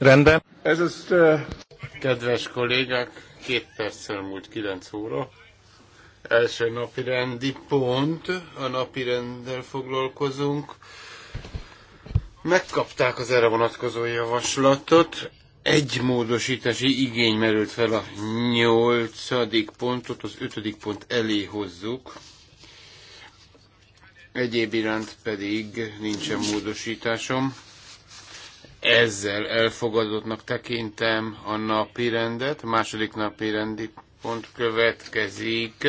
Rendben. Ez uh... Äh, Kedves kollégák, két perccel múlt kilenc óra. Első napi rendi pont, a napi rendel foglalkozunk. Megkapták az erre vonatkozó javaslatot. Egy módosítási igény merült fel a nyolcadik pontot, az ötödik pont elé hozzuk. Egyéb iránt pedig nincsen módosításom. Ezzel elfogadottnak tekintem a napi rendet. A második napi rendi pont következik.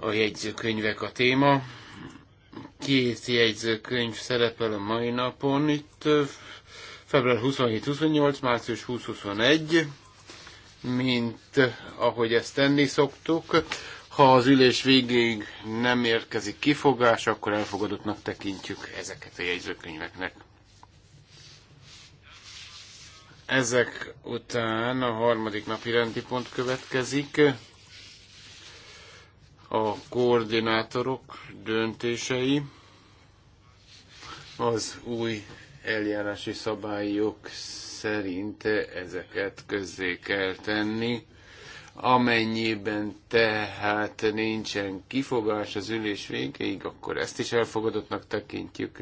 A jegyzőkönyvek a téma. Két jegyzőkönyv szerepel a mai napon. Itt február 27-28, március 20-21, mint ahogy ezt tenni szoktuk. Ha az ülés végéig nem érkezik kifogás, akkor elfogadottnak tekintjük ezeket a jegyzőkönyveknek. Ezek után a harmadik napi rendi pont következik. A koordinátorok döntései az új eljárási szabályok szerint ezeket közzé kell tenni. Amennyiben tehát nincsen kifogás az ülés végéig, akkor ezt is elfogadottnak tekintjük.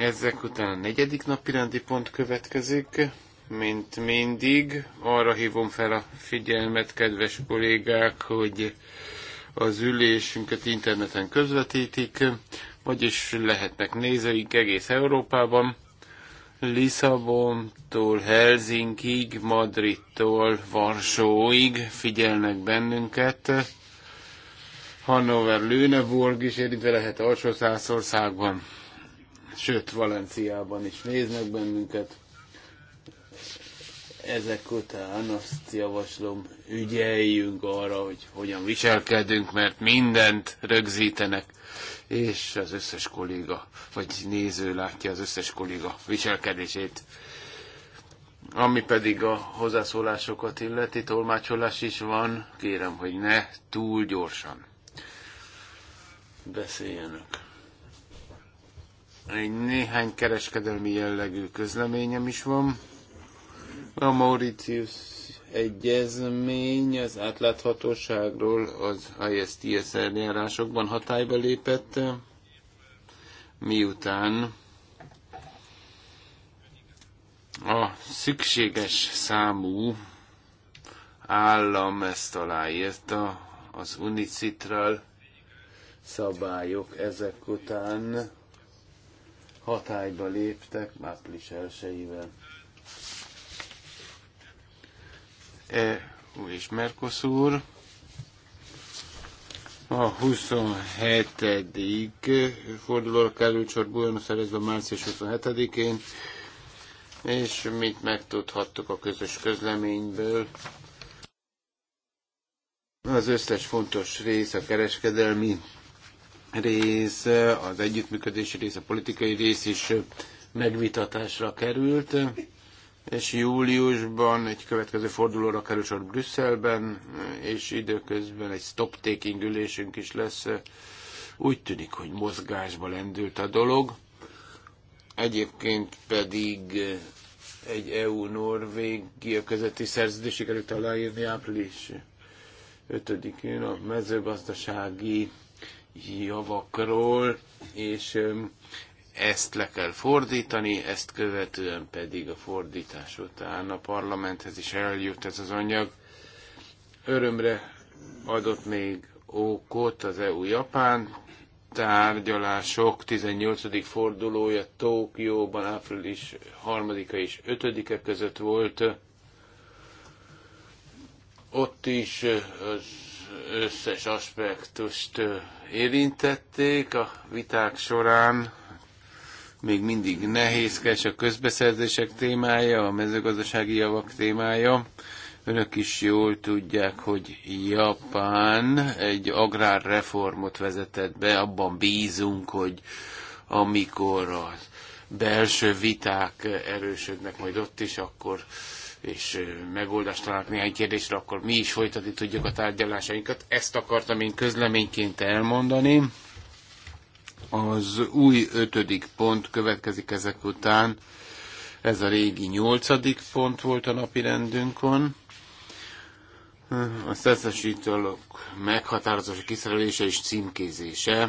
Ezek után a negyedik napi rendi pont következik. Mint mindig, arra hívom fel a figyelmet, kedves kollégák, hogy az ülésünket interneten közvetítik, vagyis lehetnek nézőink egész Európában. Lisszabontól Helsinkig, Madridtól Varsóig figyelnek bennünket. Hannover, Lüneburg is érintve lehet alsó százországban sőt Valenciában is néznek bennünket. Ezek után azt javaslom, ügyeljünk arra, hogy hogyan viselkedünk, mert mindent rögzítenek, és az összes kolléga, vagy néző látja az összes kolléga viselkedését. Ami pedig a hozzászólásokat illeti, tolmácsolás is van, kérem, hogy ne túl gyorsan beszéljenek. Egy néhány kereskedelmi jellegű közleményem is van. A Mauritius egyezmény az átláthatóságról az ISTS eljárásokban hatályba lépett, miután a szükséges számú állam ezt aláírta az unicitral szabályok ezek után hatályba léptek április elsőjével. E, EU és Merkoszúr, A 27. fordulóra került sor Buenos Airesben március 27-én, és mit megtudhattuk a közös közleményből? Az összes fontos rész a kereskedelmi rész, az együttműködési rész, a politikai rész is megvitatásra került, és júliusban egy következő fordulóra kerül sor Brüsszelben, és időközben egy stop-taking ülésünk is lesz. Úgy tűnik, hogy mozgásba lendült a dolog. Egyébként pedig egy EU-Norvégia közötti szerződés sikerült aláírni április 5-én a mezőgazdasági javakról, és ezt le kell fordítani, ezt követően pedig a fordítás után a parlamenthez is eljut ez az anyag. Örömre adott még okot az EU-Japán tárgyalások 18. fordulója Tókióban április 3 és 5-e között volt. Ott is az összes aspektust érintették a viták során. Még mindig nehézkes a közbeszerzések témája, a mezőgazdasági javak témája. Önök is jól tudják, hogy Japán egy agrárreformot vezetett be, abban bízunk, hogy amikor a belső viták erősödnek majd ott is, akkor és megoldást találunk néhány kérdésre, akkor mi is folytatni tudjuk a tárgyalásainkat. Ezt akartam én közleményként elmondani. Az új ötödik pont következik ezek után. Ez a régi nyolcadik pont volt a napi rendünkön. A szeszesítőlök meghatározása, kiszerelése és címkézése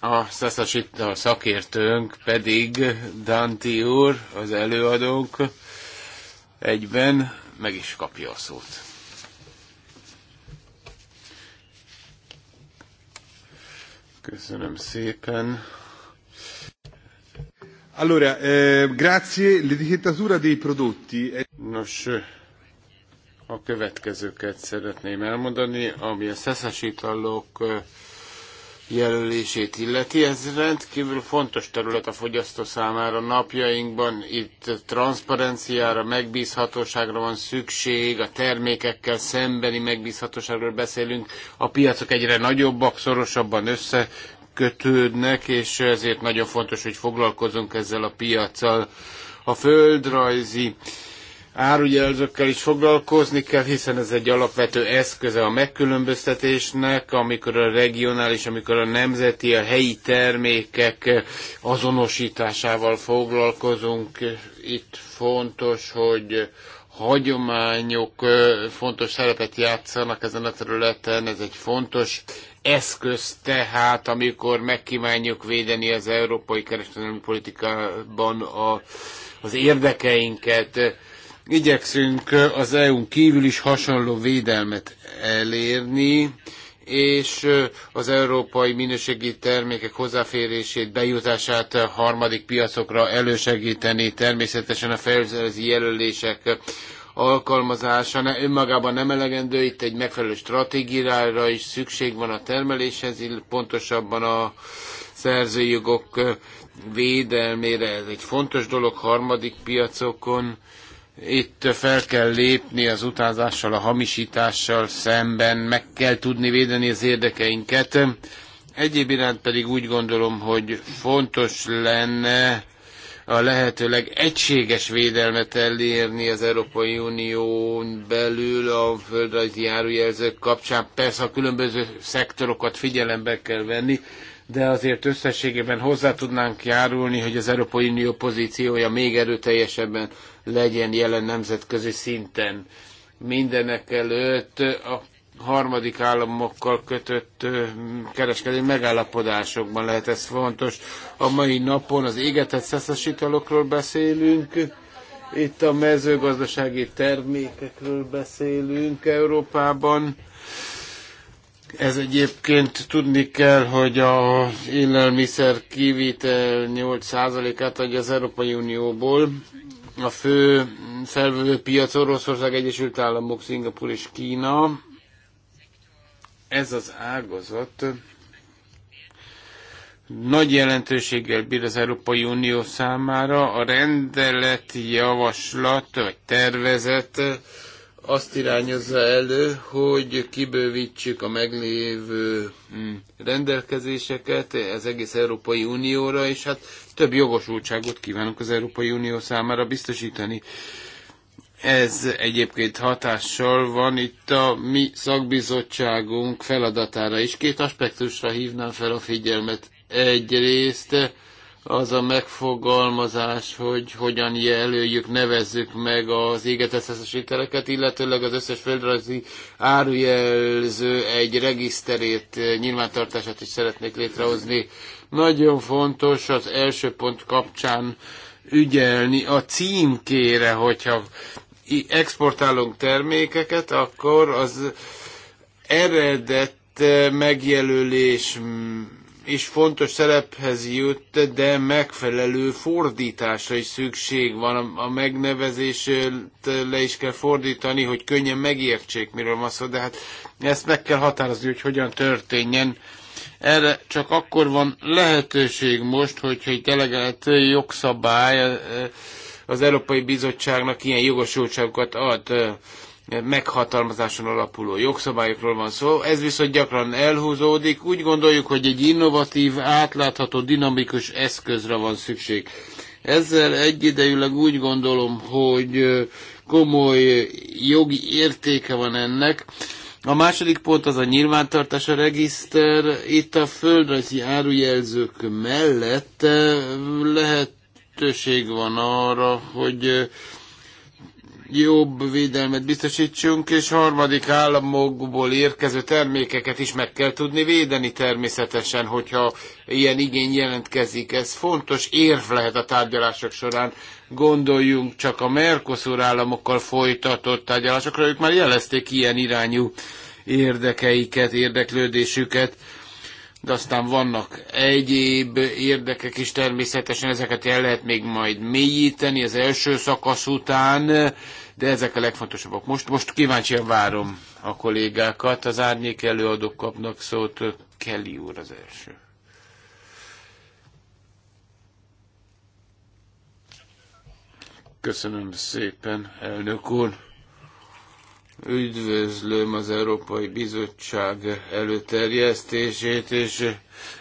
a szaszasít a szakértőnk pedig Danti úr, az előadónk egyben meg is kapja a szót. Köszönöm szépen. Allora, eh, grazie. L'etichettatura dei prodotti. Nos, a következőket szeretném elmondani, ami a szeszesítallók eh, jelölését illeti. Ez rendkívül fontos terület a fogyasztó számára napjainkban. Itt transzparenciára, megbízhatóságra van szükség, a termékekkel szembeni megbízhatóságról beszélünk. A piacok egyre nagyobbak, szorosabban össze kötődnek, és ezért nagyon fontos, hogy foglalkozunk ezzel a piaccal. A földrajzi uh, árujelzőkkel is foglalkozni kell, hiszen ez egy alapvető eszköze a megkülönböztetésnek, amikor a regionális, amikor a nemzeti, a helyi termékek azonosításával foglalkozunk. Itt fontos, hogy hagyományok fontos szerepet játszanak ezen a területen, ez egy fontos eszköz tehát, amikor megkívánjuk védeni az európai kereskedelmi politikában a, az érdekeinket, Igyekszünk az EU-n kívül is hasonló védelmet elérni, és az európai minőségi termékek hozzáférését, bejutását a harmadik piacokra elősegíteni, természetesen a felszerelési jelölések alkalmazása ne, önmagában nem elegendő, itt egy megfelelő stratégiára is szükség van a termeléshez, pontosabban a szerzőjogok védelmére, ez egy fontos dolog harmadik piacokon, itt fel kell lépni az utázással, a hamisítással szemben, meg kell tudni védeni az érdekeinket. Egyéb iránt pedig úgy gondolom, hogy fontos lenne a lehetőleg egységes védelmet elérni az Európai Unión belül a földrajzi járójelzők kapcsán. Persze a különböző szektorokat figyelembe kell venni, de azért összességében hozzá tudnánk járulni, hogy az Európai Unió pozíciója még erőteljesebben legyen jelen nemzetközi szinten. Mindenek előtt a harmadik államokkal kötött kereskedelmi megállapodásokban lehet ez fontos. A mai napon az égetett szeszesítalokról beszélünk, itt a mezőgazdasági termékekről beszélünk Európában. Ez egyébként tudni kell, hogy az élelmiszer kivitel 8%-át adja az Európai Unióból, a fő felvevő piac Oroszország, Egyesült Államok, Szingapur és Kína. Ez az ágazat nagy jelentőséggel bír az Európai Unió számára. A rendeleti javaslat vagy tervezet azt irányozza elő, hogy kibővítsük a meglévő mm, rendelkezéseket az egész Európai Unióra, és hát több jogosultságot kívánunk az Európai Unió számára biztosítani. Ez egyébként hatással van itt a mi szakbizottságunk feladatára is. Két aspektusra hívnám fel a figyelmet. Egyrészt az a megfogalmazás, hogy hogyan jelöljük, nevezzük meg az égeteszeszes ételeket, illetőleg az összes földrajzi árujelző egy regiszterét, nyilvántartását is szeretnék létrehozni. Nagyon fontos az első pont kapcsán ügyelni a címkére, hogyha exportálunk termékeket, akkor az eredet megjelölés és fontos szerephez jött, de megfelelő fordításra is szükség van. A megnevezést le is kell fordítani, hogy könnyen megértsék, miről van szó, de hát ezt meg kell határozni, hogy hogyan történjen. Erre csak akkor van lehetőség most, hogyha egy delegált jogszabály eh, az Európai Bizottságnak ilyen jogosultságokat ad meghatalmazáson alapuló jogszabályokról van szó, ez viszont gyakran elhúzódik. Úgy gondoljuk, hogy egy innovatív, átlátható, dinamikus eszközre van szükség. Ezzel egyidejűleg úgy gondolom, hogy komoly jogi értéke van ennek. A második pont az a nyilvántartása regiszter. Itt a földrajzi árujelzők mellett lehetőség van arra, hogy jobb védelmet biztosítsunk, és harmadik államokból érkező termékeket is meg kell tudni védeni természetesen, hogyha ilyen igény jelentkezik. Ez fontos érv lehet a tárgyalások során. Gondoljunk csak a Mercosur államokkal folytatott tárgyalásokra, ők már jelezték ilyen irányú érdekeiket, érdeklődésüket de aztán vannak egyéb érdekek is természetesen, ezeket el lehet még majd mélyíteni az első szakasz után, de ezek a legfontosabbak. Most, most kíváncsian várom a kollégákat, az árnyék előadók kapnak szót, Kelly úr az első. Köszönöm szépen, elnök úr Üdvözlöm az Európai Bizottság előterjesztését, és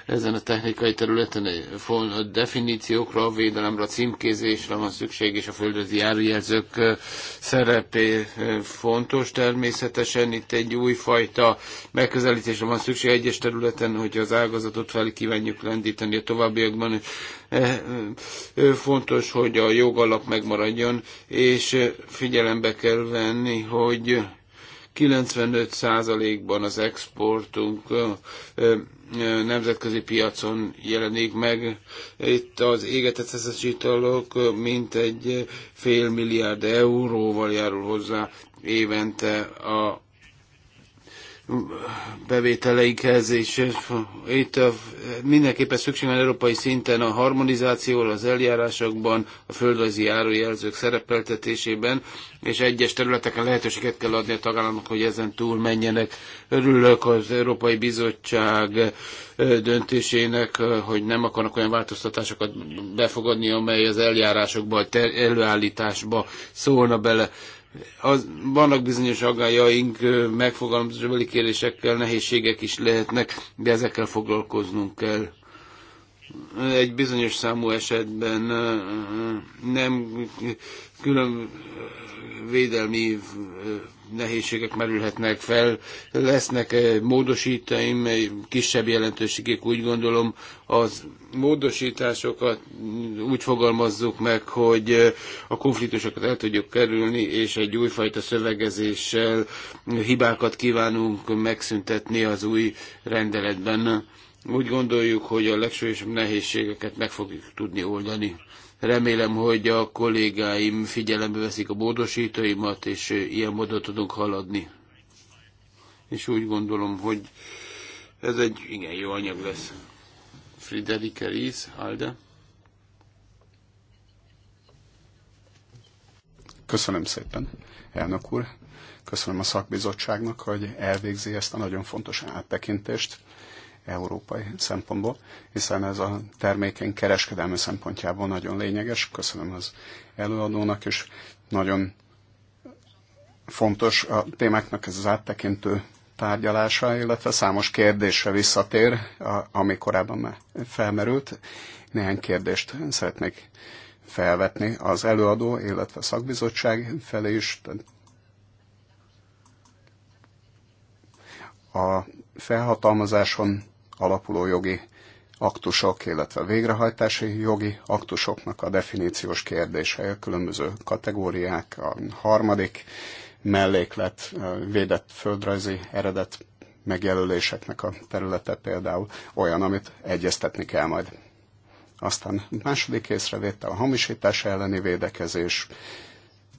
ezen a technikai területen a definíciókra, a védelemre, a címkézésre van szükség, és a földrajzi járójelzők szerepé fontos természetesen. Itt egy újfajta megközelítésre van szükség egyes területen, hogy az ágazatot fel kívánjuk lendíteni a továbbiakban. Fontos, hogy a jogalap megmaradjon, és figyelembe kell venni, hogy 95%-ban az exportunk nemzetközi piacon jelenik meg. Itt az égetett szeszes italok mintegy fél milliárd euróval járul hozzá évente a bevételeikhez, és itt a, mindenképpen szükség van európai szinten a harmonizációra, az eljárásokban, a földrajzi árujelzők szerepeltetésében, és egyes területeken lehetőséget kell adni a tagállamok, hogy ezen túl menjenek. Örülök az Európai Bizottság döntésének, hogy nem akarnak olyan változtatásokat befogadni, amely az eljárásokba, előállításba szólna bele az, vannak bizonyos aggájaink, megfogalmazásbeli kérésekkel, nehézségek is lehetnek, de ezekkel foglalkoznunk kell. Egy bizonyos számú esetben nem külön védelmi nehézségek merülhetnek fel. Lesznek eh, módosítaim, kisebb jelentőségek, úgy gondolom, az módosításokat úgy fogalmazzuk meg, hogy eh, a konfliktusokat el tudjuk kerülni, és egy újfajta szövegezéssel hibákat kívánunk megszüntetni az új rendeletben. Úgy gondoljuk, hogy a legsúlyosabb nehézségeket meg fogjuk tudni oldani Remélem, hogy a kollégáim figyelembe veszik a módosítóimat, és ilyen módon tudunk haladni. És úgy gondolom, hogy ez egy igen jó anyag lesz. Friederike Ries, Alde. Köszönöm szépen, elnök úr. Köszönöm a szakbizottságnak, hogy elvégzi ezt a nagyon fontos áttekintést európai szempontból, hiszen ez a termékeny kereskedelmi szempontjából nagyon lényeges. Köszönöm az előadónak, és nagyon fontos a témáknak ez az áttekintő tárgyalása, illetve számos kérdésre visszatér, ami korábban már felmerült. Néhány kérdést szeretnék felvetni az előadó, illetve a szakbizottság felé is. A felhatalmazáson alapuló jogi aktusok, illetve végrehajtási jogi aktusoknak a definíciós kérdése, a különböző kategóriák, a harmadik melléklet, védett földrajzi eredet megjelöléseknek a területe például olyan, amit egyeztetni kell majd. Aztán második észrevétel a hamisítás elleni védekezés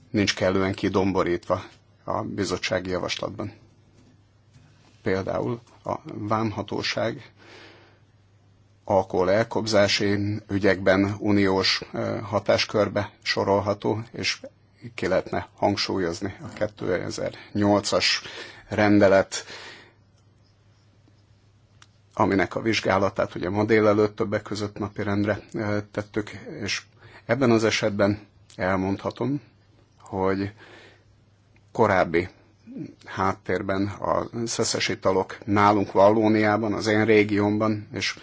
nincs kellően kidomborítva a bizottsági javaslatban. Például a vámhatóság alkohol elkobzási ügyekben uniós hatáskörbe sorolható, és ki lehetne hangsúlyozni a 2008-as rendelet, aminek a vizsgálatát ugye ma délelőtt többek között rendre tettük, és ebben az esetben elmondhatom, hogy korábbi háttérben a szeszes italok nálunk Vallóniában, az én régiómban, és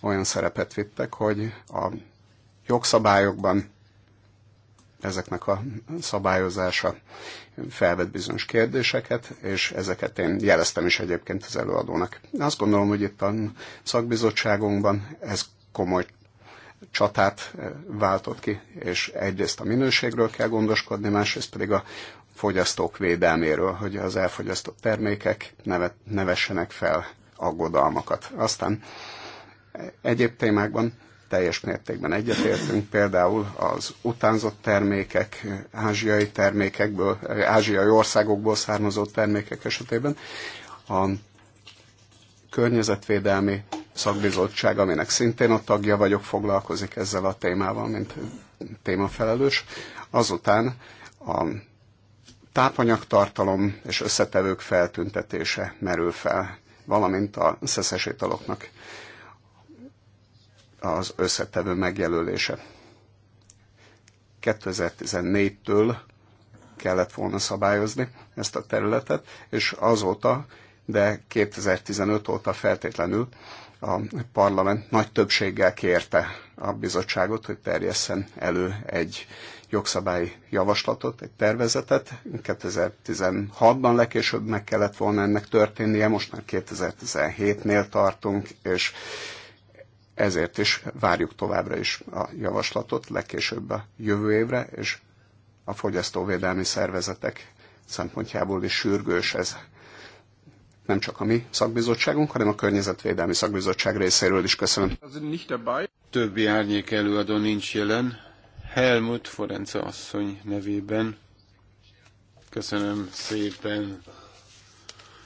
olyan szerepet vittek, hogy a jogszabályokban ezeknek a szabályozása felvet bizonyos kérdéseket, és ezeket én jeleztem is egyébként az előadónak. Azt gondolom, hogy itt a szakbizottságunkban ez komoly csatát eh, váltott ki, és egyrészt a minőségről kell gondoskodni, másrészt pedig a fogyasztók védelméről, hogy az elfogyasztott termékek nevet, nevessenek fel aggodalmakat. Aztán egyéb témákban teljes mértékben egyetértünk, például az utánzott termékek, ázsiai termékekből, ázsiai országokból származó termékek esetében a környezetvédelmi szakbizottság, aminek szintén a tagja vagyok, foglalkozik ezzel a témával, mint témafelelős. Azután a tápanyagtartalom és összetevők feltüntetése merül fel, valamint a szeszes italoknak az összetevő megjelölése. 2014-től kellett volna szabályozni ezt a területet, és azóta, de 2015 óta feltétlenül a parlament nagy többséggel kérte a bizottságot, hogy terjesszen elő egy jogszabályi javaslatot, egy tervezetet. 2016-ban legkésőbb meg kellett volna ennek történnie, most már 2017-nél tartunk, és ezért is várjuk továbbra is a javaslatot, legkésőbb a jövő évre, és a fogyasztóvédelmi szervezetek szempontjából is sürgős ez nem csak a mi szakbizottságunk, hanem a Környezetvédelmi Szakbizottság részéről is köszönöm. Többi árnyék előadó nincs jelen. Helmut Forence asszony nevében. Köszönöm szépen.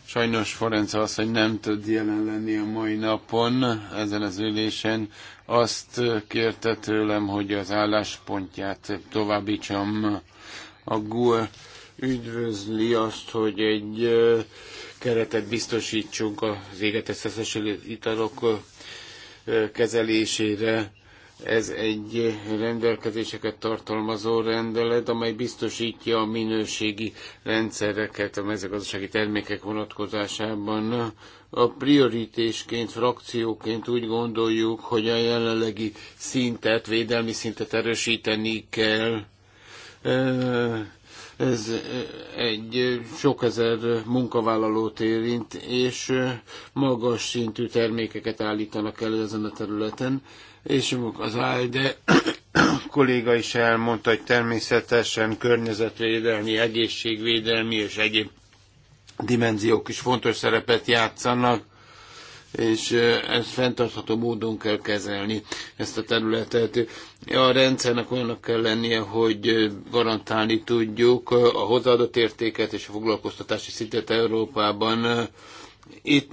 Sajnos Forence asszony nem tud jelen lenni a mai napon ezen az ülésen. Azt kérte tőlem, hogy az álláspontját továbbítsam a GUE üdvözli azt, hogy egy keretet biztosítsunk az égeteszeszes italok kezelésére. Ez egy rendelkezéseket tartalmazó rendelet, amely biztosítja a minőségi rendszereket a mezőgazdasági termékek vonatkozásában. A prioritésként, frakcióként úgy gondoljuk, hogy a jelenlegi szintet, védelmi szintet erősíteni kell ez egy sok ezer munkavállalót érint, és magas szintű termékeket állítanak elő ezen a területen és az ALDE kolléga is elmondta, hogy természetesen környezetvédelmi, egészségvédelmi és egyéb dimenziók is fontos szerepet játszanak, és ezt fenntartható módon kell kezelni, ezt a területet. A rendszernek olyanak kell lennie, hogy garantálni tudjuk a hozzáadott értéket és a foglalkoztatási szintet Európában, itt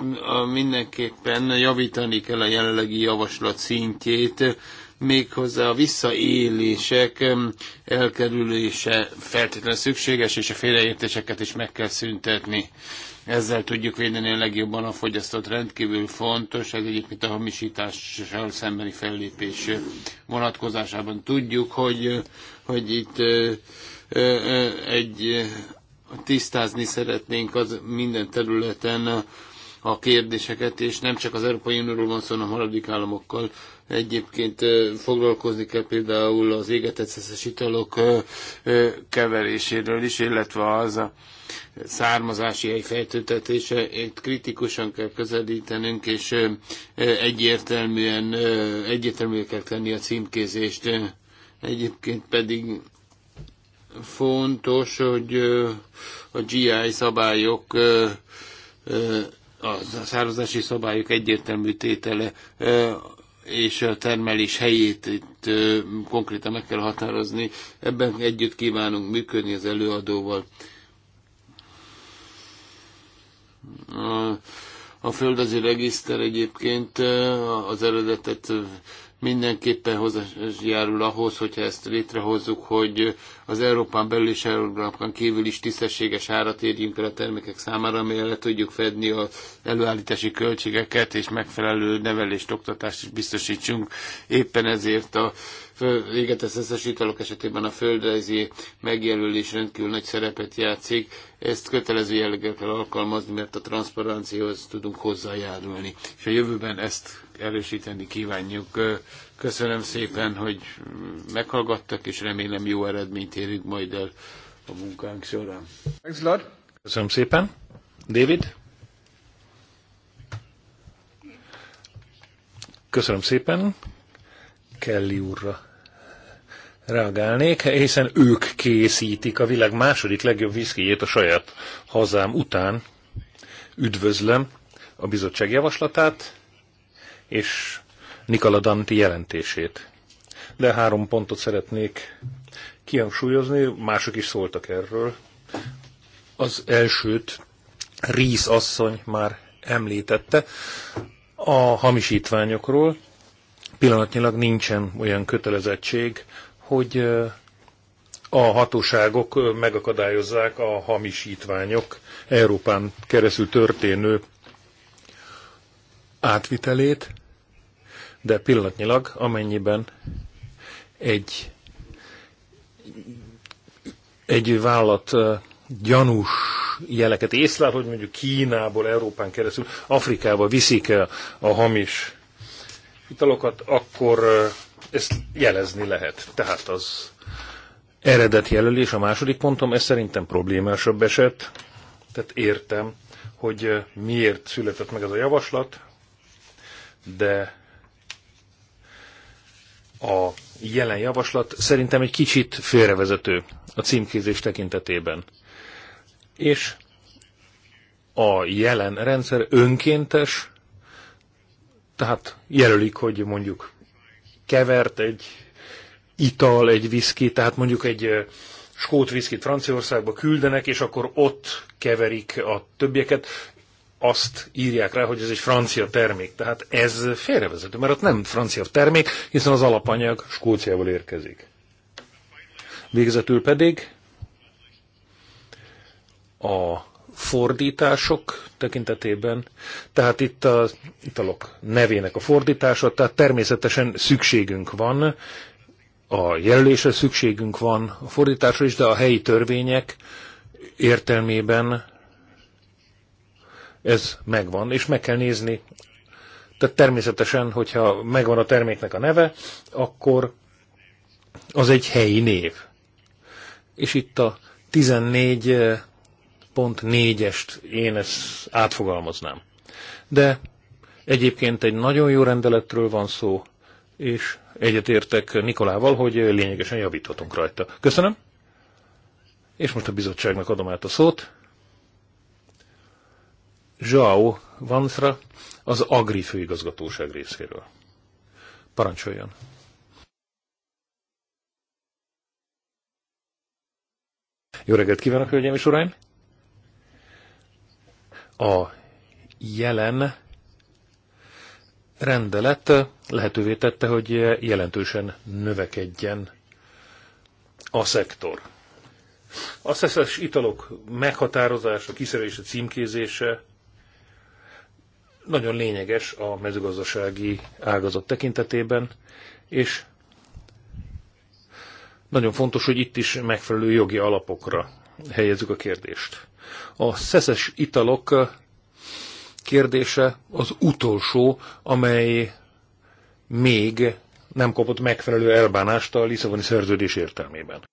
mindenképpen javítani kell a jelenlegi javaslat szintjét, méghozzá a visszaélések elkerülése feltétlenül szükséges, és a félreértéseket is meg kell szüntetni. Ezzel tudjuk védeni a legjobban a fogyasztott rendkívül fontos, ez egyébként a hamisítással szembeni fellépés vonatkozásában tudjuk, hogy, hogy itt egy tisztázni szeretnénk az minden területen a kérdéseket, és nem csak az Európai Unióról van szó, hanem a maradik államokkal. Egyébként foglalkozni kell például az égetett szeszes italok keveréséről is, illetve az a származási hely feltöltetése. Itt kritikusan kell közelítenünk, és egyértelműen egyértelműen kell tenni a címkézést. Egyébként pedig fontos, hogy a GI szabályok, a származási szabályok egyértelmű tétele és a termelés helyét itt konkrétan meg kell határozni. Ebben együtt kívánunk működni az előadóval. A, a földazi regiszter egyébként az eredetet mindenképpen hozzájárul ahhoz, hogyha ezt létrehozzuk, hogy az Európán belül és Európán kívül is tisztességes árat érjünk el a termékek számára, amelyel le tudjuk fedni az előállítási költségeket, és megfelelő nevelést, oktatást is biztosítsunk. Éppen ezért a az összes italok esetében a földrajzi megjelölés rendkívül nagy szerepet játszik. Ezt kötelező jelleggel kell alkalmazni, mert a transzparencióhoz tudunk hozzájárulni. És a jövőben ezt erősíteni kívánjuk. Köszönöm szépen, hogy meghallgattak, és remélem jó eredményt érünk majd el a munkánk során. Köszönöm szépen. David? Köszönöm szépen Kelly úrra reagálnék, hiszen ők készítik a világ második legjobb viszkijét a saját hazám után. Üdvözlöm a bizottság javaslatát és Nikola Danti jelentését. De három pontot szeretnék kihangsúlyozni, mások is szóltak erről. Az elsőt Ríz asszony már említette a hamisítványokról. Pillanatnyilag nincsen olyan kötelezettség, hogy a hatóságok megakadályozzák a hamisítványok Európán keresztül történő átvitelét, de pillanatnyilag, amennyiben egy, egy vállalat gyanús jeleket észlel, hogy mondjuk Kínából, Európán keresztül Afrikába viszik el a hamis italokat, akkor ezt jelezni lehet. Tehát az eredet jelölés a második pontom, ez szerintem problémásabb eset. Tehát értem, hogy eh, miért született meg ez a javaslat, de a jelen javaslat szerintem egy kicsit félrevezető a címkézés tekintetében. És a jelen rendszer önkéntes, tehát jelölik, hogy mondjuk kevert egy ital, egy viszki, tehát mondjuk egy skót viszkit Franciaországba küldenek, és akkor ott keverik a többieket, azt írják rá, hogy ez egy francia termék. Tehát ez félrevezető, mert ott nem francia termék, hiszen az alapanyag Skóciából érkezik. Végzetül pedig a fordítások tekintetében, tehát itt a italok nevének a fordítása, tehát természetesen szükségünk van a jelölésre, szükségünk van a fordításra is, de a helyi törvények értelmében ez megvan, és meg kell nézni. Tehát természetesen, hogyha megvan a terméknek a neve, akkor az egy helyi név. És itt a 14 pont négyest én ezt átfogalmaznám. De egyébként egy nagyon jó rendeletről van szó, és egyetértek Nikolával, hogy lényegesen javíthatunk rajta. Köszönöm. És most a bizottságnak adom át a szót. João Vansra az Agri főigazgatóság részéről. Parancsoljon! Jó reggelt kívánok, hölgyeim és uraim! A jelen rendelet lehetővé tette, hogy jelentősen növekedjen a szektor. A szeszes italok meghatározása, kiszerelése, címkézése nagyon lényeges a mezőgazdasági ágazat tekintetében, és nagyon fontos, hogy itt is megfelelő jogi alapokra helyezzük a kérdést. A szeszes italok kérdése az utolsó, amely még nem kapott megfelelő elbánást a Lisszaboni szerződés értelmében.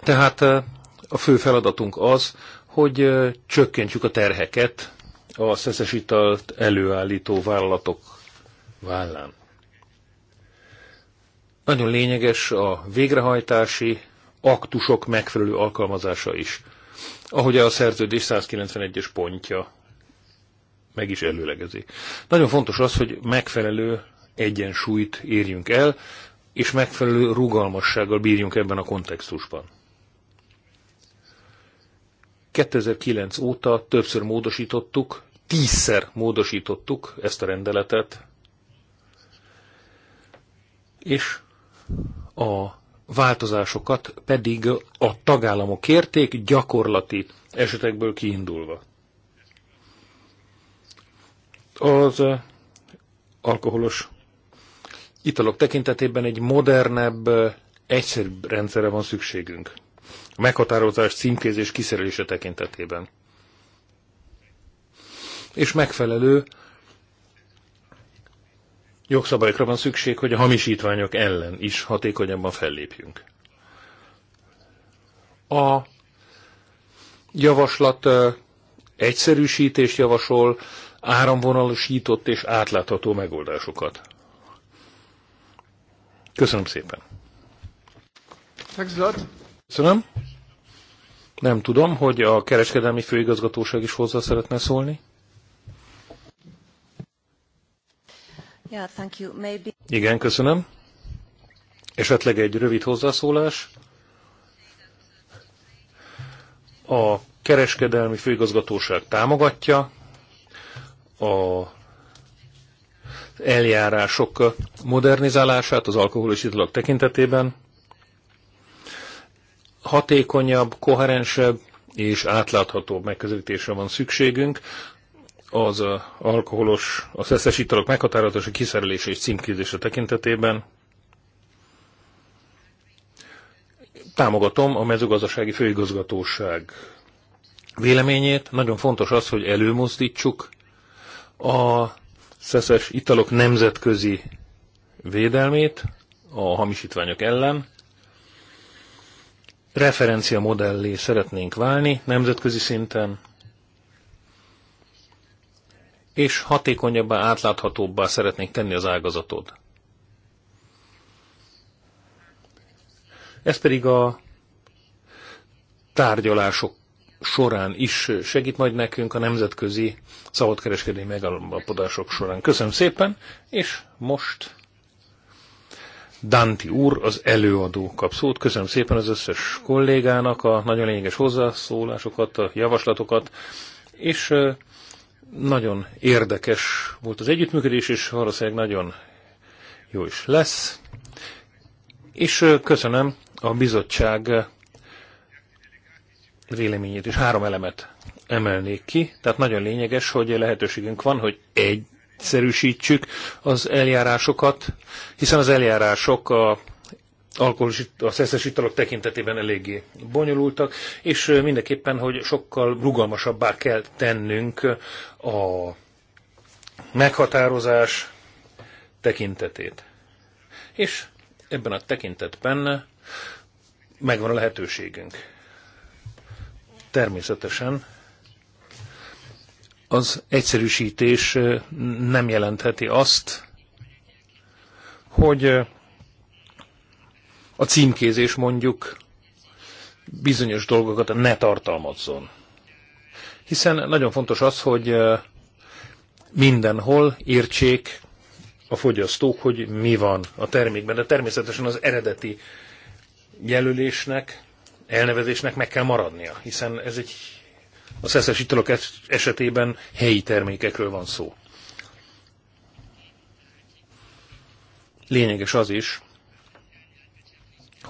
Tehát eh, a fő feladatunk az, hogy eh, csökkentsük a terheket a szeszes italt előállító vállalatok vállán. Nagyon lényeges a végrehajtási aktusok megfelelő alkalmazása is, ahogy a szerződés 191-es pontja meg is előlegezi. Nagyon fontos az, hogy megfelelő egyensúlyt érjünk el, és megfelelő rugalmassággal bírjunk ebben a kontextusban. 2009 óta többször módosítottuk, tízszer módosítottuk ezt a rendeletet, és a változásokat pedig a tagállamok kérték gyakorlati esetekből kiindulva. Az eh, alkoholos italok tekintetében egy modernebb, eh, egyszerűbb rendszerre van szükségünk. A meghatározás, címkézés, kiszerelése tekintetében. És megfelelő jogszabályokra van szükség, hogy a hamisítványok ellen is hatékonyabban fellépjünk. A javaslat egyszerűsítést javasol, áramvonalosított és átlátható megoldásokat. Köszönöm szépen. Köszönöm. Nem tudom, hogy a kereskedelmi főigazgatóság is hozzá szeretne szólni. Igen, köszönöm. Esetleg egy rövid hozzászólás. A kereskedelmi főigazgatóság támogatja a eljárások modernizálását az alkohol és italok tekintetében. Hatékonyabb, koherensebb és átláthatóbb megközelítésre van szükségünk, az alkoholos, a szeszes italok meghatározása, kiszerelése és címkézése tekintetében támogatom a mezőgazdasági főigazgatóság véleményét. Nagyon fontos az, hogy előmozdítsuk a szeszes italok nemzetközi védelmét a hamisítványok ellen. Referencia modellé szeretnénk válni nemzetközi szinten, és hatékonyabbá, átláthatóbbá szeretnénk tenni az ágazatod. Ez pedig a tárgyalások során is segít majd nekünk a nemzetközi szabadkereskedelmi megalapodások során. Köszönöm szépen, és most Danti úr, az előadó kap szót. Köszönöm szépen az összes kollégának a nagyon lényeges hozzászólásokat, a javaslatokat, és nagyon érdekes volt az együttműködés, és valószínűleg nagyon jó is lesz. És köszönöm a bizottság véleményét, és három elemet emelnék ki. Tehát nagyon lényeges, hogy lehetőségünk van, hogy egyszerűsítsük az eljárásokat, hiszen az eljárások a alkoholos, a szeszes italok tekintetében eléggé bonyolultak, és mindenképpen, hogy sokkal rugalmasabbá kell tennünk a meghatározás tekintetét. És ebben a tekintetben megvan a lehetőségünk. Természetesen az egyszerűsítés nem jelentheti azt, hogy a címkézés mondjuk bizonyos dolgokat ne tartalmazzon. Hiszen nagyon fontos az, hogy mindenhol értsék a fogyasztók, hogy mi van a termékben, de természetesen az eredeti jelölésnek, elnevezésnek meg kell maradnia, hiszen ez egy a szeszes italok esetében helyi termékekről van szó. Lényeges az is,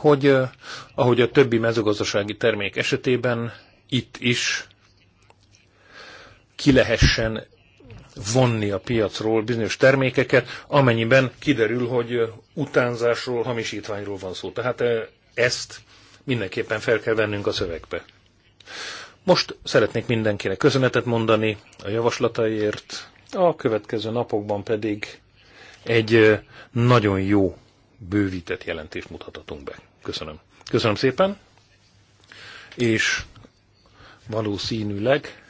hogy ahogy a többi mezőgazdasági termék esetében itt is ki lehessen vonni a piacról bizonyos termékeket, amennyiben kiderül, hogy utánzásról, hamisítványról van szó. Tehát ezt mindenképpen fel kell vennünk a szövegbe. Most szeretnék mindenkinek köszönetet mondani a javaslataiért, a következő napokban pedig egy nagyon jó bővített jelentést mutathatunk be. Köszönöm. Köszönöm szépen, és valószínűleg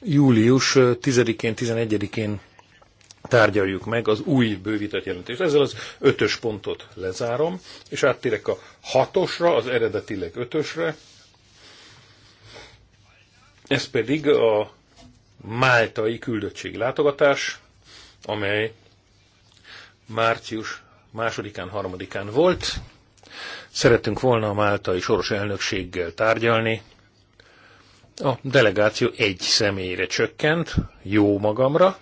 július 10-én, 11-én tárgyaljuk meg az új bővített jelentést. Ezzel az ötös pontot lezárom, és áttérek a hatosra, az eredetileg ötösre. Ez pedig a máltai küldöttség látogatás, amely március másodikán, harmadikán volt. Szerettünk volna a máltai soros elnökséggel tárgyalni. A delegáció egy személyre csökkent, jó magamra,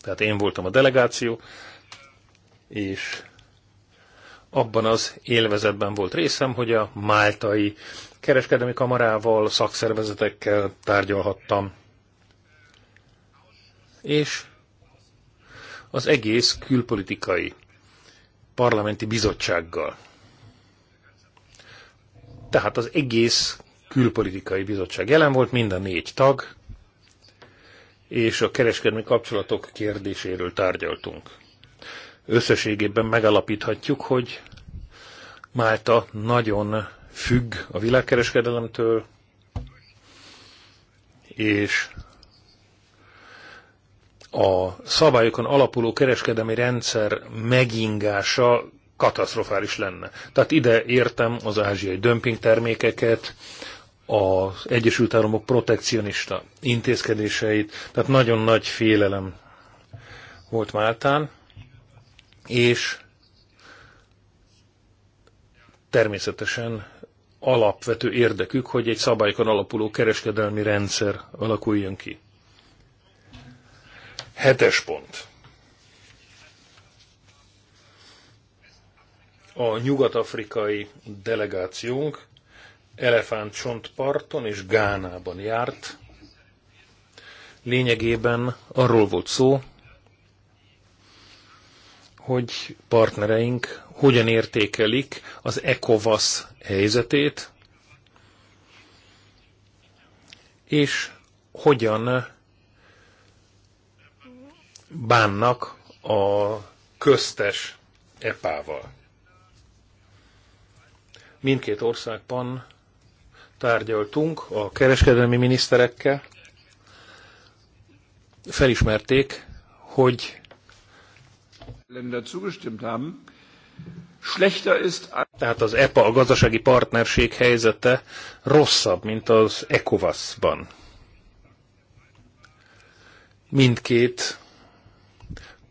tehát én voltam a delegáció, és abban az élvezetben volt részem, hogy a máltai kereskedelmi kamarával, szakszervezetekkel tárgyalhattam. És az egész külpolitikai parlamenti bizottsággal. Tehát az egész külpolitikai bizottság jelen volt, mind a négy tag, és a kereskedmi kapcsolatok kérdéséről tárgyaltunk. Összességében megalapíthatjuk, hogy Málta nagyon függ a világkereskedelemtől, és a szabályokon alapuló kereskedelmi rendszer megingása katasztrofális lenne. Tehát ide értem az ázsiai termékeket, az Egyesült Államok protekcionista intézkedéseit, tehát nagyon nagy félelem volt Máltán, és természetesen alapvető érdekük, hogy egy szabályokon alapuló kereskedelmi rendszer alakuljon ki. Hetes pont. A nyugat-afrikai delegációnk Elefántcsontparton és Gánában járt. Lényegében arról volt szó, hogy partnereink hogyan értékelik az ECOVAS helyzetét, és hogyan bánnak a köztes epával. Mindkét országban tárgyaltunk a kereskedelmi miniszterekkel, felismerték, hogy tehát az EPA, a gazdasági partnerség helyzete rosszabb, mint az ECOWAS-ban. Mindkét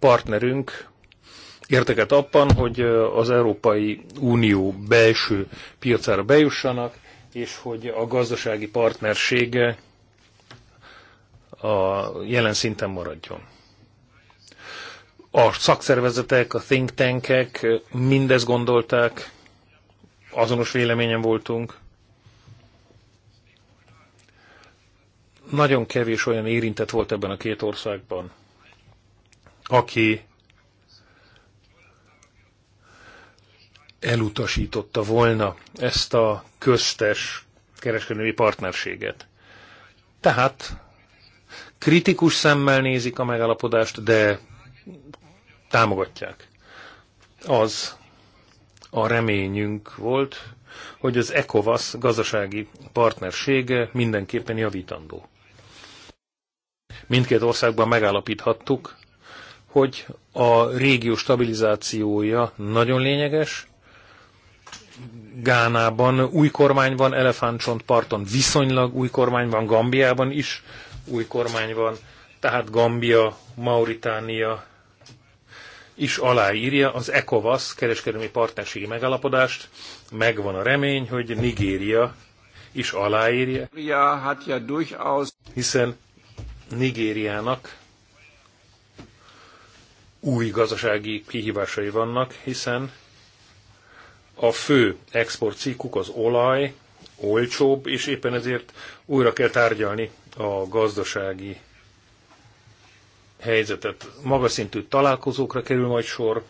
partnerünk érdeket abban, hogy az Európai Unió belső piacára bejussanak, és hogy a gazdasági partnersége a jelen szinten maradjon. A szakszervezetek, a think tankek mindezt gondolták, azonos véleményen voltunk. Nagyon kevés olyan érintett volt ebben a két országban, aki elutasította volna ezt a köztes kereskedelmi partnerséget. Tehát kritikus szemmel nézik a megállapodást, de támogatják. Az a reményünk volt, hogy az ECOVAS gazdasági partnersége mindenképpen javítandó. Mindkét országban megállapíthattuk, hogy a régió stabilizációja nagyon lényeges. Gánában új kormány van, Elefántcsont parton viszonylag új kormány van, Gambiában is új kormány van, tehát Gambia, Mauritánia is aláírja az ECOWAS kereskedelmi partnerségi megalapodást. Megvan a remény, hogy Nigéria is aláírja. Hiszen Nigériának új gazdasági kihívásai vannak, hiszen a fő exportcikkuk az olaj, olcsóbb, és éppen ezért újra kell tárgyalni a gazdasági helyzetet. Magas szintű találkozókra kerül majd sor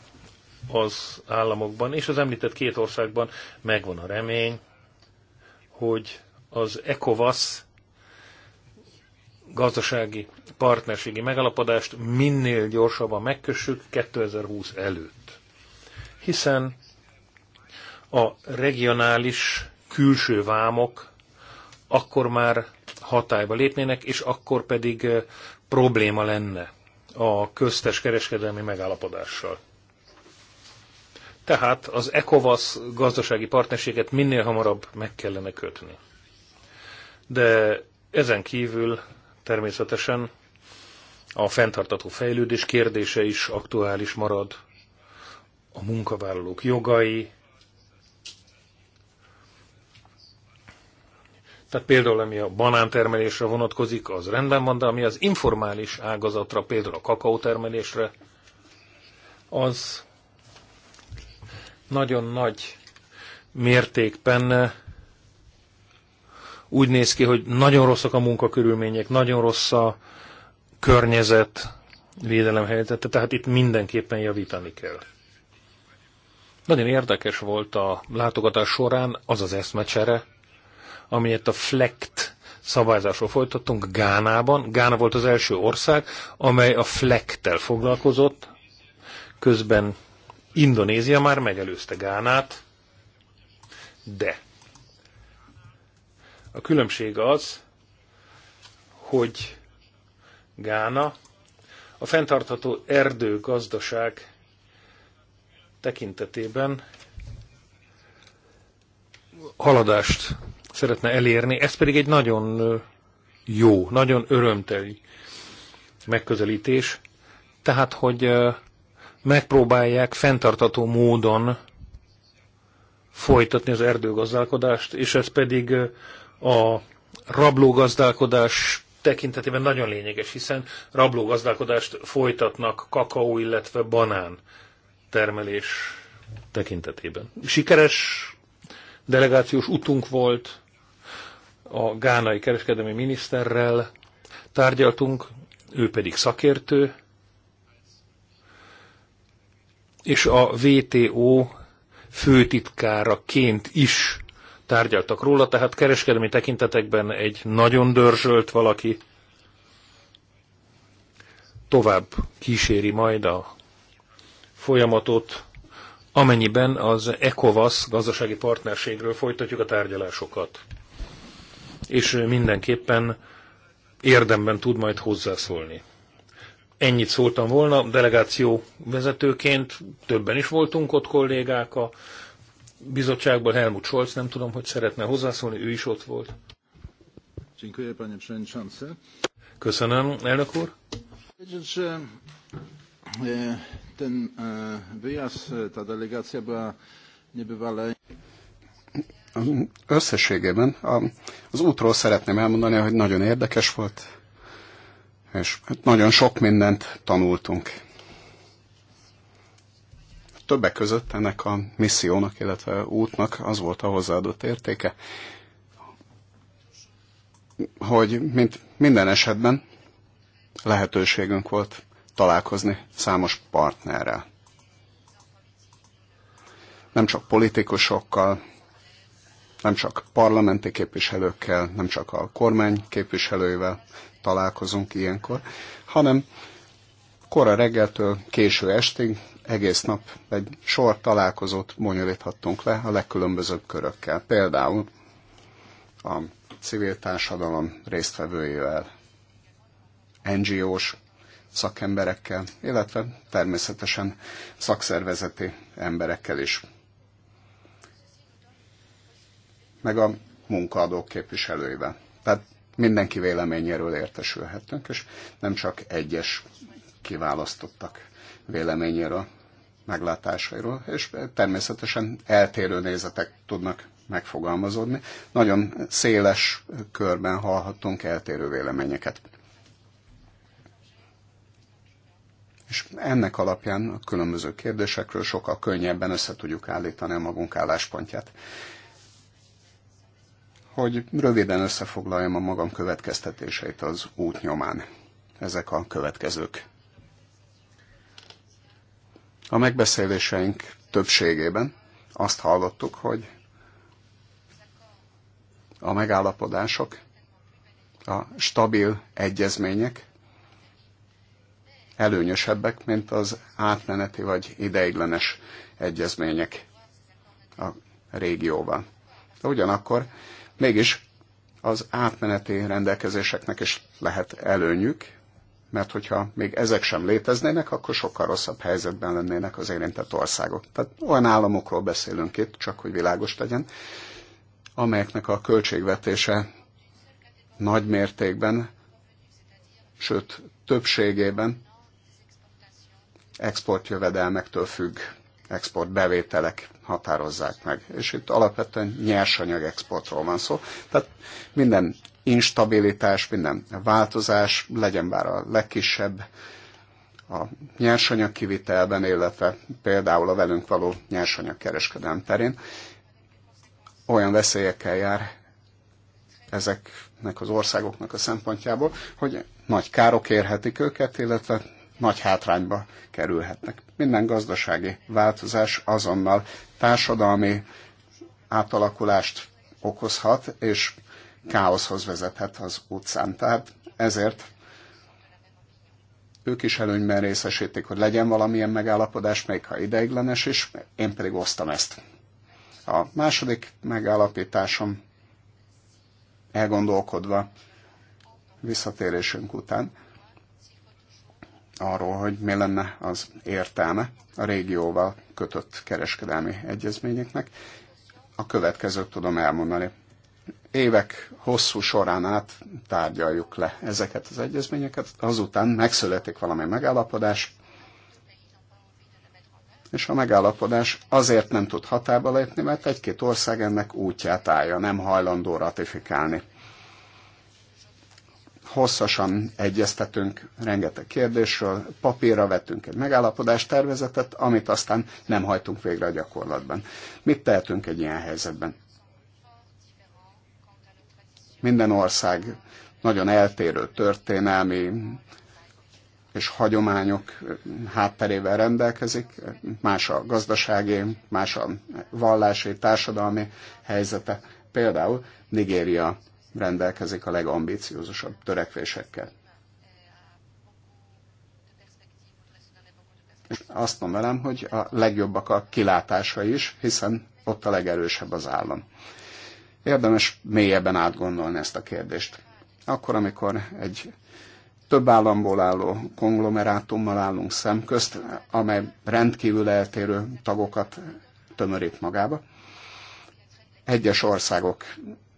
az államokban, és az említett két országban megvan a remény, hogy az ECOWAS gazdasági partnerségi megalapodást minél gyorsabban megkössük 2020 előtt. Hiszen a regionális külső vámok akkor már hatályba lépnének, és akkor pedig probléma lenne a köztes kereskedelmi megállapodással. Tehát az ECOVAS gazdasági partnerséget minél hamarabb meg kellene kötni. De ezen kívül természetesen a fenntartató fejlődés kérdése is aktuális marad, a munkavállalók jogai, Tehát például, ami a banántermelésre vonatkozik, az rendben van, de ami az informális ágazatra, például a kakaótermelésre, az nagyon nagy mértékben úgy néz ki, hogy nagyon rosszak a munkakörülmények, nagyon rossz a környezet, védelem helyzete, tehát itt mindenképpen javítani kell. Nagyon érdekes volt a látogatás során az az eszmecsere, amelyet a FLECT szabályzásról folytattunk Gánában. Gána volt az első ország, amely a FLECT-tel foglalkozott, közben Indonézia már megelőzte Gánát, de a különbség az, hogy Gána a fenntartható erdőgazdaság tekintetében haladást szeretne elérni, ez pedig egy nagyon jó, nagyon örömteli megközelítés, tehát hogy megpróbálják fenntartató módon folytatni az erdőgazdálkodást, és ez pedig a rablógazdálkodás tekintetében nagyon lényeges, hiszen rablógazdálkodást folytatnak kakaó, illetve banán termelés tekintetében. Sikeres delegációs utunk volt, a gánai kereskedelmi miniszterrel tárgyaltunk, ő pedig szakértő, és a VTO főtitkáraként is tárgyaltak róla, tehát kereskedelmi tekintetekben egy nagyon dörzsölt valaki tovább kíséri majd a folyamatot, amennyiben az ECOVAS gazdasági partnerségről folytatjuk a tárgyalásokat. És mindenképpen érdemben tud majd hozzászólni. Ennyit szóltam volna, delegáció vezetőként, többen is voltunk ott kollégák a bizottságból Helmut Scholz, nem tudom, hogy szeretne hozzászólni, ő is ott volt. Köszönöm, elnök úr. E, ten e, wyjazd, e, ta delegácja była niebywale... Összességében az útról szeretném elmondani, hogy nagyon érdekes volt, és hát nagyon sok mindent tanultunk Többek között ennek a missziónak, illetve útnak az volt a hozzáadott értéke, hogy mint minden esetben lehetőségünk volt találkozni számos partnerrel. Nem csak politikusokkal, nem csak parlamenti képviselőkkel, nem csak a kormány képviselőivel találkozunk ilyenkor, hanem kora reggeltől késő estig egész nap egy sor találkozót bonyolíthattunk le a legkülönbözőbb körökkel. Például a civil társadalom résztvevőivel, NGO-s szakemberekkel, illetve természetesen szakszervezeti emberekkel is. Meg a munkaadók képviselőivel. Tehát mindenki véleményéről értesülhetünk, és nem csak egyes kiválasztottak véleményéről, meglátásairól, és természetesen eltérő nézetek tudnak megfogalmazódni. Nagyon széles körben hallhattunk eltérő véleményeket. És ennek alapján a különböző kérdésekről sokkal könnyebben össze tudjuk állítani a magunk álláspontját. Hogy röviden összefoglaljam a magam következtetéseit az út nyomán. Ezek a következők. A megbeszéléseink többségében azt hallottuk, hogy a megállapodások, a stabil egyezmények előnyösebbek, mint az átmeneti vagy ideiglenes egyezmények a régióban. De ugyanakkor mégis az átmeneti rendelkezéseknek is lehet előnyük, mert hogyha még ezek sem léteznének, akkor sokkal rosszabb helyzetben lennének az érintett országok. Tehát olyan államokról beszélünk itt, csak hogy világos legyen, amelyeknek a költségvetése nagy mértékben, sőt többségében exportjövedelmektől függ, exportbevételek határozzák meg. És itt alapvetően nyersanyag exportról van szó. Tehát minden instabilitás, minden változás, legyen bár a legkisebb a nyersanyag kivitelben, illetve például a velünk való kereskedelm terén, olyan veszélyekkel jár ezeknek az országoknak a szempontjából, hogy nagy károk érhetik őket, illetve nagy hátrányba kerülhetnek. Minden gazdasági változás azonnal társadalmi átalakulást okozhat, és káoszhoz vezethet az utcán. Tehát ezért ők is előnyben részesítik, hogy legyen valamilyen megállapodás, még ha ideiglenes is, én pedig osztam ezt. A második megállapításom elgondolkodva visszatérésünk után arról, hogy mi lenne az értelme a régióval kötött kereskedelmi egyezményeknek. A következőt tudom elmondani. Évek hosszú során át tárgyaljuk le ezeket az egyezményeket, azután megszületik valami megállapodás, és a megállapodás azért nem tud hatába lépni, mert egy-két ország ennek útját állja, nem hajlandó ratifikálni hosszasan egyeztetünk rengeteg kérdésről, papírra vettünk egy megállapodás tervezetet, amit aztán nem hajtunk végre a gyakorlatban. Mit tehetünk egy ilyen helyzetben? Minden ország nagyon eltérő történelmi és hagyományok hátterével rendelkezik, más a gazdasági, más a vallási, társadalmi helyzete. Például Nigéria rendelkezik a legambíciózusabb törekvésekkel. És azt mondanám, hogy a legjobbak a kilátása is, hiszen ott a legerősebb az állam. Érdemes mélyebben átgondolni ezt a kérdést. Akkor, amikor egy több államból álló konglomerátummal állunk szemközt, amely rendkívül eltérő tagokat tömörít magába. Egyes országok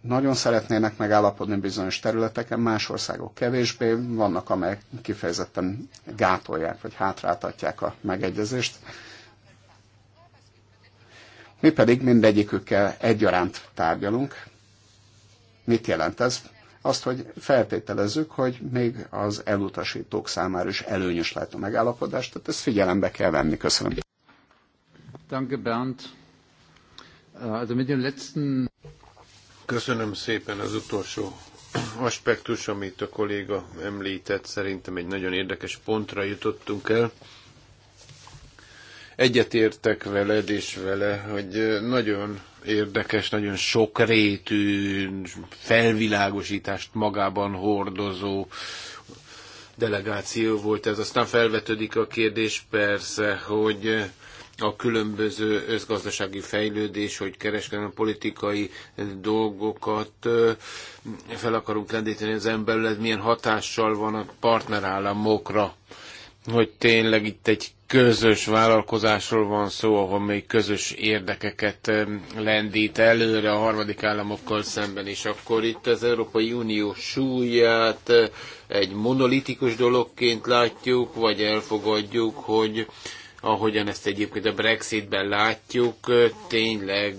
nagyon szeretnének megállapodni bizonyos területeken, más országok kevésbé, vannak, amelyek kifejezetten gátolják, vagy hátráltatják a megegyezést. Mi pedig mindegyikükkel egyaránt tárgyalunk. Mit jelent ez? Azt, hogy feltételezzük, hogy még az elutasítók számára is előnyös lehet a megállapodás, tehát ezt figyelembe kell venni. Köszönöm. Danke, Bernd. Äh, also mit dem letzten Köszönöm szépen az utolsó aspektus, amit a kolléga említett. Szerintem egy nagyon érdekes pontra jutottunk el. Egyetértek veled és vele, hogy nagyon érdekes, nagyon sokrétű felvilágosítást magában hordozó delegáció volt ez. Aztán felvetődik a kérdés persze, hogy a különböző özgazdasági fejlődés, hogy kereskedelmi politikai dolgokat fel akarunk lendíteni az emberül, ez milyen hatással van a partnerállamokra, hogy tényleg itt egy közös vállalkozásról van szó, ahol még közös érdekeket lendít előre a harmadik államokkal szemben, és akkor itt az Európai Unió súlyát egy monolitikus dologként látjuk, vagy elfogadjuk, hogy ahogyan ezt egyébként a Brexitben látjuk, tényleg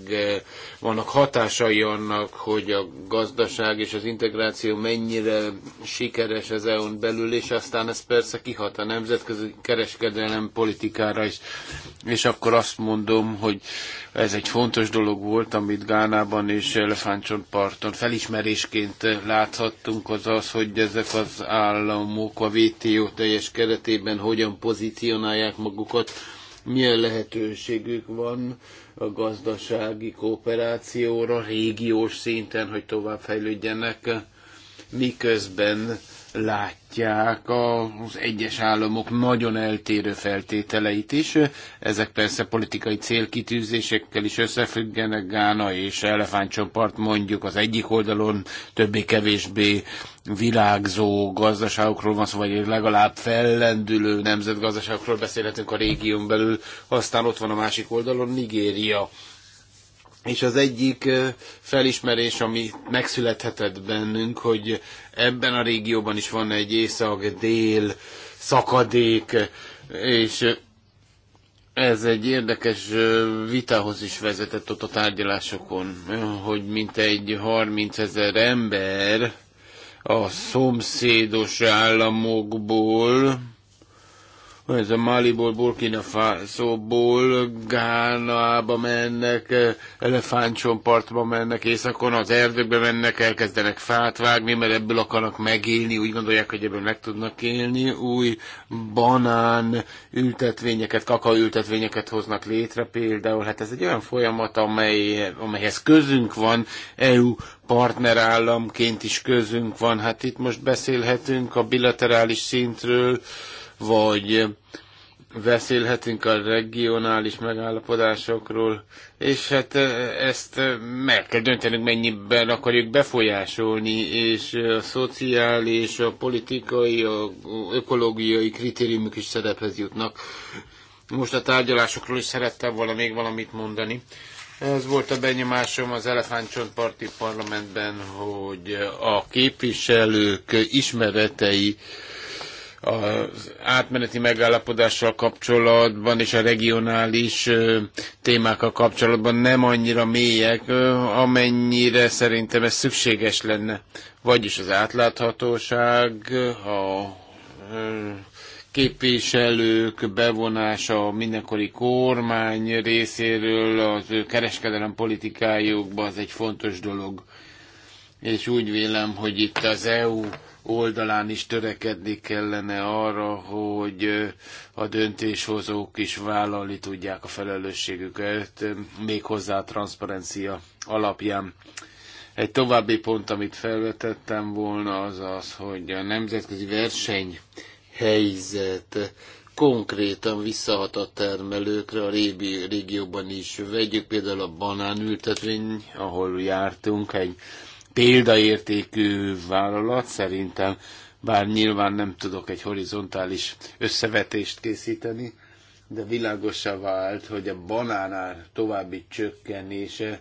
vannak hatásai annak, hogy a gazdaság és az integráció mennyire sikeres az EU-n belül, és aztán ez persze kihat a nemzetközi kereskedelem politikára is. És akkor azt mondom, hogy ez egy fontos dolog volt, amit Gánában és Elefántcsontparton felismerésként láthattunk, az az, hogy ezek az államok a WTO teljes keretében hogyan pozícionálják magukat, milyen lehetőségük van a gazdasági kooperációra régiós szinten, hogy továbbfejlődjenek, miközben látják az egyes államok nagyon eltérő feltételeit is. Ezek persze politikai célkitűzésekkel is összefüggenek. Gána és elefántcsoport mondjuk az egyik oldalon többé-kevésbé világzó gazdaságokról van szó, vagy legalább fellendülő nemzetgazdaságokról beszélhetünk a régión belül. Aztán ott van a másik oldalon Nigéria és az egyik felismerés, ami megszülethetett bennünk, hogy ebben a régióban is van egy észak-dél szakadék, és ez egy érdekes vitához is vezetett ott a tárgyalásokon, hogy mint egy 30 ezer ember a szomszédos államokból ez a Maliból, Burkina Faso-ból Gánába mennek, elefántcsompartba mennek, északon az erdőkbe mennek, elkezdenek fát vágni, mert ebből akarnak megélni, úgy gondolják, hogy ebből meg tudnak élni. Új banán ültetvényeket, ültetvényeket hoznak létre például. Hát ez egy olyan folyamat, amely, amelyhez közünk van, EU partnerállamként is közünk van. Hát itt most beszélhetünk a bilaterális szintről, vagy beszélhetünk a regionális megállapodásokról, és hát e, ezt meg kell döntenünk, mennyiben akarjuk befolyásolni, és a szociális, a politikai, a ökológiai kritériumok is szerephez jutnak. Most a tárgyalásokról is szerettem volna még valamit mondani. Ez volt a benyomásom az Elefántcsontparti parlamentben, hogy a képviselők ismeretei az átmeneti megállapodással kapcsolatban és a regionális témákkal kapcsolatban nem annyira mélyek, amennyire szerintem ez szükséges lenne. Vagyis az átláthatóság, a képviselők bevonása a mindenkori kormány részéről az ő kereskedelem politikájukba az egy fontos dolog. És úgy vélem, hogy itt az EU oldalán is törekedni kellene arra, hogy a döntéshozók is vállalni tudják a felelősségüket, méghozzá a transzparencia alapján. Egy további pont, amit felvetettem volna, az az, hogy a nemzetközi verseny helyzet konkrétan visszahat a termelőkre a régi régióban is. Vegyük például a banánültetvény, ahol jártunk, egy példaértékű vállalat szerintem, bár nyilván nem tudok egy horizontális összevetést készíteni, de világosá vált, hogy a banánár további csökkenése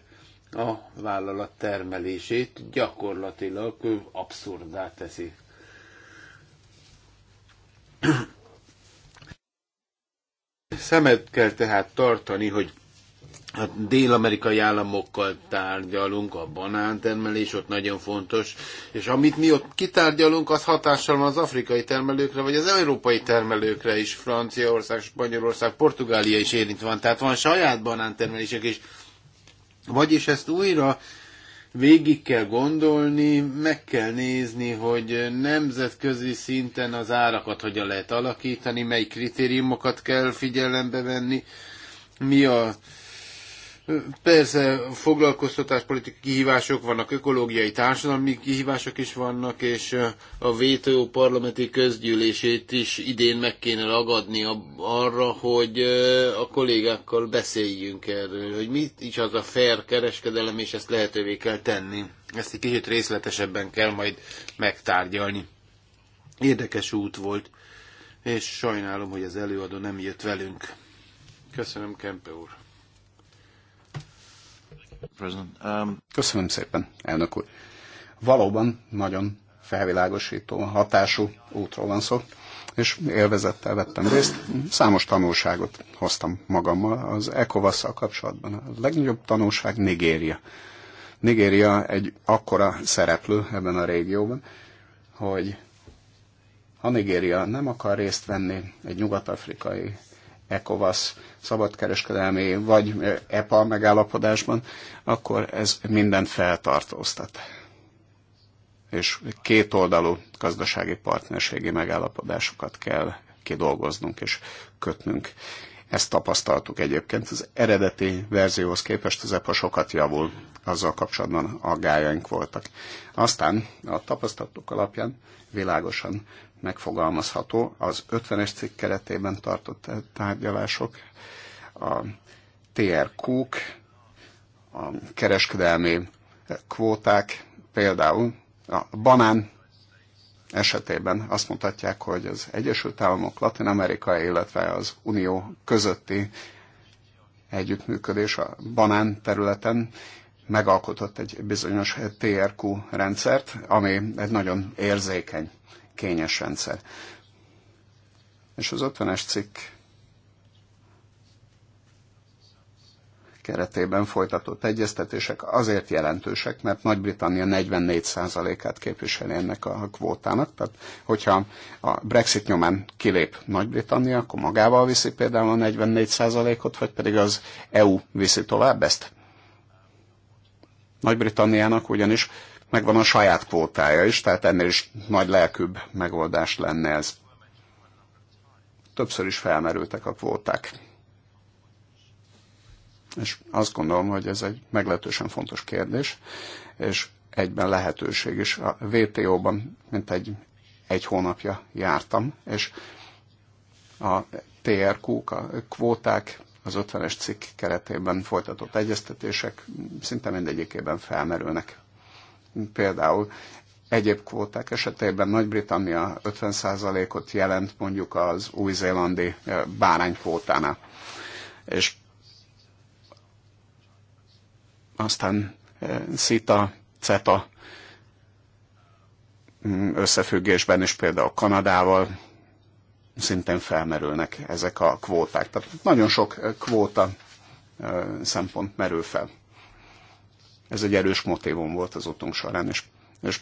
a vállalat termelését gyakorlatilag abszurdá teszi. Szemet kell tehát tartani, hogy a dél-amerikai államokkal tárgyalunk, a banántermelés ott nagyon fontos, és amit mi ott kitárgyalunk, az hatással van az afrikai termelőkre, vagy az európai termelőkre is, Franciaország, Spanyolország, Portugália is érint van, tehát van saját banántermelések is. Vagyis ezt újra végig kell gondolni, meg kell nézni, hogy nemzetközi szinten az árakat hogyan lehet alakítani, mely kritériumokat kell figyelembe venni, mi a Persze foglalkoztatáspolitikai kihívások vannak, ökológiai, társadalmi kihívások is vannak, és a WTO parlamenti közgyűlését is idén meg kéne ragadni arra, hogy a kollégákkal beszéljünk erről, hogy mit is az a fair kereskedelem, és ezt lehetővé kell tenni. Ezt egy kicsit részletesebben kell majd megtárgyalni. Érdekes út volt, és sajnálom, hogy az előadó nem jött velünk. Köszönöm, Kempe úr. Um, Köszönöm szépen, elnök úr. Valóban nagyon felvilágosító, hatású útról van szó, és élvezettel vettem részt. Számos tanulságot hoztam magammal az ecowas kapcsolatban. A legnagyobb tanulság Nigéria. Nigéria egy akkora szereplő ebben a régióban, hogy ha Nigéria nem akar részt venni egy nyugat-afrikai ECOWAS szabadkereskedelmi vagy EPA megállapodásban, akkor ez mindent feltartóztat. És kétoldalú gazdasági partnerségi megállapodásokat kell kidolgoznunk és kötnünk. Ezt tapasztaltuk egyébként. Az eredeti verzióhoz képest az EPA sokat javul, azzal kapcsolatban aggájaink voltak. Aztán a tapasztalatok alapján világosan megfogalmazható az 50-es cikk keretében tartott tárgyalások, a TRQ-k, a kereskedelmi kvóták, például a banán esetében azt mutatják, hogy az Egyesült Államok, Latin Amerika, illetve az Unió közötti együttműködés a banán területen megalkotott egy bizonyos TRQ rendszert, ami egy nagyon érzékeny, kényes rendszer. És az 50-es cikk keretében folytatott egyeztetések azért jelentősek, mert Nagy-Britannia 44%-át képviseli ennek a kvótának, tehát hogyha a Brexit nyomán kilép Nagy-Britannia, akkor magával viszi például a 44%-ot, vagy pedig az EU viszi tovább ezt? Nagy-Britanniának ugyanis megvan a saját kvótája is, tehát ennél is nagy lelkűbb megoldás lenne ez. Többször is felmerültek a kvóták és azt gondolom, hogy ez egy meglehetősen fontos kérdés, és egyben lehetőség is. A WTO-ban mint egy, egy hónapja jártam, és a TRQ-k, a kvóták, az 50-es cikk keretében folytatott egyeztetések szinte mindegyikében felmerülnek. Például egyéb kvóták esetében Nagy-Britannia 50%-ot jelent mondjuk az új-zélandi eh, báránykvótánál. És aztán eh, szita, CETA mm, összefüggésben is például Kanadával szintén felmerülnek ezek a kvóták. Tehát nagyon sok eh, kvóta eh, szempont merül fel. Ez egy erős motívum volt az utunk során, és, és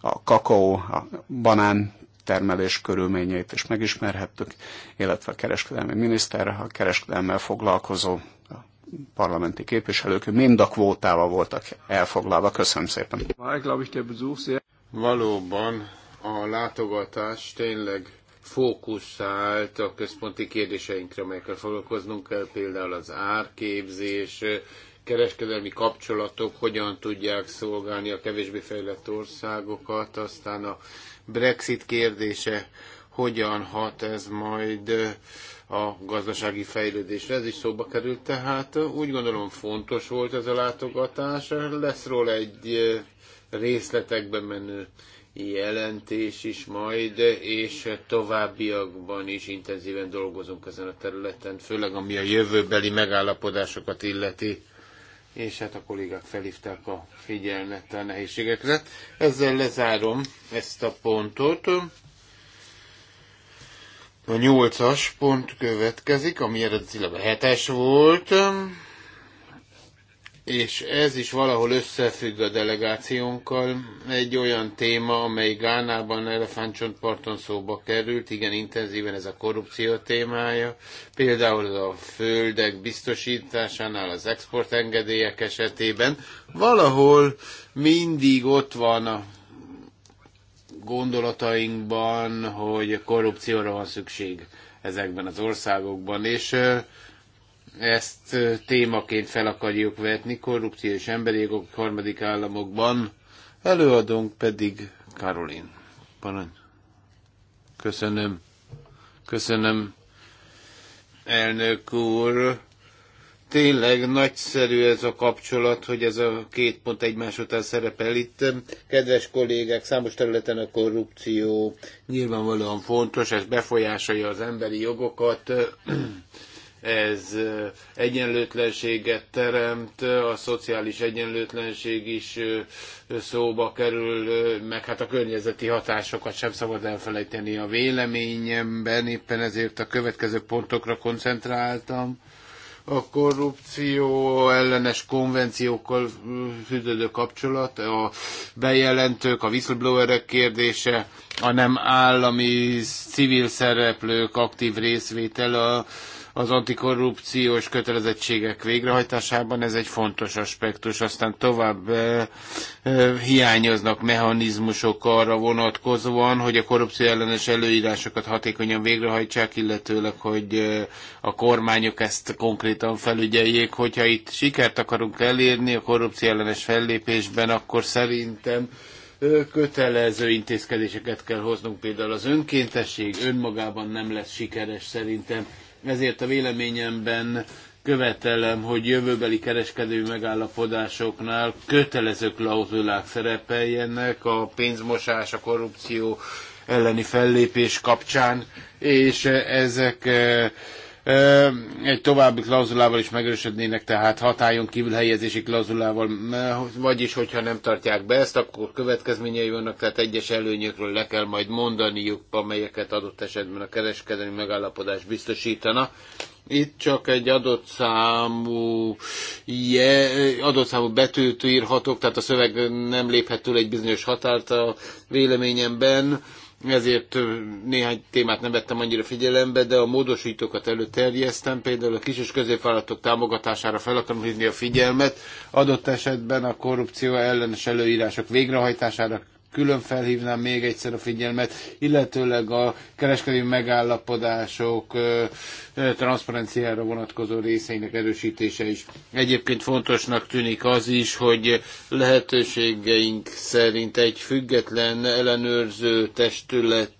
a kakaó, a banán termelés körülményeit is megismerhettük, illetve a kereskedelmi miniszter, a kereskedelmmel foglalkozó parlamenti képviselők mind a kvótával voltak elfoglalva. Köszönöm szépen. Valóban a látogatás tényleg fókuszált a központi kérdéseinkre, amelyekkel foglalkoznunk kell, például az árképzés, kereskedelmi kapcsolatok hogyan tudják szolgálni a kevésbé fejlett országokat, aztán a Brexit kérdése, hogyan hat ez majd a gazdasági fejlődésre. Ez is szóba került, tehát úgy gondolom fontos volt ez a látogatás. Lesz róla egy eh, részletekbe menő jelentés is majd, és továbbiakban is intenzíven dolgozunk ezen a területen, főleg ami a jövőbeli megállapodásokat illeti, és hát a kollégák felhívták a figyelmet a nehézségekre. Ezzel lezárom ezt a pontot. A nyolcas pont következik, ami eredetileg a hetes volt, és ez is valahol összefügg a delegációnkkal. Egy olyan téma, amely Gánában, Elefántcsontparton szóba került, igen intenzíven ez a korrupció témája. Például a földek biztosításánál, az exportengedélyek esetében valahol mindig ott van a gondolatainkban, hogy korrupcióra van szükség ezekben az országokban, és ezt témaként fel akarjuk vetni, korrupció és emberi jogok harmadik államokban. Előadónk pedig Karolin. Parancs. Köszönöm. Köszönöm, elnök úr tényleg nagyszerű ez a kapcsolat, hogy ez a két pont egymás után szerepel itt. Kedves kollégek, számos területen a korrupció nyilvánvalóan fontos, ez befolyásolja az emberi jogokat, ez egyenlőtlenséget teremt, a szociális egyenlőtlenség is szóba kerül, meg hát a környezeti hatásokat sem szabad elfelejteni a véleményemben, éppen ezért a következő pontokra koncentráltam a korrupció ellenes konvenciókkal fűződő kapcsolat, a bejelentők, a whistleblowerek kérdése, a nem állami civil szereplők aktív részvétele, a az antikorrupciós kötelezettségek végrehajtásában ez egy fontos aspektus. Aztán tovább e, e, hiányoznak mechanizmusok arra vonatkozóan, hogy a korrupció ellenes előírásokat hatékonyan végrehajtsák, illetőleg, hogy e, a kormányok ezt konkrétan felügyeljék. Hogyha itt sikert akarunk elérni a korrupció ellenes fellépésben, akkor szerintem kötelező intézkedéseket kell hoznunk, például az önkéntesség önmagában nem lesz sikeres szerintem, ezért a véleményemben követelem, hogy jövőbeli kereskedő megállapodásoknál kötelező klauzulák szerepeljenek a pénzmosás, a korrupció elleni fellépés kapcsán, és ezek eh, egy további klauzulával is megerősödnének, tehát hatályon kívül helyezési klauzulával, vagyis hogyha nem tartják be ezt, akkor következményei vannak, tehát egyes előnyökről le kell majd mondaniuk, amelyeket adott esetben a kereskedelmi megállapodás biztosítana. Itt csak egy adott számú, je, adott számú betűt írhatok, tehát a szöveg nem léphet túl egy bizonyos határt a véleményemben ezért néhány témát nem vettem annyira figyelembe, de a módosítókat előterjesztem, például a kis és középvállalatok támogatására fel akarom hívni a figyelmet, adott esetben a korrupció ellenes előírások végrehajtására külön felhívnám még egyszer a figyelmet, illetőleg a kereskedelmi megállapodások transzparenciára vonatkozó részeinek erősítése is. Egyébként fontosnak tűnik az is, hogy lehetőségeink szerint egy független ellenőrző testület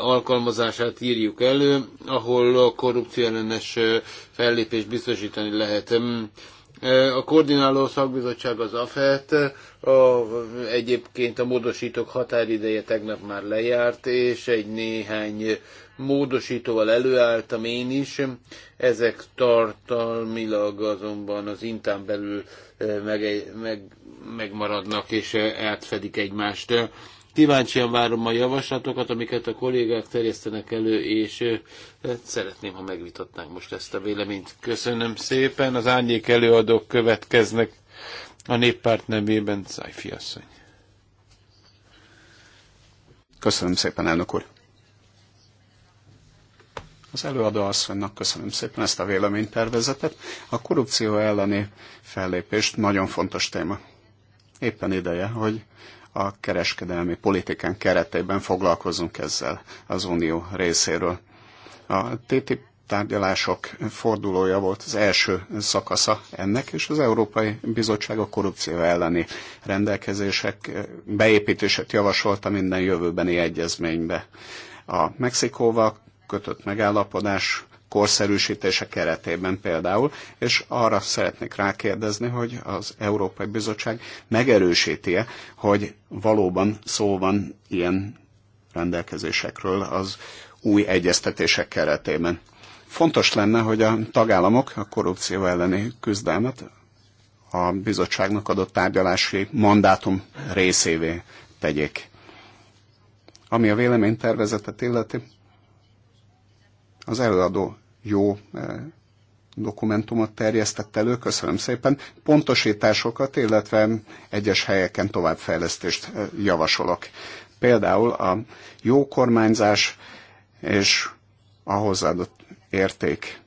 alkalmazását írjuk elő, ahol a korrupció ellenes fellépést biztosítani lehet Eh, a koordináló szakbizottság az AFET, a, egyébként a módosítók határideje tegnap már lejárt, és egy néhány módosítóval előálltam én is. Ezek tartalmilag azonban az intán belül eh, meg, meg, megmaradnak és eh, átfedik egymást. Kíváncsian várom a javaslatokat, amiket a kollégák terjesztenek elő, és szeretném, ha megvitatnánk most ezt a véleményt. Köszönöm szépen. Az árnyék előadók következnek a néppárt nevében, Szájfi asszony. Köszönöm szépen, elnök úr. Az előadó asszonynak köszönöm szépen ezt a véleménytervezetet. A korrupció elleni fellépést nagyon fontos téma. Éppen ideje, hogy a kereskedelmi politikán keretében foglalkozunk ezzel az Unió részéről. A TTIP tárgyalások fordulója volt az első szakasza ennek, és az Európai Bizottság a korrupció elleni rendelkezések beépítését javasolta minden jövőbeni egyezménybe. A Mexikóval kötött megállapodás korszerűsítése keretében például, és arra szeretnék rákérdezni, hogy az Európai Bizottság megerősíti-e, hogy valóban szó van ilyen rendelkezésekről az új egyeztetések keretében. Fontos lenne, hogy a tagállamok a korrupció elleni küzdelmet a bizottságnak adott tárgyalási mandátum részévé tegyék. Ami a véleménytervezetet illeti, az előadó jó eh, dokumentumot terjesztett elő, köszönöm szépen. Pontosításokat, illetve egyes helyeken továbbfejlesztést eh, javasolok. Például a jó kormányzás és a hozzáadott érték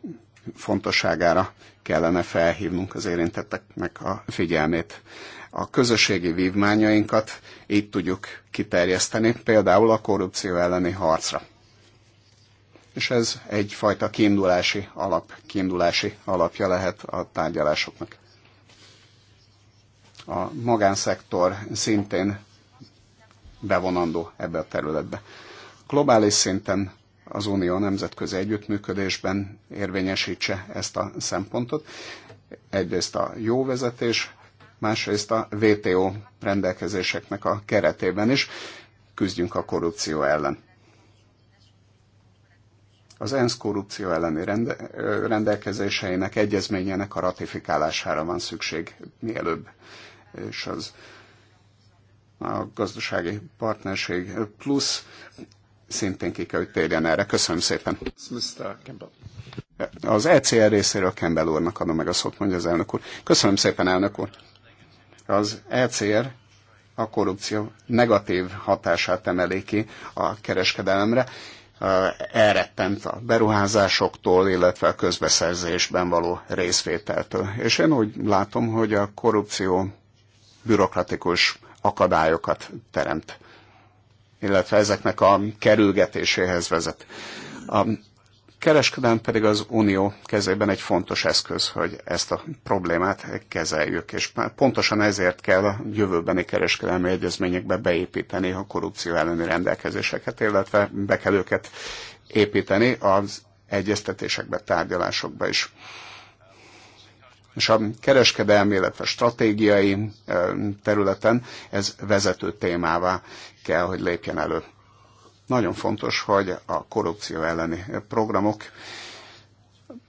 fontosságára kellene felhívnunk az érintetteknek a figyelmét. A közösségi vívmányainkat így tudjuk kiterjeszteni, például a korrupció elleni harcra és ez egyfajta kiindulási alap, kiindulási alapja lehet a tárgyalásoknak. A magánszektor szintén bevonandó ebbe a területbe. Globális szinten az Unió nemzetközi együttműködésben érvényesítse ezt a szempontot. Egyrészt a jó vezetés, másrészt a WTO rendelkezéseknek a keretében is küzdjünk a korrupció ellen az ENSZ korrupció elleni rende, rendelkezéseinek, egyezményének a ratifikálására van szükség mielőbb, és az a gazdasági partnerség plusz szintén ki kell, hogy térjen erre. Köszönöm szépen. Az ECR részéről Campbell úrnak adom meg a szót, mondja az elnök úr. Köszönöm szépen, elnök úr. Az ECR a korrupció negatív hatását emeli ki a kereskedelemre, elrettent a beruházásoktól, illetve a közbeszerzésben való részvételtől. És én úgy látom, hogy a korrupció bürokratikus akadályokat teremt, illetve ezeknek a kerülgetéséhez vezet. A kereskedelem pedig az unió kezében egy fontos eszköz, hogy ezt a problémát kezeljük, és pontosan ezért kell a jövőbeni kereskedelmi egyezményekbe beépíteni a korrupció elleni rendelkezéseket, illetve be kell őket építeni az egyeztetésekbe, tárgyalásokba is. És a kereskedelmi, illetve stratégiai területen ez vezető témává kell, hogy lépjen elő. Nagyon fontos, hogy a korrupció elleni programok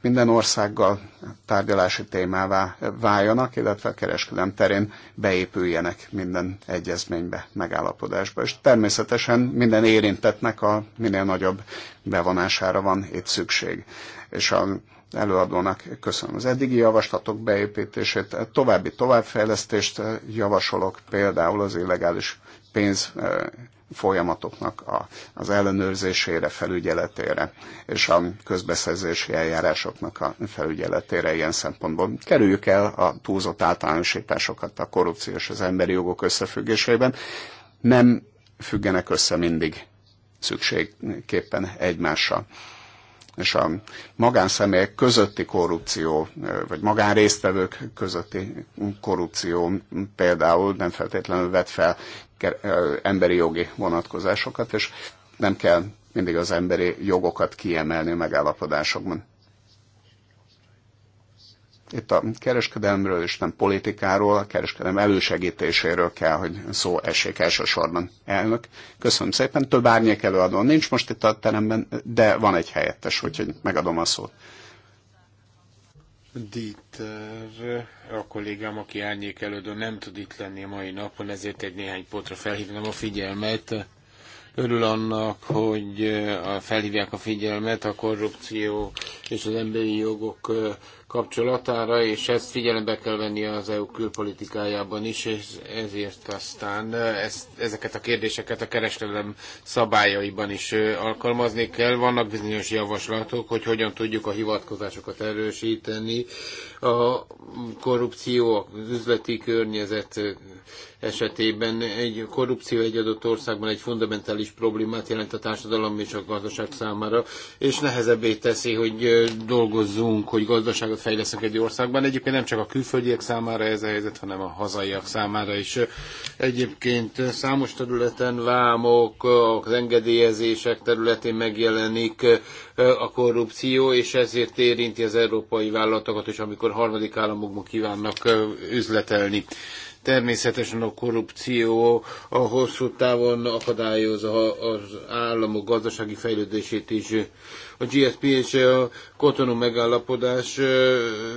minden országgal tárgyalási témává váljanak, illetve a kereskedelem terén beépüljenek minden egyezménybe, megállapodásba. És természetesen minden érintetnek a minél nagyobb bevonására van itt szükség. És a előadónak köszönöm az eddigi javaslatok beépítését, további továbbfejlesztést javasolok, például az illegális pénz folyamatoknak a, az ellenőrzésére, felügyeletére és a közbeszerzési eljárásoknak a felügyeletére ilyen szempontból. Kerüljük el a túlzott általánosításokat a korrupció és az emberi jogok összefüggésében. Nem függenek össze mindig szükségképpen egymással és a magánszemélyek közötti korrupció, vagy magánrésztvevők közötti korrupció például nem feltétlenül vet fel emberi jogi vonatkozásokat, és nem kell mindig az emberi jogokat kiemelni a megállapodásokban. Itt a kereskedelemről és nem politikáról, a kereskedelem elősegítéséről kell, hogy szó essék elsősorban. Elnök, köszönöm szépen, több árnyék előadó nincs most itt a teremben, de van egy helyettes, úgyhogy megadom a szót. Dieter, a kollégám, aki árnyék elődön nem tud itt lenni a mai napon, ezért egy néhány pontra felhívnám a figyelmet. Örül annak, hogy eh, felhívják a figyelmet a korrupció és az emberi jogok eh, kapcsolatára, és ezt figyelembe kell venni az EU külpolitikájában is, és ezért aztán eh, ezt, ezeket a kérdéseket a kereskedelem szabályaiban is eh, alkalmazni kell. Vannak bizonyos javaslatok, hogy hogyan tudjuk a hivatkozásokat erősíteni, a korrupció, az üzleti környezet eh, esetében egy korrupció egy adott országban egy fundamentális problémát jelent a társadalom és a gazdaság számára, és nehezebbé teszi, hogy dolgozzunk, hogy gazdaságot fejleszünk egy országban. Egyébként nem csak a külföldiek számára ez a helyzet, hanem a hazaiak számára is. Egyébként számos területen vámok, az engedélyezések területén megjelenik a korrupció, és ezért érinti az európai vállalatokat és amikor harmadik államokban kívánnak üzletelni. Természetesen a korrupció a hosszú távon akadályozza az államok gazdasági fejlődését is. A GSP és a kotonú megállapodás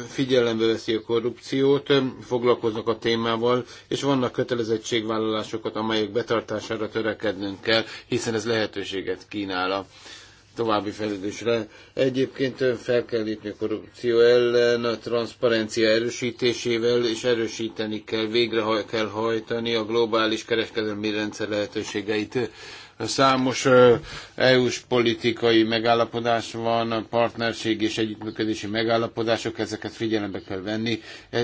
figyelembe veszi a korrupciót, foglalkoznak a témával, és vannak kötelezettségvállalásokat, amelyek betartására törekednünk kell, hiszen ez lehetőséget kínál a további fejlődésre. Egyébként fel kell lépni a korrupció ellen, a transzparencia erősítésével, és erősíteni kell, végre kell hajtani a globális kereskedelmi rendszer lehetőségeit. Számos EU-s politikai megállapodás van, partnerség és együttműködési megállapodások, ezeket figyelembe kell venni, e,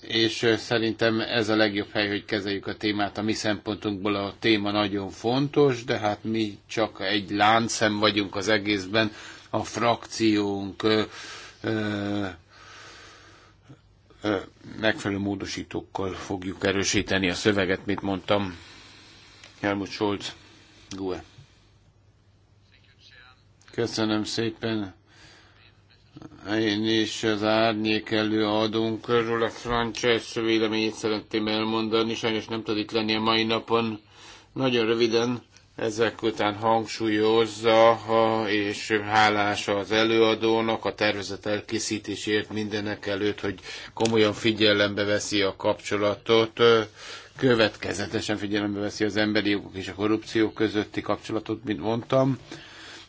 és szerintem ez a legjobb hely, hogy kezeljük a témát. A mi szempontunkból a téma nagyon fontos, de hát mi csak egy láncszem vagyunk az egészben, a frakciónk megfelelő módosítókkal fogjuk erősíteni a szöveget, mint mondtam. Helmut Scholz. GUE. Köszönöm szépen. Én is az árnyék körül a Frances véleményét szeretném elmondani, sajnos nem tud itt lenni a mai napon. Nagyon röviden ezek után hangsúlyozza, és hálás az előadónak a tervezet elkészítésért mindenek előtt, hogy komolyan figyelembe veszi a kapcsolatot következetesen figyelembe veszi az emberi jogok és a korrupció közötti kapcsolatot, mint mondtam.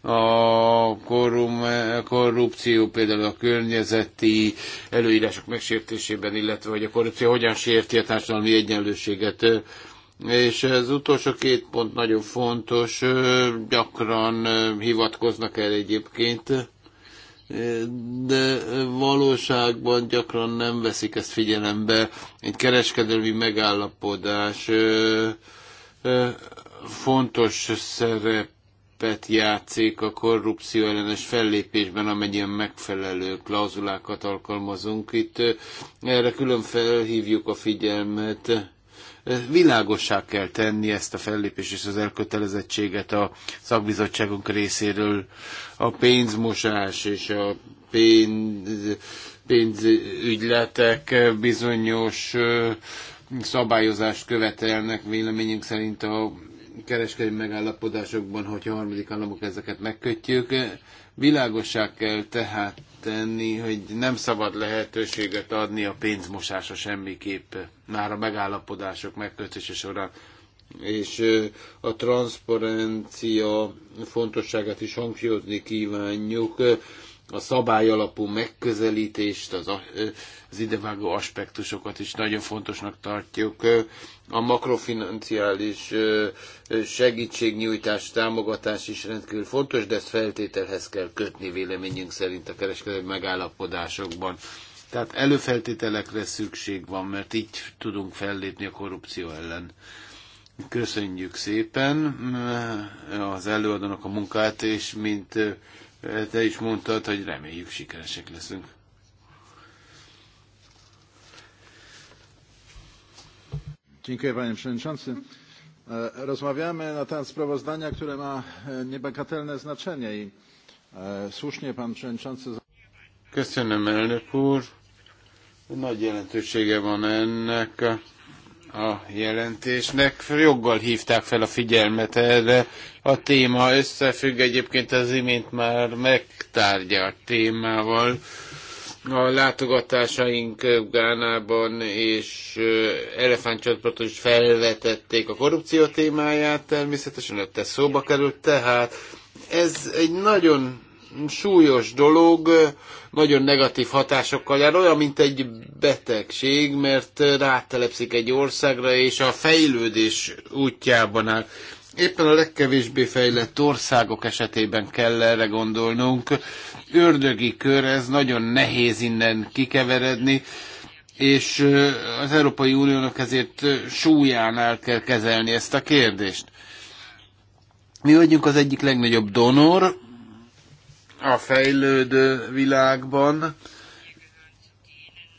A korrupció például a környezeti előírások megsértésében, illetve hogy a korrupció hogyan sérti a társadalmi egyenlőséget. És az utolsó két pont nagyon fontos, gyakran hivatkoznak el egyébként de valóságban gyakran nem veszik ezt figyelembe. Egy kereskedelmi megállapodás fontos szerepet játszik a korrupció ellenes fellépésben, amennyien megfelelő klauzulákat alkalmazunk itt. Erre külön felhívjuk a figyelmet Világossá kell tenni ezt a fellépést és az elkötelezettséget a szakbizottságunk részéről. A pénzmosás és a pénz, pénzügyletek bizonyos szabályozást követelnek véleményünk szerint a kereskedelmi megállapodásokban, hogyha harmadik államok ezeket megkötjük. Világosság kell tehát tenni, hogy nem szabad lehetőséget adni a pénzmosásra semmiképp, már a megállapodások megkötése során. És a transzparencia fontosságát is hangsúlyozni kívánjuk a szabályalapú megközelítést, az, az idevágó aspektusokat is nagyon fontosnak tartjuk. A makrofinanciális segítségnyújtás, támogatás is rendkívül fontos, de ezt feltételhez kell kötni véleményünk szerint a kereskedelmi megállapodásokban. Tehát előfeltételekre szükség van, mert így tudunk fellépni a korrupció ellen. Köszönjük szépen az előadónak a munkát, és mint te is mondtad, hogy reméljük sikeresek leszünk. Dziękuję panie przewodniczący. E, rozmawiamy na temat sprawozdania, które ma e, niebagatelne znaczenie i e, słusznie pan przewodniczący. Köszönöm elnök úr. Nagy jelentősége van ennek a jelentésnek. Joggal hívták fel a figyelmet erre. A téma összefügg egyébként az imént már megtárgyalt témával. A látogatásaink Gánában és Elefántcsontparton is felvetették a korrupció témáját, természetesen ott ez szóba került, tehát ez egy nagyon súlyos dolog, nagyon negatív hatásokkal jár, olyan, mint egy betegség, mert rátelepszik egy országra, és a fejlődés útjában áll. Éppen a legkevésbé fejlett országok esetében kell erre gondolnunk. Ördögi kör, ez nagyon nehéz innen kikeveredni, és az Európai Uniónak ezért súlyánál kell kezelni ezt a kérdést. Mi vagyunk az egyik legnagyobb donor, a fejlődő világban,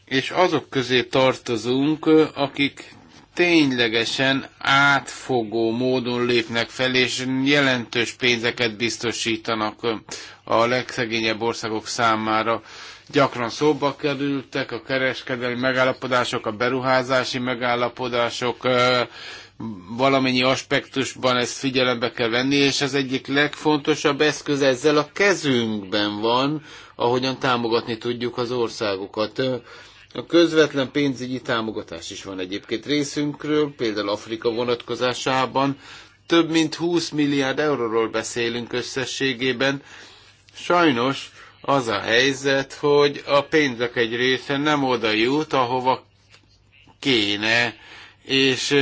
és azok közé tartozunk, akik ténylegesen átfogó módon lépnek fel, és jelentős pénzeket biztosítanak a legszegényebb országok számára. Gyakran szóba kerültek a kereskedelmi megállapodások, a beruházási megállapodások, valamennyi aspektusban ezt figyelembe kell venni, és az egyik legfontosabb eszköz ezzel a kezünkben van, ahogyan támogatni tudjuk az országokat. A közvetlen pénzügyi támogatás is van egyébként részünkről, például Afrika vonatkozásában. Több mint 20 milliárd euróról beszélünk összességében. Sajnos az a helyzet, hogy a pénzek egy része nem oda jut, ahova kéne, és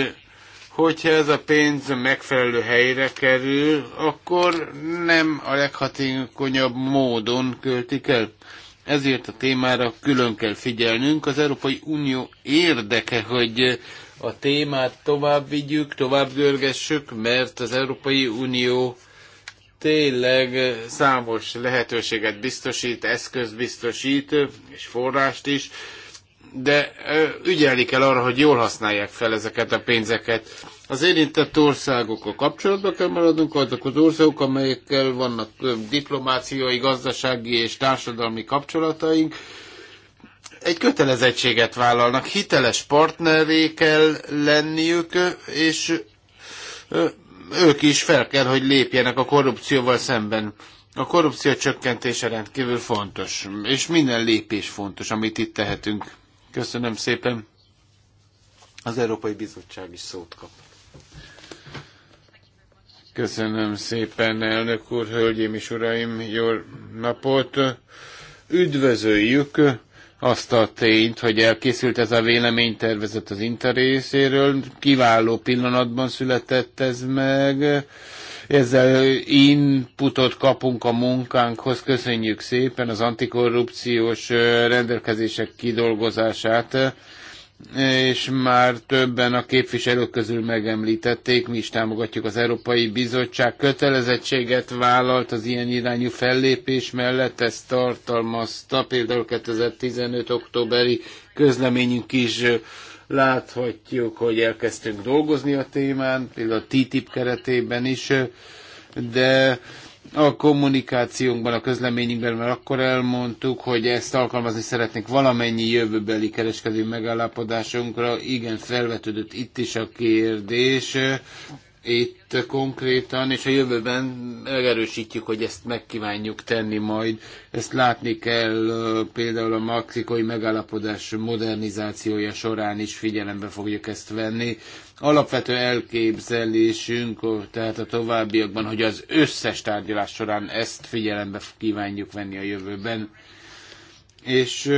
hogyha ez a pénz megfelelő helyre kerül, akkor nem a leghatékonyabb módon költik el. Ezért a témára külön kell figyelnünk. Az Európai Unió érdeke, hogy a témát tovább vigyük, tovább görgessük, mert az Európai Unió tényleg számos lehetőséget biztosít, eszköz biztosít, és forrást is, de ügyelni kell arra, hogy jól használják fel ezeket a pénzeket. Az érintett országokkal kapcsolatban kell maradunk, azok az országok, amelyekkel vannak diplomáciai, gazdasági és társadalmi kapcsolataink, egy kötelezettséget vállalnak, hiteles partneré kell lenniük, és ők is fel kell, hogy lépjenek a korrupcióval szemben. A korrupció csökkentése rendkívül fontos, és minden lépés fontos, amit itt tehetünk. Köszönöm szépen. Az Európai Bizottság is szót kap. Köszönöm szépen, elnök úr, hölgyeim és uraim, jó napot. Üdvözöljük azt a tényt, hogy elkészült ez a véleménytervezet az interészéről Kiváló pillanatban született ez meg ezzel inputot kapunk a munkánkhoz. Köszönjük szépen az antikorrupciós rendelkezések kidolgozását és már többen a képviselők közül megemlítették, mi is támogatjuk az Európai Bizottság kötelezettséget vállalt az ilyen irányú fellépés mellett, ezt tartalmazta például 2015. októberi közleményünk is Láthatjuk, hogy elkezdtünk dolgozni a témán, például a TTIP keretében is, de a kommunikációnkban, a közleményünkben már akkor elmondtuk, hogy ezt alkalmazni szeretnénk valamennyi jövőbeli kereskedő megállapodásunkra. Igen, felvetődött itt is a kérdés itt konkrétan, és a jövőben megerősítjük, hogy ezt megkívánjuk tenni majd. Ezt látni kell például a maxikai megállapodás modernizációja során is figyelembe fogjuk ezt venni. Alapvető elképzelésünk, tehát a továbbiakban, hogy az összes tárgyalás során ezt figyelembe kívánjuk venni a jövőben és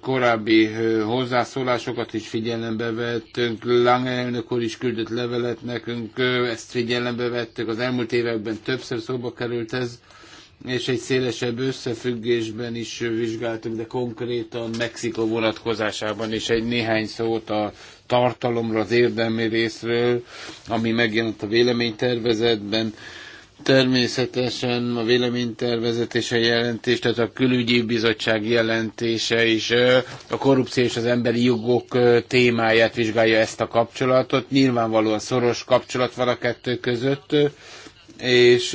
korábbi hozzászólásokat is figyelembe vettünk. Lange elnök úr is küldött levelet nekünk, ezt figyelembe vettük. Az elmúlt években többször szóba került ez, és egy szélesebb összefüggésben is vizsgáltuk, de konkrétan Mexikó vonatkozásában is egy néhány szót a tartalomra, az érdemi részről, ami megjelent a véleménytervezetben. Természetesen a véleménytervezet és a jelentés, tehát a külügyi bizottság jelentése is a korrupció és az emberi jogok témáját vizsgálja ezt a kapcsolatot. Nyilvánvalóan szoros kapcsolat van a kettő között, és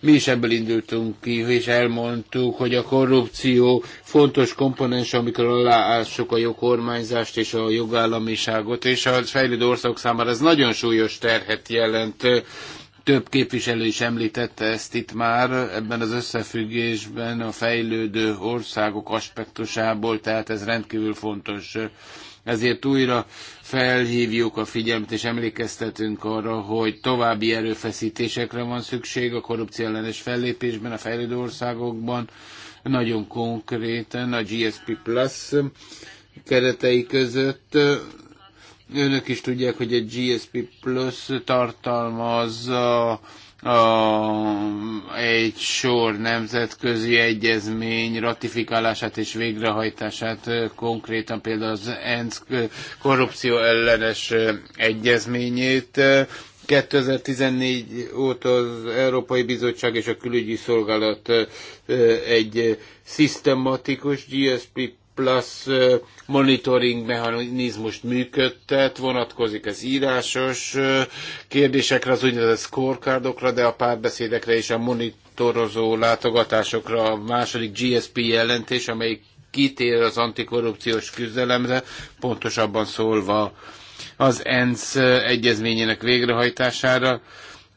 mi is ebből indultunk ki, és elmondtuk, hogy a korrupció fontos komponens, amikor aláássuk a jogkormányzást és a jogállamiságot, és a fejlődő országok számára ez nagyon súlyos terhet jelent több képviselő is említette ezt itt már ebben az összefüggésben a fejlődő országok aspektusából, tehát ez rendkívül fontos. Ezért újra felhívjuk a figyelmet és emlékeztetünk arra, hogy további erőfeszítésekre van szükség a korrupció ellenes fellépésben a fejlődő országokban, nagyon konkrétan a GSP Plus keretei között Önök is tudják, hogy a GSP Plus tartalmazza a, egy sor nemzetközi egyezmény ratifikálását és végrehajtását, konkrétan például az ENSZ korrupció ellenes egyezményét. 2014 óta az Európai Bizottság és a Külügyi Szolgálat egy szisztematikus GSP Plus monitoring mechanizmust működtet, vonatkozik az írásos kérdésekre, az úgynevezett scorecardokra, de a párbeszédekre és a monitorozó látogatásokra a második GSP jelentés, amely kitér az antikorrupciós küzdelemre, pontosabban szólva az ENSZ egyezményének végrehajtására.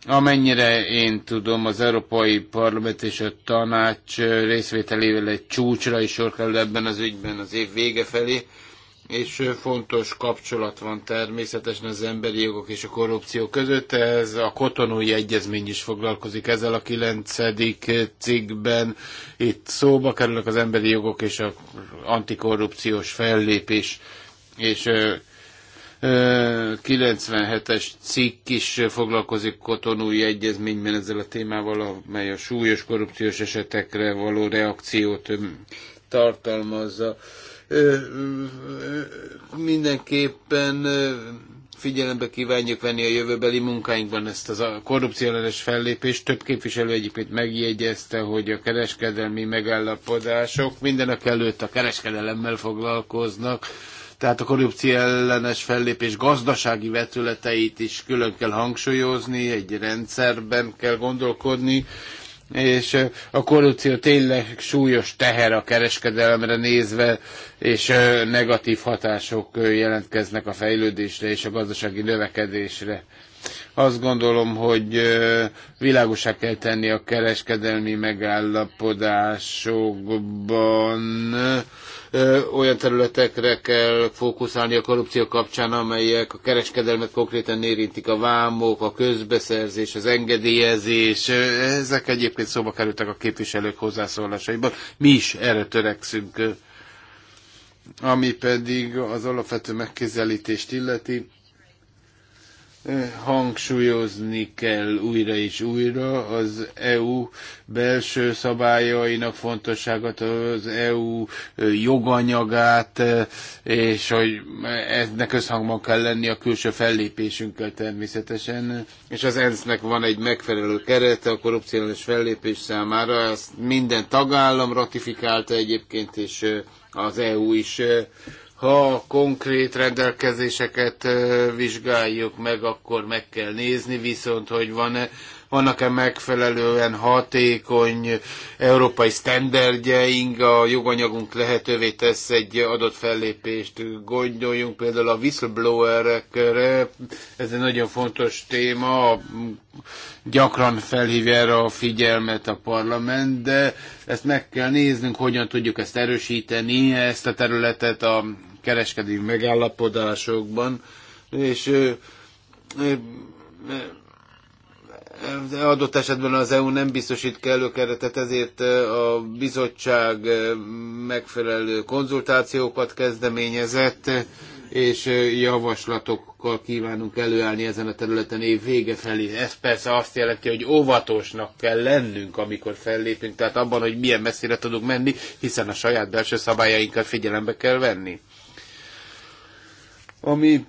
Amennyire én tudom, az Európai Parlament és a Tanács részvételével egy csúcsra is sor kerül ebben az ügyben az év vége felé, és fontos kapcsolat van természetesen az emberi jogok és a korrupció között. Ez a kotonói egyezmény is foglalkozik ezzel a kilencedik cikkben. Itt szóba kerülnek az emberi jogok és a antikorrupciós fellépés, és 97-es cikk is foglalkozik kotonúi egyezményben ezzel a témával, amely a súlyos korrupciós esetekre való reakciót tartalmazza. Mindenképpen figyelembe kívánjuk venni a jövőbeli munkáinkban ezt a korrupció ellenes fellépést. Több képviselő egyébként megjegyezte, hogy a kereskedelmi megállapodások mindenek előtt a kereskedelemmel foglalkoznak tehát a korrupció ellenes fellépés gazdasági vetületeit is külön kell hangsúlyozni, egy rendszerben kell gondolkodni, és a korrupció tényleg súlyos teher a kereskedelemre nézve, és negatív hatások jelentkeznek a fejlődésre és a gazdasági növekedésre. Azt gondolom, hogy világosá kell tenni a kereskedelmi megállapodásokban, olyan területekre kell fókuszálni a korrupció kapcsán, amelyek a kereskedelmet konkrétan érintik, a vámok, a közbeszerzés, az engedélyezés. Ezek egyébként szóba kerültek a képviselők hozzászólásaiban. Mi is erre törekszünk. Ami pedig az alapvető megközelítést illeti, hangsúlyozni kell újra és újra az EU belső szabályainak fontosságát, az EU joganyagát, és hogy eznek összhangban kell lenni a külső fellépésünkkel természetesen. És az ENSZ-nek van egy megfelelő kerete a korrupciós fellépés számára, ezt minden tagállam ratifikálta egyébként, és az EU is ha konkrét rendelkezéseket vizsgáljuk meg, akkor meg kell nézni, viszont hogy van-e, vannak-e megfelelően hatékony európai sztenderdjeink, a joganyagunk lehetővé tesz egy adott fellépést. Gondoljunk például a whistleblowerekre, ez egy nagyon fontos téma, gyakran felhívja erre a figyelmet a parlament, de ezt meg kell néznünk, hogyan tudjuk ezt erősíteni, ezt a területet a kereskedő megállapodásokban, és de adott esetben az EU nem biztosít kellő keretet, ezért a bizottság megfelelő konzultációkat kezdeményezett, és javaslatokkal kívánunk előállni ezen a területen év vége felé. Ez persze azt jelenti, hogy óvatosnak kell lennünk, amikor fellépünk, tehát abban, hogy milyen messzire tudunk menni, hiszen a saját belső szabályainkat figyelembe kell venni. Ami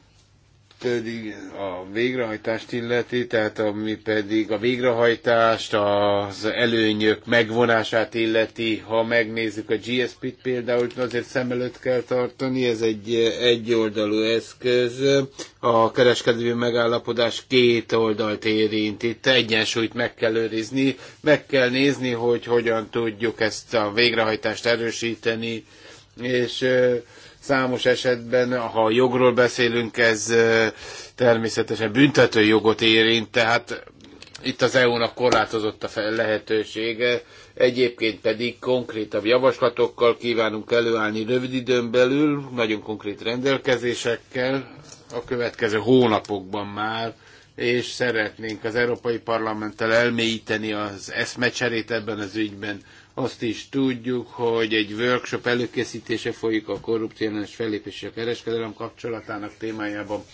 pedig a végrehajtást illeti, tehát ami pedig a végrehajtást, az előnyök megvonását illeti, ha megnézzük a GSP-t például, azért szem előtt kell tartani, ez egy egyoldalú eszköz, a kereskedelmi megállapodás két oldalt érint, itt egyensúlyt meg kell őrizni, meg kell nézni, hogy hogyan tudjuk ezt a végrehajtást erősíteni, és Számos esetben, ha jogról beszélünk, ez természetesen büntető jogot érint, tehát itt az EU-nak korlátozott a lehetősége, egyébként pedig konkrétabb javaslatokkal kívánunk előállni rövid időn belül, nagyon konkrét rendelkezésekkel a következő hónapokban már, és szeretnénk az Európai Parlamenttel elmélyíteni az eszmecserét ebben az ügyben. Azt is tudjuk, hogy egy workshop előkészítése folyik a korrupciós fellépés és a kereskedelem kapcsolatának témájában.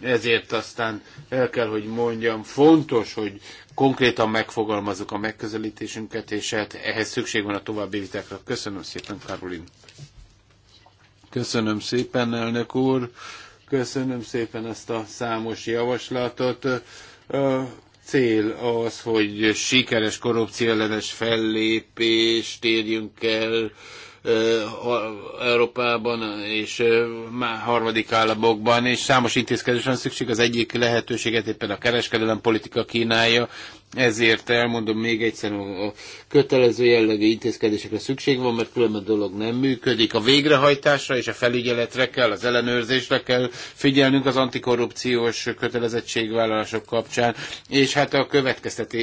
Ezért aztán el kell, hogy mondjam, fontos, hogy konkrétan megfogalmazzuk a megközelítésünket, és hát ehhez szükség van a további vitákra. Köszönöm szépen, Karolin. Köszönöm szépen, elnök úr. Köszönöm szépen ezt a számos javaslatot cél az, hogy sikeres korrupcióellenes fellépést érjünk el Európában és már harmadik államokban, és számos intézkedésre van szükség. Az egyik lehetőséget éppen a kereskedelem politika kínálja, ezért elmondom még egyszer, a kötelező jellegű intézkedésekre szükség van, mert különben a dolog nem működik. A végrehajtásra és a felügyeletre kell, az ellenőrzésre kell figyelnünk az antikorrupciós kötelezettségvállalások kapcsán, és hát a,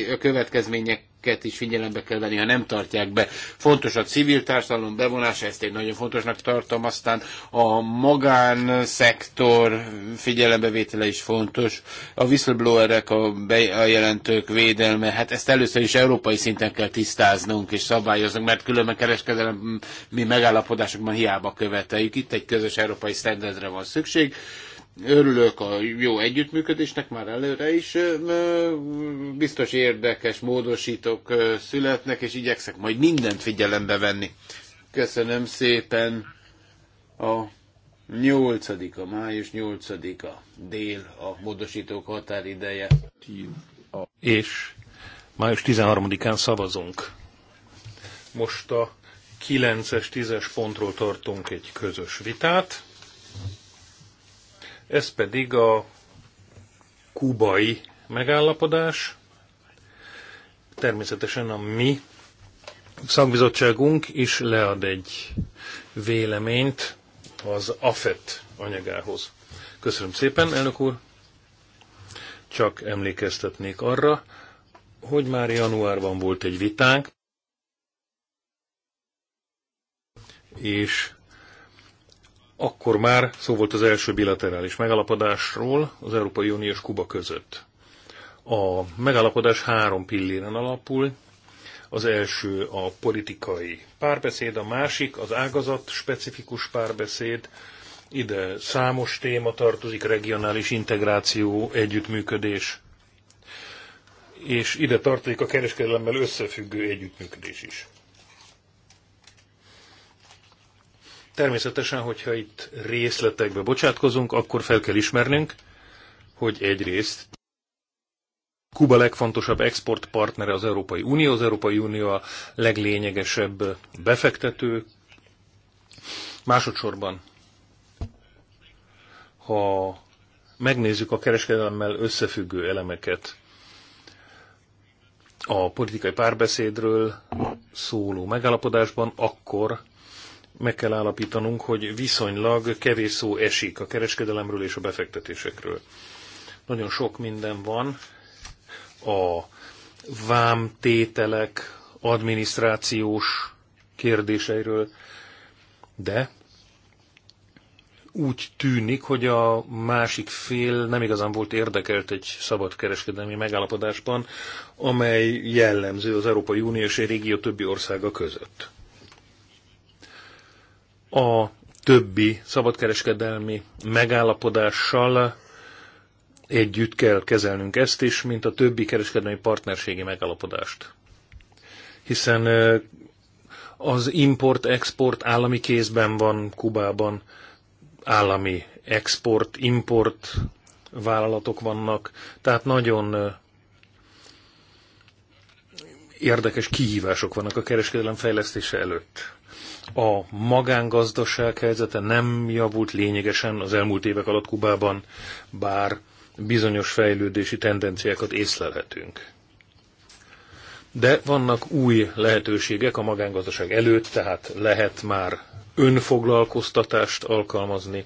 a következmények ezeket is figyelembe kell venni, ha nem tartják be. Fontos a civil társadalom bevonása, ezt én nagyon fontosnak tartom, aztán a magánszektor figyelembevétele is fontos, a whistleblowerek, a bejelentők védelme, hát ezt először is európai szinten kell tisztáznunk és szabályoznunk, mert különben mi megállapodásokban hiába követeljük. Itt egy közös európai standardre van szükség, Örülök a jó együttműködésnek már előre is. Biztos érdekes módosítók születnek, és igyekszek majd mindent figyelembe venni. Köszönöm szépen a 8 a május 8-a dél a módosítók határideje. És május 13-án szavazunk. Most a 9-es, 10-es pontról tartunk egy közös vitát ez pedig a kubai megállapodás. Természetesen a mi szakbizottságunk is lead egy véleményt az AFET anyagához. Köszönöm szépen, elnök úr! Csak emlékeztetnék arra, hogy már januárban volt egy vitánk, és akkor már szó volt az első bilaterális megalapodásról az Európai Unió és Kuba között. A megalapodás három pilléren alapul. Az első a politikai párbeszéd, a másik az ágazat specifikus párbeszéd, ide számos téma tartozik, regionális integráció, együttműködés, és ide tartozik a kereskedelemmel összefüggő együttműködés is. Természetesen, hogyha itt részletekbe bocsátkozunk, akkor fel kell ismernünk, hogy egyrészt Kuba legfontosabb exportpartnere az Európai Unió, az Európai Unió a leglényegesebb befektető. Másodszorban, ha megnézzük a kereskedelemmel összefüggő elemeket, a politikai párbeszédről szóló megállapodásban, akkor meg kell állapítanunk, hogy viszonylag kevés szó esik a kereskedelemről és a befektetésekről. Nagyon sok minden van, a vámtételek, adminisztrációs kérdéseiről, de úgy tűnik, hogy a másik fél nem igazán volt érdekelt egy szabad kereskedelmi megállapodásban, amely jellemző az Európai Unió és a régió többi országa között a többi szabadkereskedelmi megállapodással együtt kell kezelnünk ezt is, mint a többi kereskedelmi partnerségi megállapodást. Hiszen az import-export állami kézben van Kubában, állami export-import vállalatok vannak, tehát nagyon érdekes kihívások vannak a kereskedelem fejlesztése előtt a magángazdaság helyzete nem javult lényegesen az elmúlt évek alatt Kubában, bár bizonyos fejlődési tendenciákat észlelhetünk. De vannak új lehetőségek a magángazdaság előtt, tehát lehet már önfoglalkoztatást alkalmazni,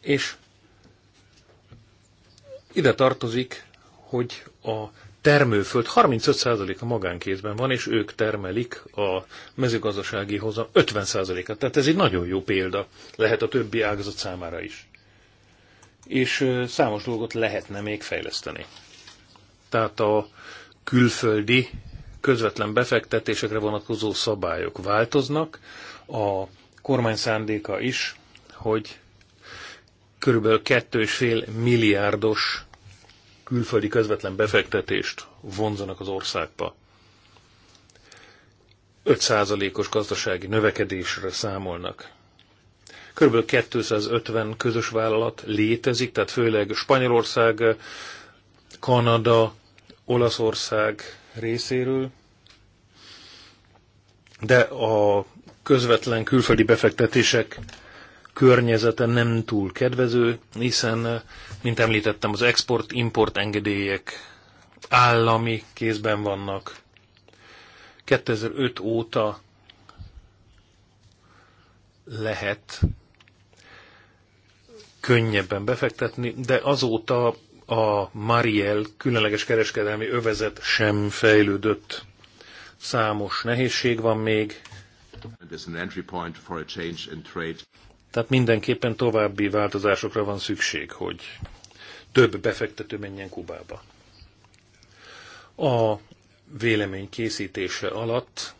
és ide tartozik, hogy a termőföld 35%-a magánkézben van, és ők termelik a mezőgazdasági hozam 50%-át. Tehát ez egy nagyon jó példa lehet a többi ágazat számára is. És számos dolgot lehetne még fejleszteni. Tehát a külföldi közvetlen befektetésekre vonatkozó szabályok változnak, a kormány szándéka is, hogy körülbelül 2,5 milliárdos külföldi közvetlen befektetést vonzanak az országba. 5%-os gazdasági növekedésre számolnak. Körülbelül 250 közös vállalat létezik, tehát főleg Spanyolország, Kanada, Olaszország részéről, de a közvetlen külföldi befektetések környezete nem túl kedvező, hiszen, eh, mint említettem, az export-import engedélyek állami kézben vannak. 2005 óta lehet könnyebben befektetni, de azóta a Mariel különleges kereskedelmi övezet sem fejlődött. Számos nehézség van még. Tehát mindenképpen további változásokra van szükség, hogy több befektető menjen Kubába. A vélemény készítése alatt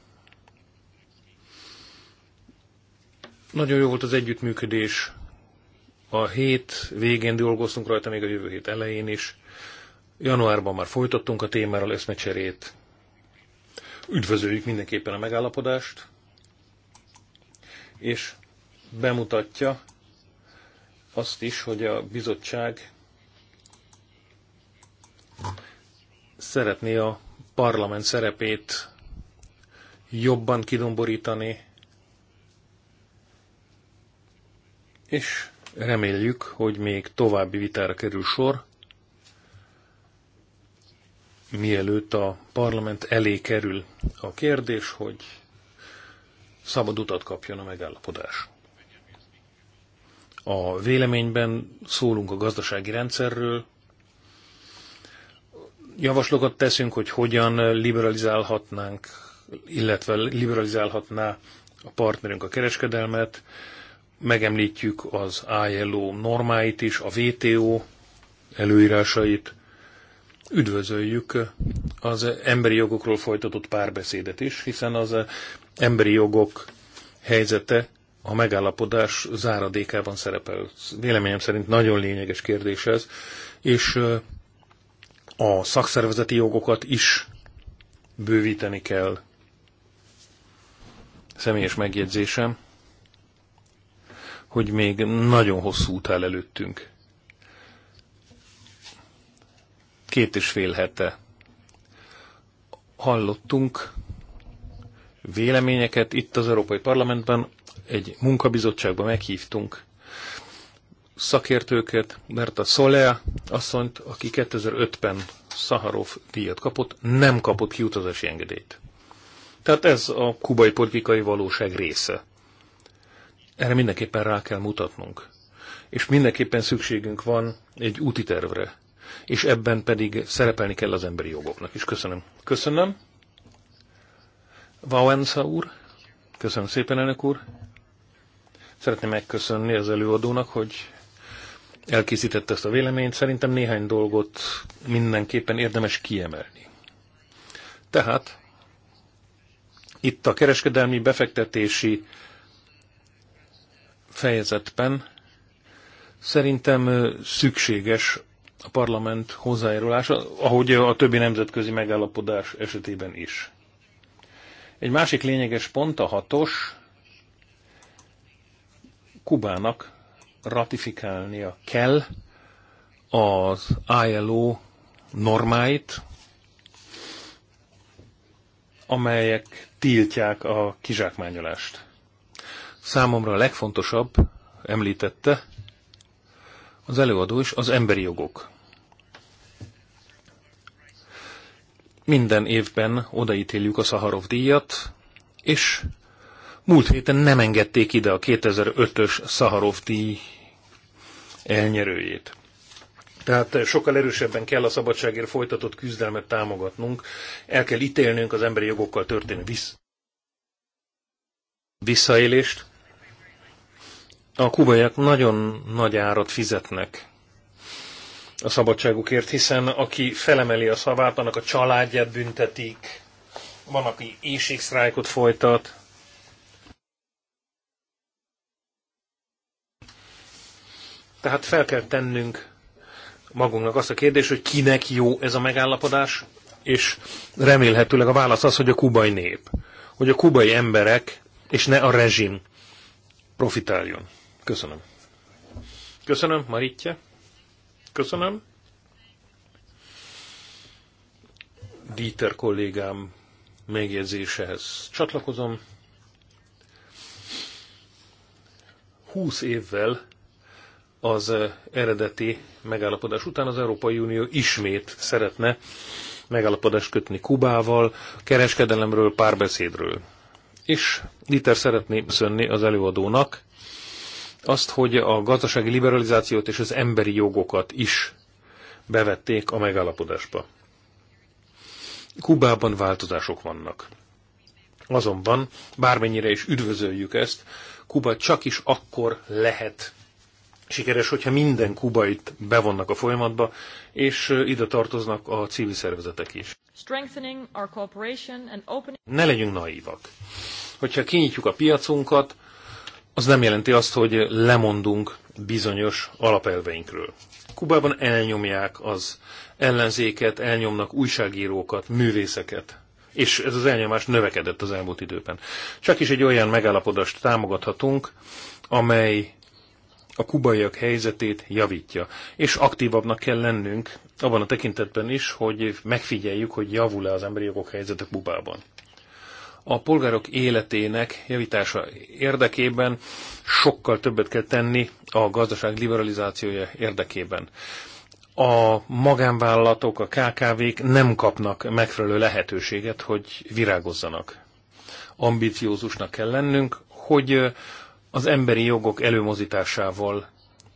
nagyon jó volt az együttműködés. A hét végén dolgoztunk rajta, még a jövő hét elején is. Januárban már folytattunk a témáról eszmecserét. Üdvözöljük mindenképpen a megállapodást, és bemutatja azt is, hogy a bizottság szeretné a parlament szerepét jobban kidomborítani, és reméljük, hogy még további vitára kerül sor, mielőtt a parlament elé kerül a kérdés, hogy szabad utat kapjon a megállapodás. A véleményben szólunk a gazdasági rendszerről, javaslokat teszünk, hogy hogyan liberalizálhatnánk, illetve liberalizálhatná a partnerünk a kereskedelmet, megemlítjük az ILO normáit is, a WTO előírásait, üdvözöljük az emberi jogokról folytatott párbeszédet is, hiszen az emberi jogok helyzete a megállapodás záradékában szerepel. Véleményem szerint nagyon lényeges kérdés ez, és a szakszervezeti jogokat is bővíteni kell. Személyes megjegyzésem, hogy még nagyon hosszú út áll előttünk. Két és fél hete hallottunk véleményeket itt az Európai Parlamentben, egy munkabizottságba meghívtunk szakértőket, mert a Szolea asszonyt, aki 2005-ben Szaharov díjat kapott, nem kapott kiutazási engedélyt. Tehát ez a kubai politikai valóság része. Erre mindenképpen rá kell mutatnunk. És mindenképpen szükségünk van egy úti tervre. És ebben pedig szerepelni kell az emberi jogoknak is. Köszönöm. Köszönöm. Valensa úr. Köszönöm szépen, elnök úr. Szeretném megköszönni az előadónak, hogy elkészítette ezt a véleményt. Szerintem néhány dolgot mindenképpen érdemes kiemelni. Tehát itt a kereskedelmi befektetési fejezetben szerintem szükséges a parlament hozzájárulása, ahogy a többi nemzetközi megállapodás esetében is. Egy másik lényeges pont a hatos, Kubának ratifikálnia kell az ILO normáit, amelyek tiltják a kizsákmányolást. Számomra a legfontosabb, említette az előadó is, az emberi jogok. Minden évben odaítéljük a Szaharov díjat, és Múlt héten nem engedték ide a 2005-ös Szaharov díj elnyerőjét. Tehát sokkal erősebben kell a szabadságért folytatott küzdelmet támogatnunk, el kell ítélnünk az emberi jogokkal történő visz... visszaélést. A kubaiak nagyon nagy árat fizetnek a szabadságukért, hiszen aki felemeli a szavát, annak a családját büntetik, van, aki éjségsztrájkot folytat, Tehát fel kell tennünk magunknak azt a kérdést, hogy kinek jó ez a megállapodás, és remélhetőleg a válasz az, hogy a kubai nép, hogy a kubai emberek, és ne a rezsim profitáljon. Köszönöm. Köszönöm, Maritja. Köszönöm. Dieter kollégám megjegyzésehez csatlakozom. Húsz évvel az eredeti megállapodás után az Európai Unió ismét szeretne megállapodást kötni Kubával, kereskedelemről, párbeszédről. És Dieter szeretné szönni az előadónak azt, hogy a gazdasági liberalizációt és az emberi jogokat is bevették a megállapodásba. Kubában változások vannak. Azonban, bármennyire is üdvözöljük ezt, Kuba csak is akkor lehet sikeres, hogyha minden kubait bevonnak a folyamatba, és ide tartoznak a civil szervezetek is. Ne legyünk naívak. Hogyha kinyitjuk a piacunkat, az nem jelenti azt, hogy lemondunk bizonyos alapelveinkről. Kubában elnyomják az ellenzéket, elnyomnak újságírókat, művészeket. És ez az elnyomás növekedett az elmúlt időben. Csak is egy olyan megállapodást támogathatunk, amely a kubaiak helyzetét javítja. És aktívabbnak kell lennünk abban a tekintetben is, hogy megfigyeljük, hogy javul-e az emberi jogok helyzete Kubában. A polgárok életének javítása érdekében sokkal többet kell tenni a gazdaság liberalizációja érdekében a magánvállalatok, a KKV-k nem kapnak megfelelő lehetőséget, hogy virágozzanak. Ambiciózusnak kell lennünk, hogy az emberi jogok előmozításával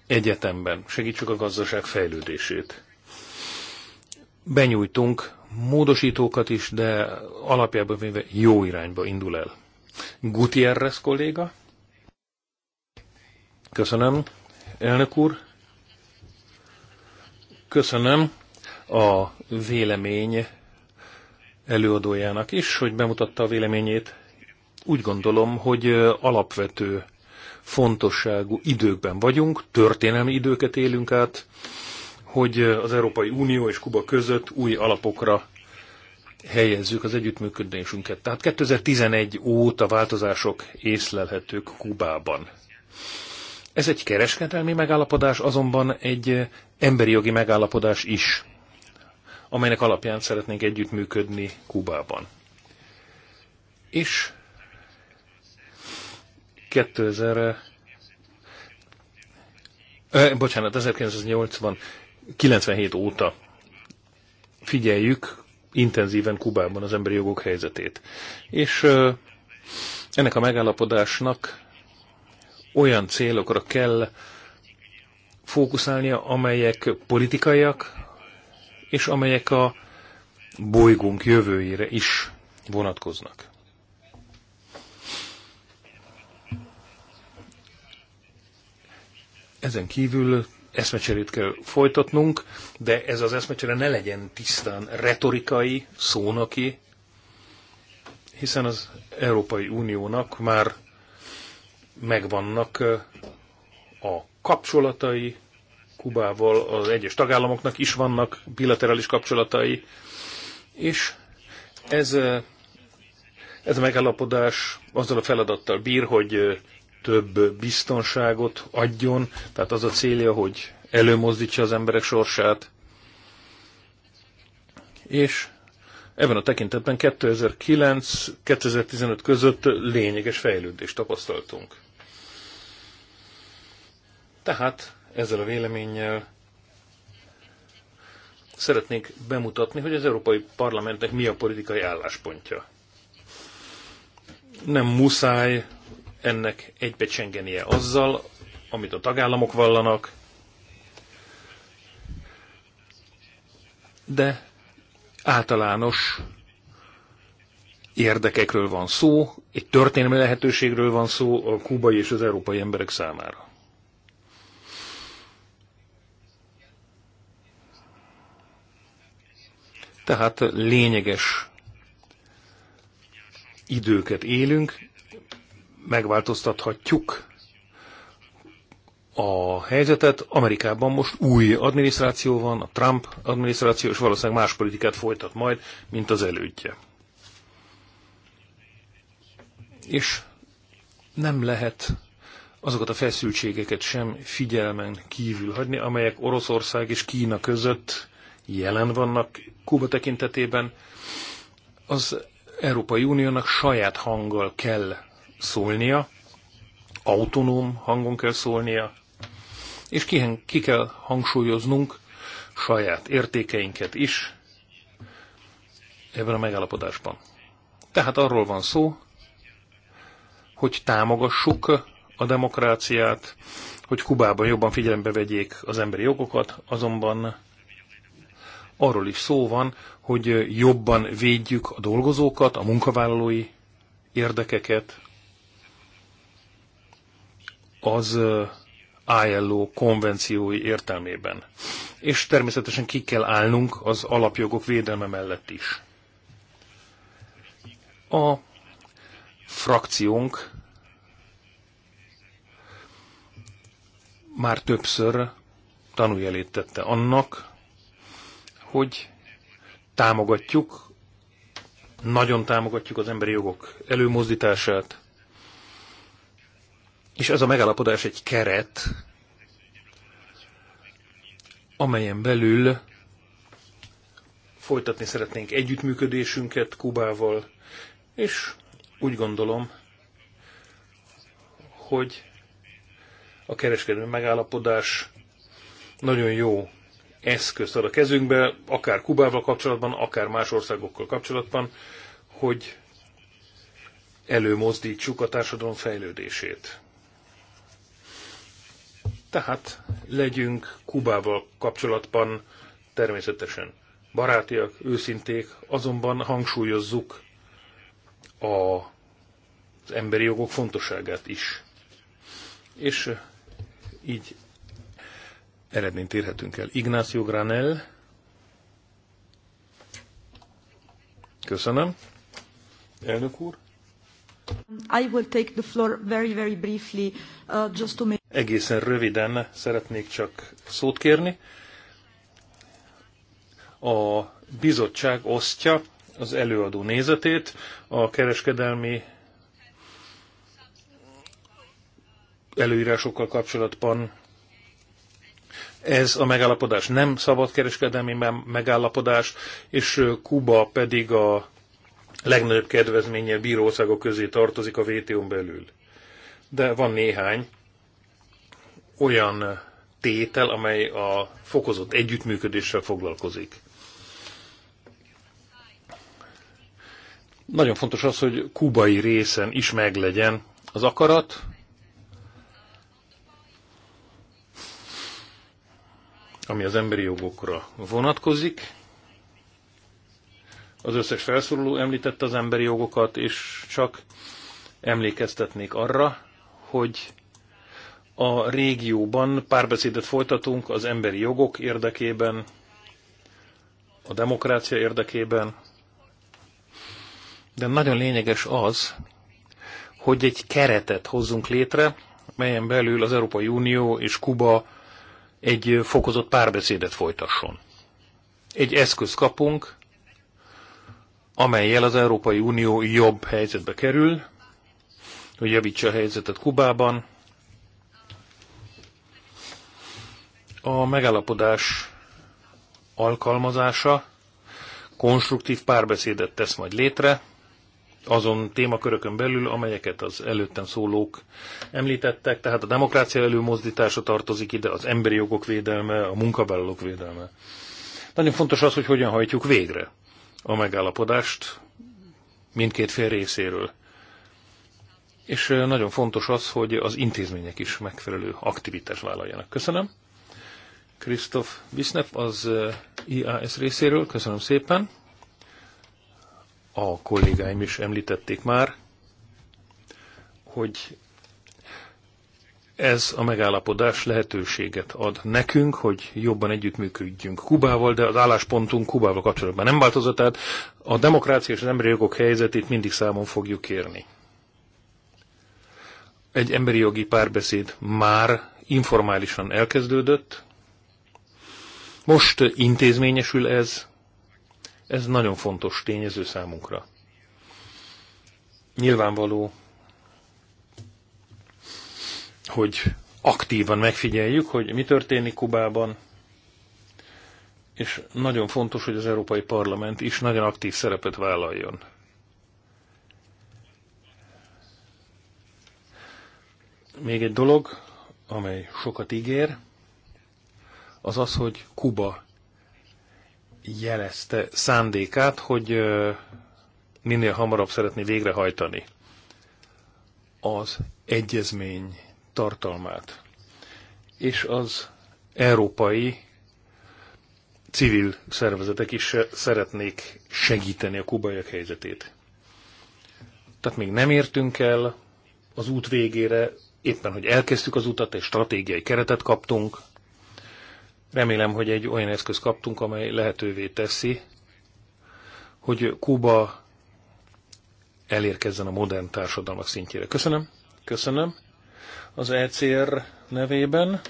egyetemben segítsük a gazdaság fejlődését. Benyújtunk módosítókat is, de alapjában véve jó irányba indul el. Gutierrez kolléga. Köszönöm, elnök úr. Köszönöm a vélemény előadójának is, hogy bemutatta a véleményét. Úgy gondolom, hogy alapvető fontosságú időkben vagyunk, történelmi időket élünk át, hogy az Európai Unió és Kuba között új alapokra helyezzük az együttműködésünket. Tehát 2011 óta változások észlelhetők Kubában. Ez egy kereskedelmi megállapodás, azonban egy emberi jogi megállapodás is, amelynek alapján szeretnénk együttműködni Kubában. És 2000 eh, bocsánat, 1980 97 óta figyeljük intenzíven Kubában az emberi jogok helyzetét. És ennek a megállapodásnak olyan célokra kell fókuszálnia, amelyek politikaiak, és amelyek a bolygónk jövőjére is vonatkoznak. Ezen kívül eszmecserét kell folytatnunk, de ez az eszmecsere ne legyen tisztán retorikai, szónaki, hiszen az Európai Uniónak már megvannak a kapcsolatai, Kubával az egyes tagállamoknak is vannak bilaterális kapcsolatai, és ez, ez a megállapodás azzal a feladattal bír, hogy több biztonságot adjon, tehát az a célja, hogy előmozdítsa az emberek sorsát. És ebben a tekintetben 2009-2015 között lényeges fejlődést tapasztaltunk. Tehát ezzel a véleménnyel szeretnék bemutatni, hogy az Európai Parlamentnek mi a politikai álláspontja. Nem muszáj ennek egybecsengenie azzal, amit a tagállamok vallanak, de általános érdekekről van szó, egy történelmi lehetőségről van szó a kubai és az európai emberek számára. Tehát lényeges időket élünk, megváltoztathatjuk a helyzetet. Amerikában most új adminisztráció van, a Trump adminisztráció, és valószínűleg más politikát folytat majd, mint az elődje. És nem lehet azokat a feszültségeket sem figyelmen kívül hagyni, amelyek Oroszország és Kína között jelen vannak Kuba tekintetében. Az Európai Uniónak saját hanggal kell szólnia, autonóm hangon kell szólnia, és ki, ki kell hangsúlyoznunk saját értékeinket is ebben a megállapodásban. Tehát arról van szó, hogy támogassuk a demokráciát, hogy Kubában jobban figyelembe vegyék az emberi jogokat, azonban arról is szó van, hogy jobban védjük a dolgozókat, a munkavállalói érdekeket, az ILO konvenciói értelmében. És természetesen ki kell állnunk az alapjogok védelme mellett is. A frakciónk már többször tanújelét tette annak, hogy támogatjuk, nagyon támogatjuk az emberi jogok előmozdítását, és ez a megállapodás egy keret, amelyen belül folytatni szeretnénk együttműködésünket Kubával, és úgy gondolom, hogy a kereskedelmi megállapodás nagyon jó eszközt ad a kezünkbe, akár Kubával kapcsolatban, akár más országokkal kapcsolatban, hogy előmozdítsuk a társadalom fejlődését. Tehát legyünk Kubával kapcsolatban természetesen barátiak, őszinték, azonban hangsúlyozzuk a, az emberi jogok fontosságát is. És így eredményt érhetünk el. Ignacio Granel. Köszönöm. Elnök úr. I will take the floor very, very briefly, uh, just to make egészen röviden szeretnék csak szót kérni. A bizottság osztja az előadó nézetét a kereskedelmi előírásokkal kapcsolatban ez a megállapodás nem szabad kereskedelmi megállapodás, és Kuba pedig a legnagyobb kedvezménye bíró közé tartozik a vto n belül. De van néhány olyan tétel, amely a fokozott együttműködéssel foglalkozik. Nagyon fontos az, hogy kubai részen is meglegyen az akarat. ami az emberi jogokra vonatkozik. Az összes felszóló említette az emberi jogokat, és csak emlékeztetnék arra, hogy a régióban párbeszédet folytatunk az emberi jogok érdekében, a demokrácia érdekében, de nagyon lényeges az, hogy egy keretet hozzunk létre, melyen belül az Európai Unió és Kuba egy fokozott párbeszédet folytasson. Egy eszköz kapunk, amelyel az Európai Unió jobb helyzetbe kerül, hogy javítsa a helyzetet Kubában, A megállapodás alkalmazása konstruktív párbeszédet tesz majd létre, azon témakörökön belül, amelyeket az előttem szólók említettek, tehát a demokrácia előmozdítása tartozik ide, az emberi jogok védelme, a munkavállalók védelme. Nagyon fontos az, hogy hogyan hajtjuk végre a megállapodást mindkét fél részéről. És nagyon fontos az, hogy az intézmények is megfelelő aktivitást vállaljanak. Köszönöm. Krisztof Visznep az IAS részéről. Köszönöm szépen. A kollégáim is említették már, hogy ez a megállapodás lehetőséget ad nekünk, hogy jobban együttműködjünk Kubával, de az álláspontunk Kubával kapcsolatban nem változott, tehát a demokrácia és az emberi jogok helyzetét mindig számon fogjuk kérni. Egy emberi jogi párbeszéd már informálisan elkezdődött, most intézményesül ez, ez nagyon fontos tényező számunkra. Nyilvánvaló, hogy aktívan megfigyeljük, hogy mi történik Kubában, és nagyon fontos, hogy az Európai Parlament is nagyon aktív szerepet vállaljon. Még egy dolog, amely sokat ígér, az az, hogy Kuba jelezte szándékát, hogy minél hamarabb szeretné végrehajtani az egyezmény tartalmát. És az európai civil szervezetek is szeretnék segíteni a kubaiak helyzetét. Tehát még nem értünk el az út végére, éppen hogy elkezdtük az utat, egy stratégiai keretet kaptunk, Remélem, hogy egy olyan eszköz kaptunk, amely lehetővé teszi, hogy Kuba elérkezzen a modern társadalmak szintjére. Köszönöm. Köszönöm. Az ECR nevében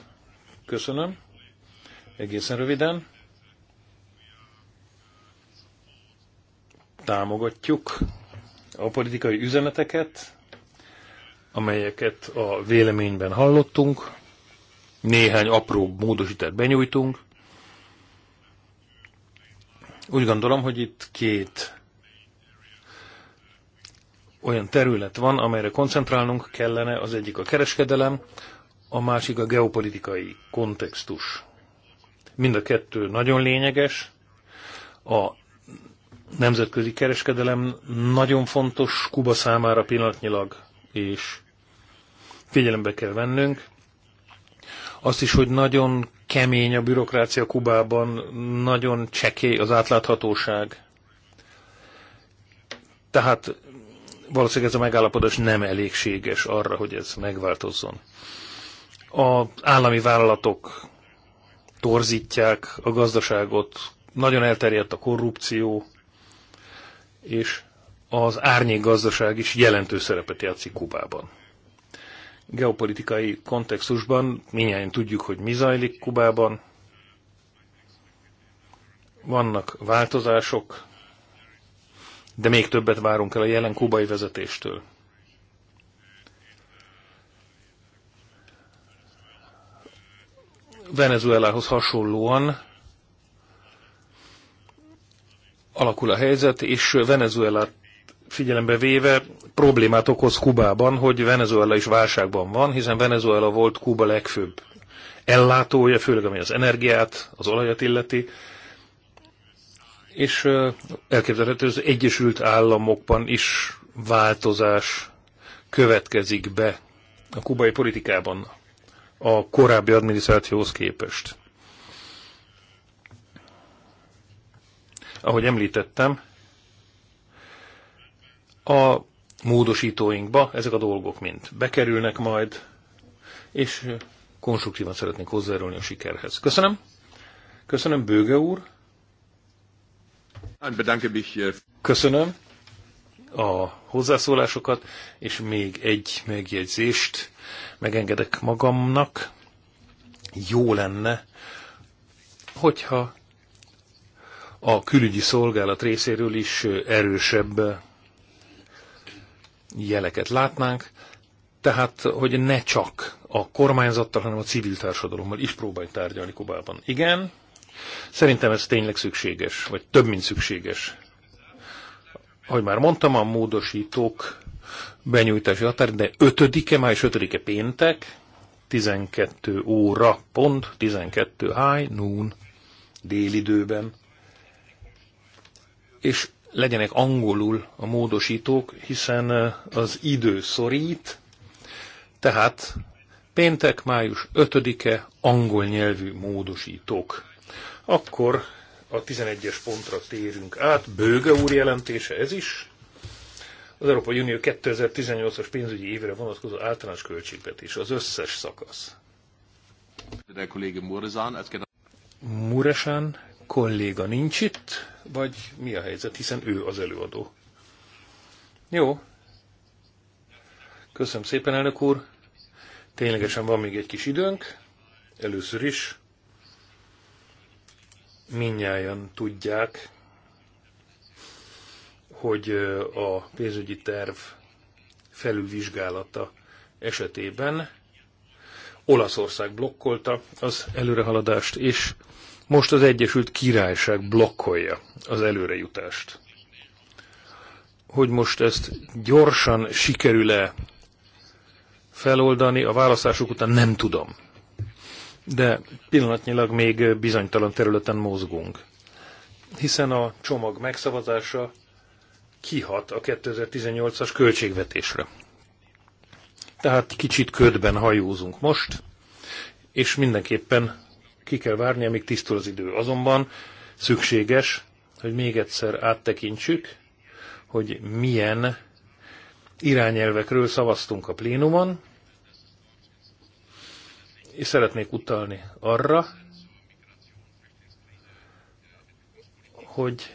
köszönöm. Egészen röviden. Támogatjuk a politikai üzeneteket, amelyeket a véleményben hallottunk néhány apró módosítást benyújtunk. Úgy gondolom, hogy itt két olyan terület van, amelyre koncentrálnunk kellene, az egyik a kereskedelem, a másik a geopolitikai kontextus. Mind a kettő nagyon lényeges. A nemzetközi kereskedelem nagyon fontos Kuba számára pillanatnyilag, és figyelembe kell vennünk, azt is, hogy nagyon kemény a bürokrácia Kubában, nagyon csekély az átláthatóság. Tehát valószínűleg ez a megállapodás nem elégséges arra, hogy ez megváltozzon. A állami vállalatok torzítják a gazdaságot, nagyon elterjedt a korrupció, és az árnyék gazdaság is jelentős szerepet játszik Kubában geopolitikai kontextusban minnyáján tudjuk, hogy mi zajlik Kubában. Vannak változások, de még többet várunk el a jelen kubai vezetéstől. Venezuelához hasonlóan alakul a helyzet, és Venezuelát figyelembe véve problémát okoz Kubában, hogy Venezuela is válságban van, hiszen Venezuela volt Kuba legfőbb ellátója, főleg ami az energiát, az olajat illeti, és elképzelhető, az Egyesült Államokban is változás következik be a kubai politikában a korábbi adminisztrációhoz képest. Ahogy említettem, a módosítóinkba ezek a dolgok mind bekerülnek majd, és konstruktívan szeretnék hozzájárulni a sikerhez. Köszönöm. Köszönöm, Bőge úr. Äh, Köszönöm a hozzászólásokat, és még egy megjegyzést megengedek magamnak. Jó lenne, hogyha a külügyi szolgálat részéről is erősebb jeleket látnánk, tehát hogy ne csak a kormányzattal, hanem a civil társadalommal is próbálj tárgyalni Kubában. Igen, szerintem ez tényleg szükséges, vagy több, mint szükséges. Ahogy már mondtam, a módosítók benyújtási határ, de 5-e, május 5-e péntek, 12 óra, pont 12 high noon, délidőben. És legyenek angolul a módosítók, hiszen az idő szorít, tehát péntek, május 5-e angol nyelvű módosítók. Akkor a 11-es pontra térünk át, Bőge úr jelentése ez is, az Európai Unió 2018-as pénzügyi évre vonatkozó általános költségvetés, az összes szakasz. Muresán kolléga nincs itt, vagy mi a helyzet, hiszen ő az előadó. Jó. Köszönöm szépen, elnök úr. Ténylegesen van még egy kis időnk. Először is minnyáján tudják, hogy a pénzügyi terv felülvizsgálata esetében Olaszország blokkolta az előrehaladást, és most az Egyesült Királyság blokkolja az előrejutást. Hogy most ezt gyorsan sikerül-e feloldani, a választások után nem tudom. De pillanatnyilag még bizonytalan területen mozgunk. Hiszen a csomag megszavazása kihat a 2018-as költségvetésre. Tehát kicsit ködben hajózunk most, és mindenképpen ki kell várni, amíg tisztul az idő. Azonban szükséges, hogy még egyszer áttekintsük, hogy milyen irányelvekről szavaztunk a plénumon, és szeretnék utalni arra, hogy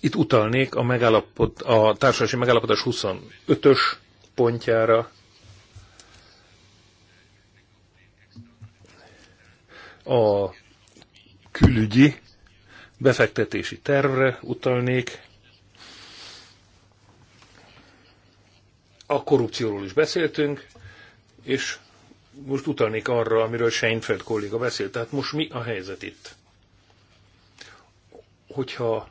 itt utalnék a, megállapod, a társadalmi megállapodás 25-ös pontjára. A külügyi befektetési tervre utalnék. A korrupcióról is beszéltünk, és most utalnék arra, amiről Seinfeld kolléga beszélt. Tehát most mi a helyzet itt? Hogyha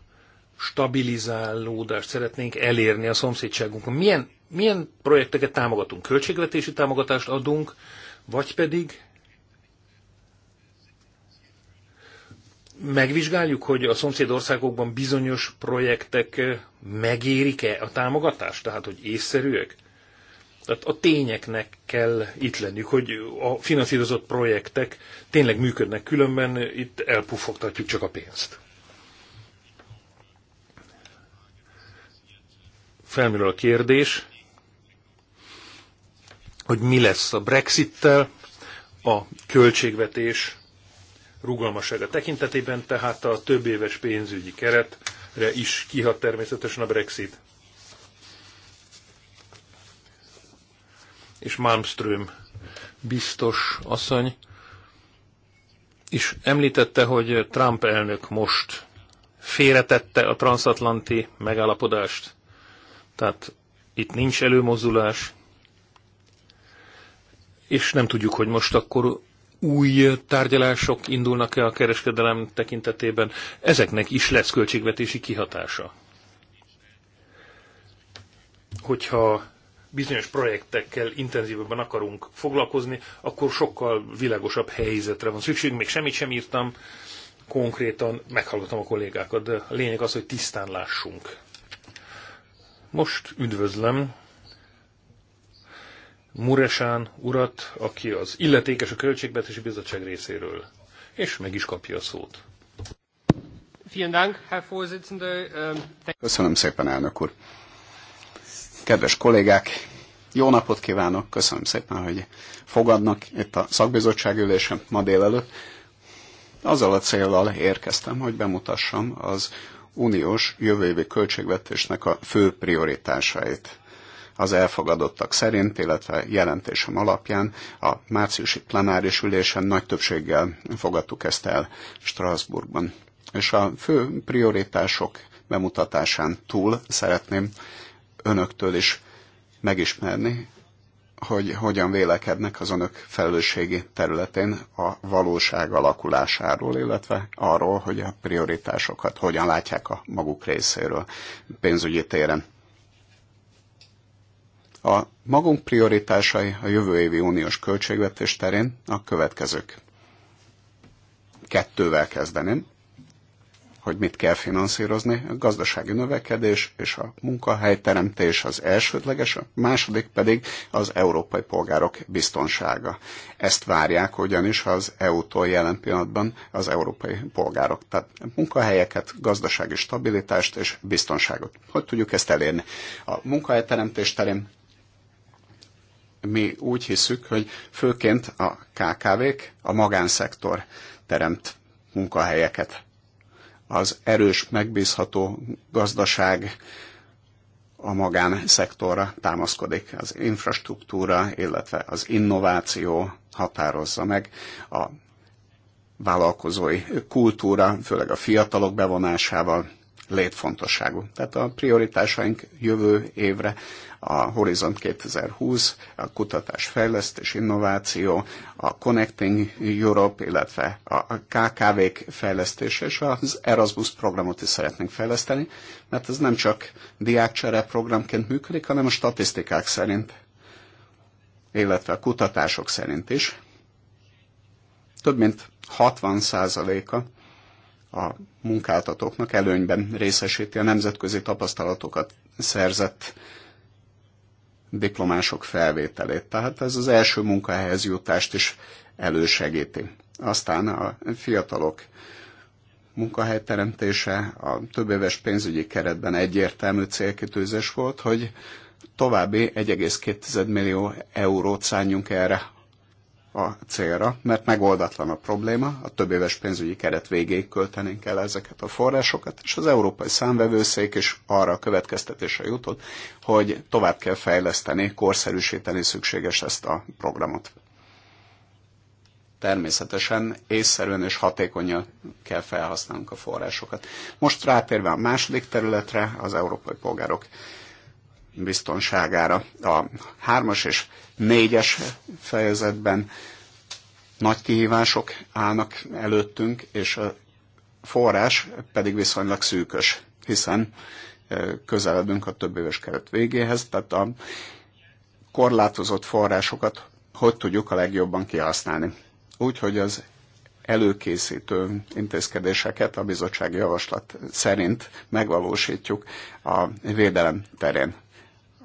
stabilizálódást szeretnénk elérni a szomszédságunkon, milyen milyen projekteket támogatunk? Költségvetési támogatást adunk, vagy pedig megvizsgáljuk, hogy a szomszédországokban bizonyos projektek eh, megérik-e a támogatást, tehát hogy észszerűek? Tehát a tényeknek kell itt lenni, hogy a finanszírozott projektek tényleg működnek, különben itt elpuffogtatjuk csak a pénzt. Felmerül a kérdés, hogy mi lesz a Brexittel, a költségvetés rugalmasága tekintetében, tehát a több éves pénzügyi keretre is kihat természetesen a Brexit. És Malmström biztos asszony is említette, hogy Trump elnök most félretette a transatlanti megállapodást, tehát itt nincs előmozdulás, és nem tudjuk, hogy most akkor új tárgyalások indulnak-e a kereskedelem tekintetében. Ezeknek is lesz költségvetési kihatása. Hogyha bizonyos projektekkel intenzívebben akarunk foglalkozni, akkor sokkal világosabb helyzetre van szükség. Még semmit sem írtam, konkrétan meghallgatom a kollégákat, de a lényeg az, hogy tisztán lássunk. Most üdvözlöm Muresán urat, aki az illetékes a Költségvetési Bizottság részéről, és meg is kapja a szót. Ähm, köszönöm szépen, elnök úr. Kedves kollégák, jó napot kívánok, köszönöm szépen, hogy fogadnak itt a szakbizottság ülésen ma délelőtt. Azzal a célral érkeztem, hogy bemutassam az uniós jövő évi költségvetésnek a fő prioritásait az elfogadottak szerint, illetve jelentésem alapján a márciusi plenáris ülésen nagy többséggel fogadtuk ezt el Strasbourgban. És a fő prioritások bemutatásán túl szeretném önöktől is megismerni, hogy hogyan vélekednek az önök felelősségi területén a valóság alakulásáról, illetve arról, hogy a prioritásokat hogyan látják a maguk részéről pénzügyi téren. A magunk prioritásai a jövő évi uniós költségvetés terén a következők. Kettővel kezdeném, hogy mit kell finanszírozni, a gazdasági növekedés és a munkahelyteremtés az elsődleges, a második pedig az európai polgárok biztonsága. Ezt várják ugyanis az EU-tól jelen pillanatban az európai polgárok. Tehát munkahelyeket, gazdasági stabilitást és biztonságot. Hogy tudjuk ezt elérni? A munkahelyteremtés terén mi úgy hiszük, hogy főként a KKV-k, a magánszektor teremt munkahelyeket. Az erős, megbízható gazdaság a magánszektorra támaszkodik, az infrastruktúra, illetve az innováció határozza meg a vállalkozói kultúra, főleg a fiatalok bevonásával létfontosságú. Tehát a prioritásaink jövő évre a Horizont 2020, a kutatás, fejlesztés, innováció, a Connecting Europe, illetve a KKV-k fejlesztése és az Erasmus programot is szeretnénk fejleszteni, mert ez nem csak diákcsere programként működik, hanem a statisztikák szerint, illetve a kutatások szerint is. Több mint 60 a a munkáltatóknak előnyben részesíti a nemzetközi tapasztalatokat szerzett diplomások felvételét. Tehát ez az első munkahelyhez jutást is elősegíti. Aztán a fiatalok munkahelyteremtése a többéves pénzügyi keretben egyértelmű célkitűzés volt, hogy további 1,2 millió eurót szálljunk erre a célra, mert megoldatlan a probléma, a több éves pénzügyi keret végéig költenénk el ezeket a forrásokat, és az Európai Számvevőszék is arra a következtetésre jutott, hogy tovább kell fejleszteni, korszerűsíteni szükséges ezt a programot. Természetesen észszerűen és hatékonyan kell felhasználnunk a forrásokat. Most rátérve a második területre, az európai polgárok biztonságára. A hármas és négyes fejezetben nagy kihívások állnak előttünk, és a forrás pedig viszonylag szűkös, hiszen közeledünk a több éves keret végéhez, tehát a korlátozott forrásokat hogy tudjuk a legjobban kihasználni. Úgyhogy az előkészítő intézkedéseket a bizottsági javaslat szerint megvalósítjuk a védelem terén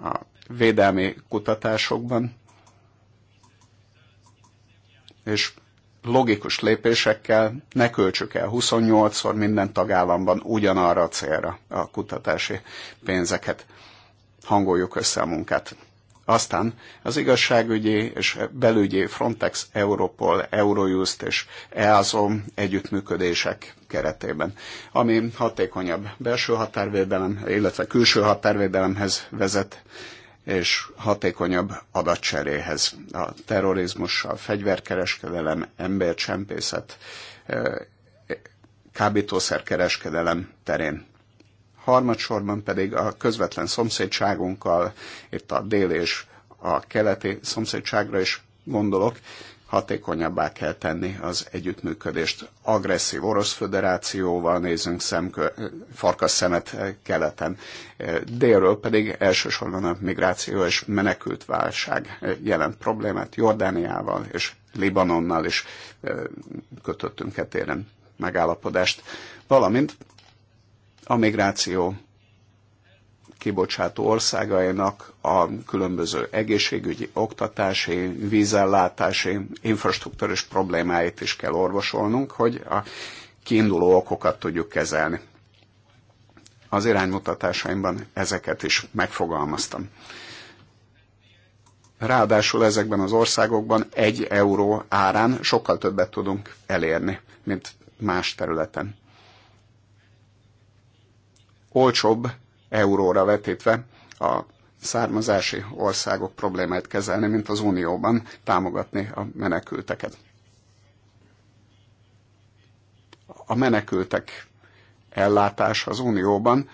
a védelmi kutatásokban, és logikus lépésekkel ne költsük el 28-szor minden tagállamban ugyanarra a célra a kutatási pénzeket. Hangoljuk össze a munkát. Aztán az igazságügyi és belügyi Frontex, Europol, Eurojust és EASO együttműködések keretében, ami hatékonyabb belső határvédelem, illetve külső határvédelemhez vezet, és hatékonyabb adatcseréhez. A terrorizmussal, fegyverkereskedelem, embercsempészet, e, kábítószerkereskedelem terén harmadsorban pedig a közvetlen szomszédságunkkal, itt a dél és a keleti szomszédságra is gondolok, hatékonyabbá kell tenni az együttműködést. Agresszív Orosz Föderációval nézünk szemkö, farkas szemet keleten. Délről pedig elsősorban a migráció és menekült válság jelent problémát Jordániával és Libanonnal is kötöttünk etéren megállapodást, valamint a migráció kibocsátó országainak a különböző egészségügyi, oktatási, vízellátási, infrastruktúrás problémáit is kell orvosolnunk, hogy a kiinduló okokat tudjuk kezelni. Az iránymutatásaimban ezeket is megfogalmaztam. Ráadásul ezekben az országokban egy euró árán sokkal többet tudunk elérni, mint más területen olcsóbb euróra vetítve a származási országok problémáit kezelni, mint az Unióban támogatni a menekülteket. A menekültek ellátása az Unióban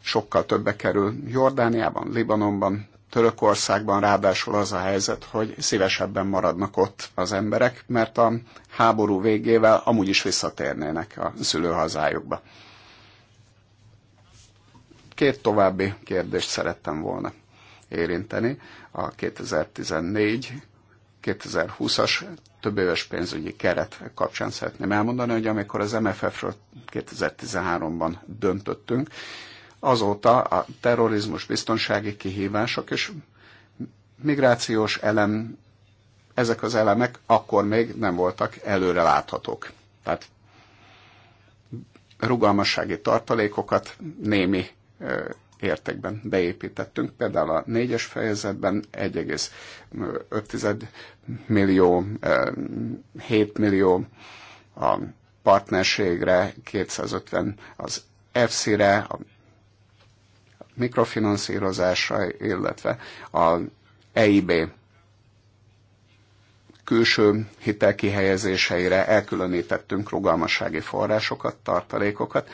sokkal többe kerül Jordániában, Libanonban, Törökországban ráadásul az a helyzet, hogy szívesebben maradnak ott az emberek, mert a háború végével amúgy is visszatérnének a szülőhazájukba. Két további kérdést szerettem volna érinteni. A 2014-2020-as éves pénzügyi keret kapcsán szeretném elmondani, hogy amikor az MFF-ről 2013-ban döntöttünk, azóta a terrorizmus, biztonsági kihívások és migrációs elem, ezek az elemek akkor még nem voltak előre láthatók. Tehát rugalmassági tartalékokat némi értékben beépítettünk. Például a négyes fejezetben 1,5 millió, 7 millió a partnerségre, 250 az EFSI-re, a mikrofinanszírozásra, illetve a EIB külső hitelkihelyezéseire elkülönítettünk rugalmassági forrásokat, tartalékokat,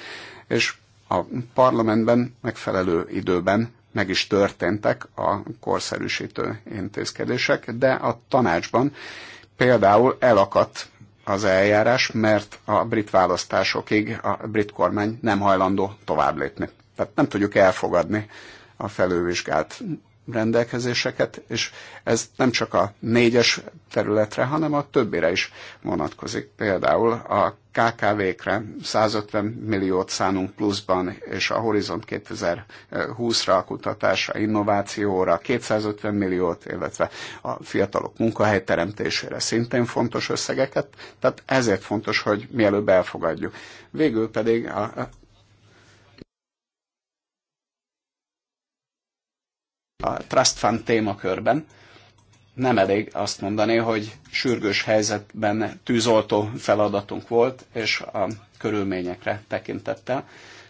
és a parlamentben megfelelő időben meg is történtek a korszerűsítő intézkedések, de a tanácsban például elakadt az eljárás, mert a brit választásokig a brit kormány nem hajlandó tovább lépni. Tehát nem tudjuk elfogadni a felővizsgált rendelkezéseket, és ez nem csak a négyes területre, hanem a többire is vonatkozik. Például a KKV-kre 150 milliót szánunk pluszban, és a Horizont 2020-ra, a kutatásra, innovációra 250 milliót, illetve a fiatalok munkahelyteremtésére szintén fontos összegeket. Tehát ezért fontos, hogy mielőbb elfogadjuk. Végül pedig a a trust fund témakörben nem elég azt mondani, hogy sürgős helyzetben tűzoltó feladatunk volt, és a körülményekre tekintettel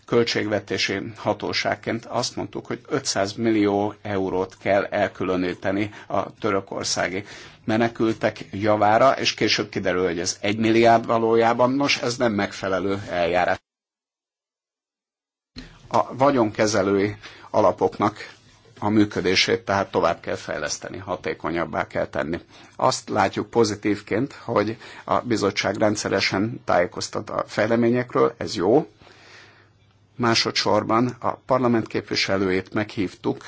költségvetési hatóságként azt mondtuk, hogy 500 millió eurót kell elkülöníteni a törökországi menekültek javára, és később kiderül, hogy ez 1 milliárd valójában, nos, ez nem megfelelő eljárás. A vagyonkezelői alapoknak a működését tehát tovább kell fejleszteni, hatékonyabbá kell tenni. Azt látjuk pozitívként, hogy a bizottság rendszeresen tájékoztat a fejleményekről, ez jó. Másodszorban a parlament képviselőjét meghívtuk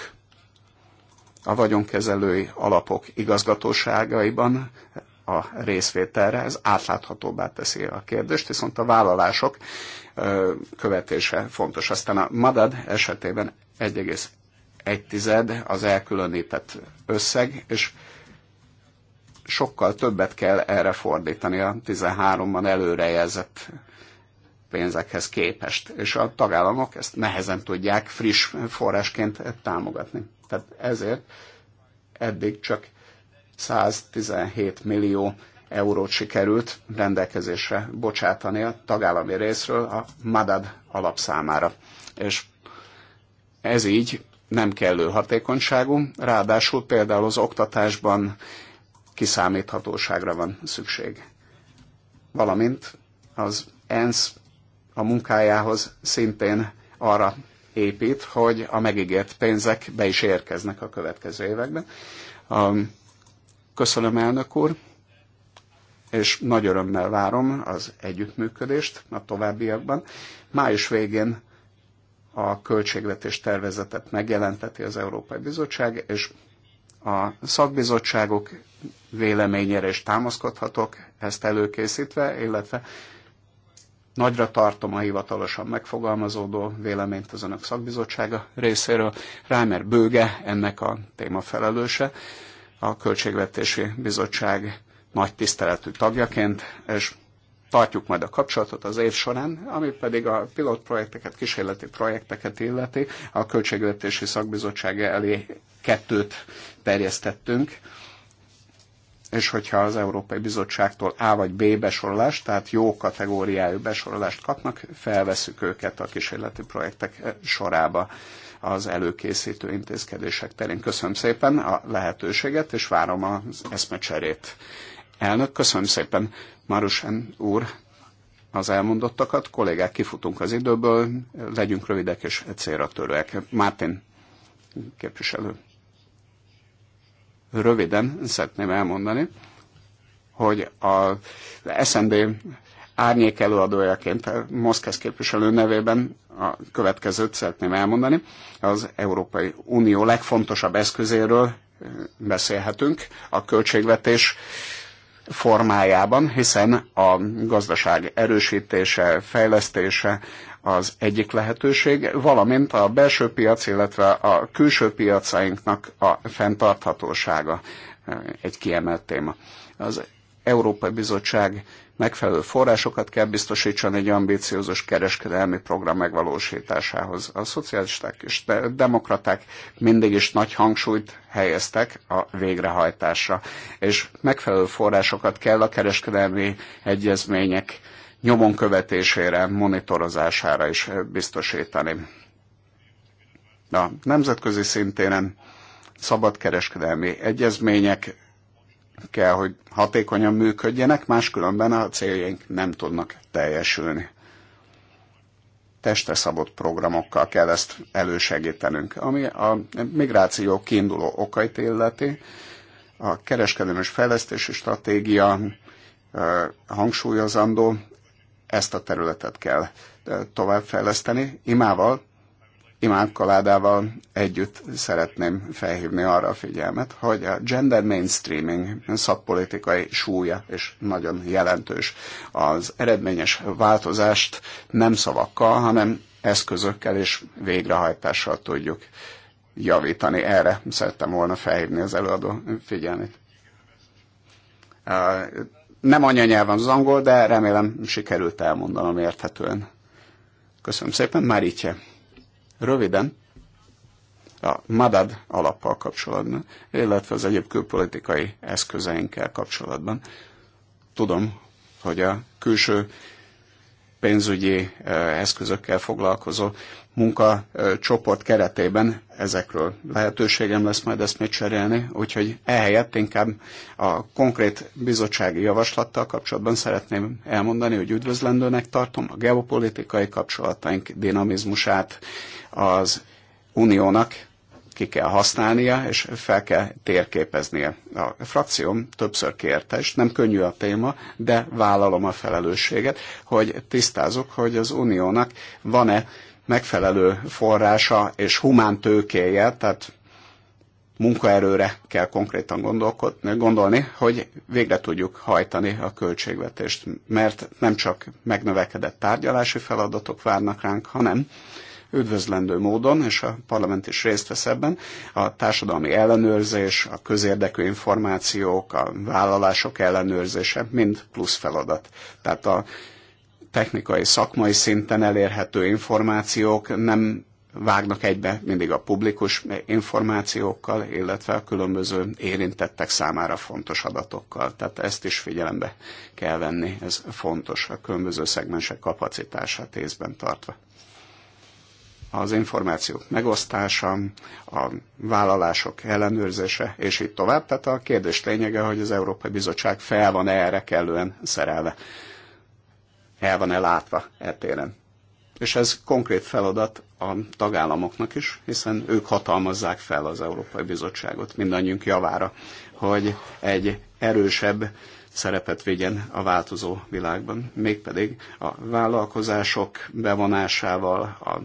a vagyonkezelői alapok igazgatóságaiban a részvételre, ez átláthatóbbá teszi a kérdést, viszont a vállalások követése fontos. Aztán a MADAD esetében egy tized az elkülönített összeg, és sokkal többet kell erre fordítani a 13-ban előrejelzett pénzekhez képest, és a tagállamok ezt nehezen tudják friss forrásként támogatni. Tehát ezért eddig csak 117 millió eurót sikerült rendelkezésre bocsátani a tagállami részről a MADAD alapszámára. És ez így nem kellő hatékonyságú, ráadásul például az oktatásban kiszámíthatóságra van szükség. Valamint az ENSZ a munkájához szintén arra épít, hogy a megígért pénzek be is érkeznek a következő években. Köszönöm, elnök úr, és nagy örömmel várom az együttműködést a továbbiakban. Május végén a költségvetés tervezetet megjelenteti az Európai Bizottság, és a szakbizottságok véleményére is támaszkodhatok, ezt előkészítve, illetve nagyra tartom a hivatalosan megfogalmazódó véleményt az önök szakbizottsága részéről. Reimer Bőge, ennek a téma felelőse, a Költségvetési Bizottság nagy tiszteletű tagjaként, és tartjuk majd a kapcsolatot az év során, ami pedig a pilotprojekteket, kísérleti projekteket illeti. A Költségvetési Szakbizottság elé kettőt terjesztettünk, és hogyha az Európai Bizottságtól A vagy B besorolást, tehát jó kategóriájú besorolást kapnak, felveszük őket a kísérleti projektek sorába az előkészítő intézkedések terén. Köszönöm szépen a lehetőséget, és várom az eszmecserét Elnök, köszönöm szépen, Marusen úr, az elmondottakat. Kollégák, kifutunk az időből, legyünk rövidek és célra törőek. Mártin képviselő. Röviden szeretném elmondani, hogy a SND árnyék előadójaként Moszkesz képviselő nevében a következőt szeretném elmondani. Az Európai Unió legfontosabb eszközéről beszélhetünk, a költségvetés formájában, hiszen a gazdaság erősítése, fejlesztése az egyik lehetőség, valamint a belső piac, illetve a külső piacainknak a fenntarthatósága eh, egy kiemelt téma. Az Európai Bizottság megfelelő forrásokat kell biztosítson egy ambíciózus kereskedelmi program megvalósításához. A szocialisták és de demokraták mindig is nagy hangsúlyt helyeztek a végrehajtásra, és megfelelő forrásokat kell a kereskedelmi egyezmények nyomon követésére, monitorozására is biztosítani. A nemzetközi szintén szabadkereskedelmi egyezmények kell, hogy hatékonyan működjenek, máskülönben a céljaink nem tudnak teljesülni. Testre szabott programokkal kell ezt elősegítenünk. Ami a migráció kiinduló okait illeti, a kereskedelmi és fejlesztési stratégia hangsúlyozandó, ezt a területet kell továbbfejleszteni. Imával imádkaládával együtt szeretném felhívni arra a figyelmet, hogy a gender mainstreaming szakpolitikai súlya és nagyon jelentős. Az eredményes változást nem szavakkal, hanem eszközökkel és végrehajtással tudjuk javítani. Erre szerettem volna felhívni az előadó figyelmét. Nem anyanyelven az angol, de remélem sikerült elmondanom érthetően. Köszönöm szépen, Marítje! Röviden, a MADAD alappal kapcsolatban, illetve az egyéb külpolitikai eszközeinkkel kapcsolatban. Tudom, hogy a külső pénzügyi eh, eszközökkel foglalkozó munkacsoport keretében ezekről lehetőségem lesz majd ezt még cserélni, úgyhogy ehelyett inkább a konkrét bizottsági javaslattal kapcsolatban szeretném elmondani, hogy üdvözlendőnek tartom a geopolitikai kapcsolataink dinamizmusát, az uniónak ki kell használnia, és fel kell térképeznie. A frakcióm többször kérte, és nem könnyű a téma, de vállalom a felelősséget, hogy tisztázok, hogy az uniónak van-e megfelelő forrása és humán tőkéje, tehát munkaerőre kell konkrétan gondolni, hogy végre tudjuk hajtani a költségvetést, mert nem csak megnövekedett tárgyalási feladatok várnak ránk, hanem üdvözlendő módon, és a parlament is részt vesz ebben, a társadalmi ellenőrzés, a közérdekű információk, a vállalások ellenőrzése mind plusz feladat. Tehát a technikai, szakmai szinten elérhető információk nem vágnak egybe mindig a publikus információkkal, illetve a különböző érintettek számára fontos adatokkal. Tehát ezt is figyelembe kell venni, ez fontos a különböző szegmensek kapacitását észben tartva az információk megosztása, a vállalások ellenőrzése, és így tovább. Tehát a kérdés lényege, hogy az Európai Bizottság fel van -e erre kellően szerelve, el van-e látva e téren. És ez konkrét feladat a tagállamoknak is, hiszen ők hatalmazzák fel az Európai Bizottságot mindannyiunk javára, hogy egy erősebb szerepet vigyen a változó világban. Mégpedig a vállalkozások bevonásával, a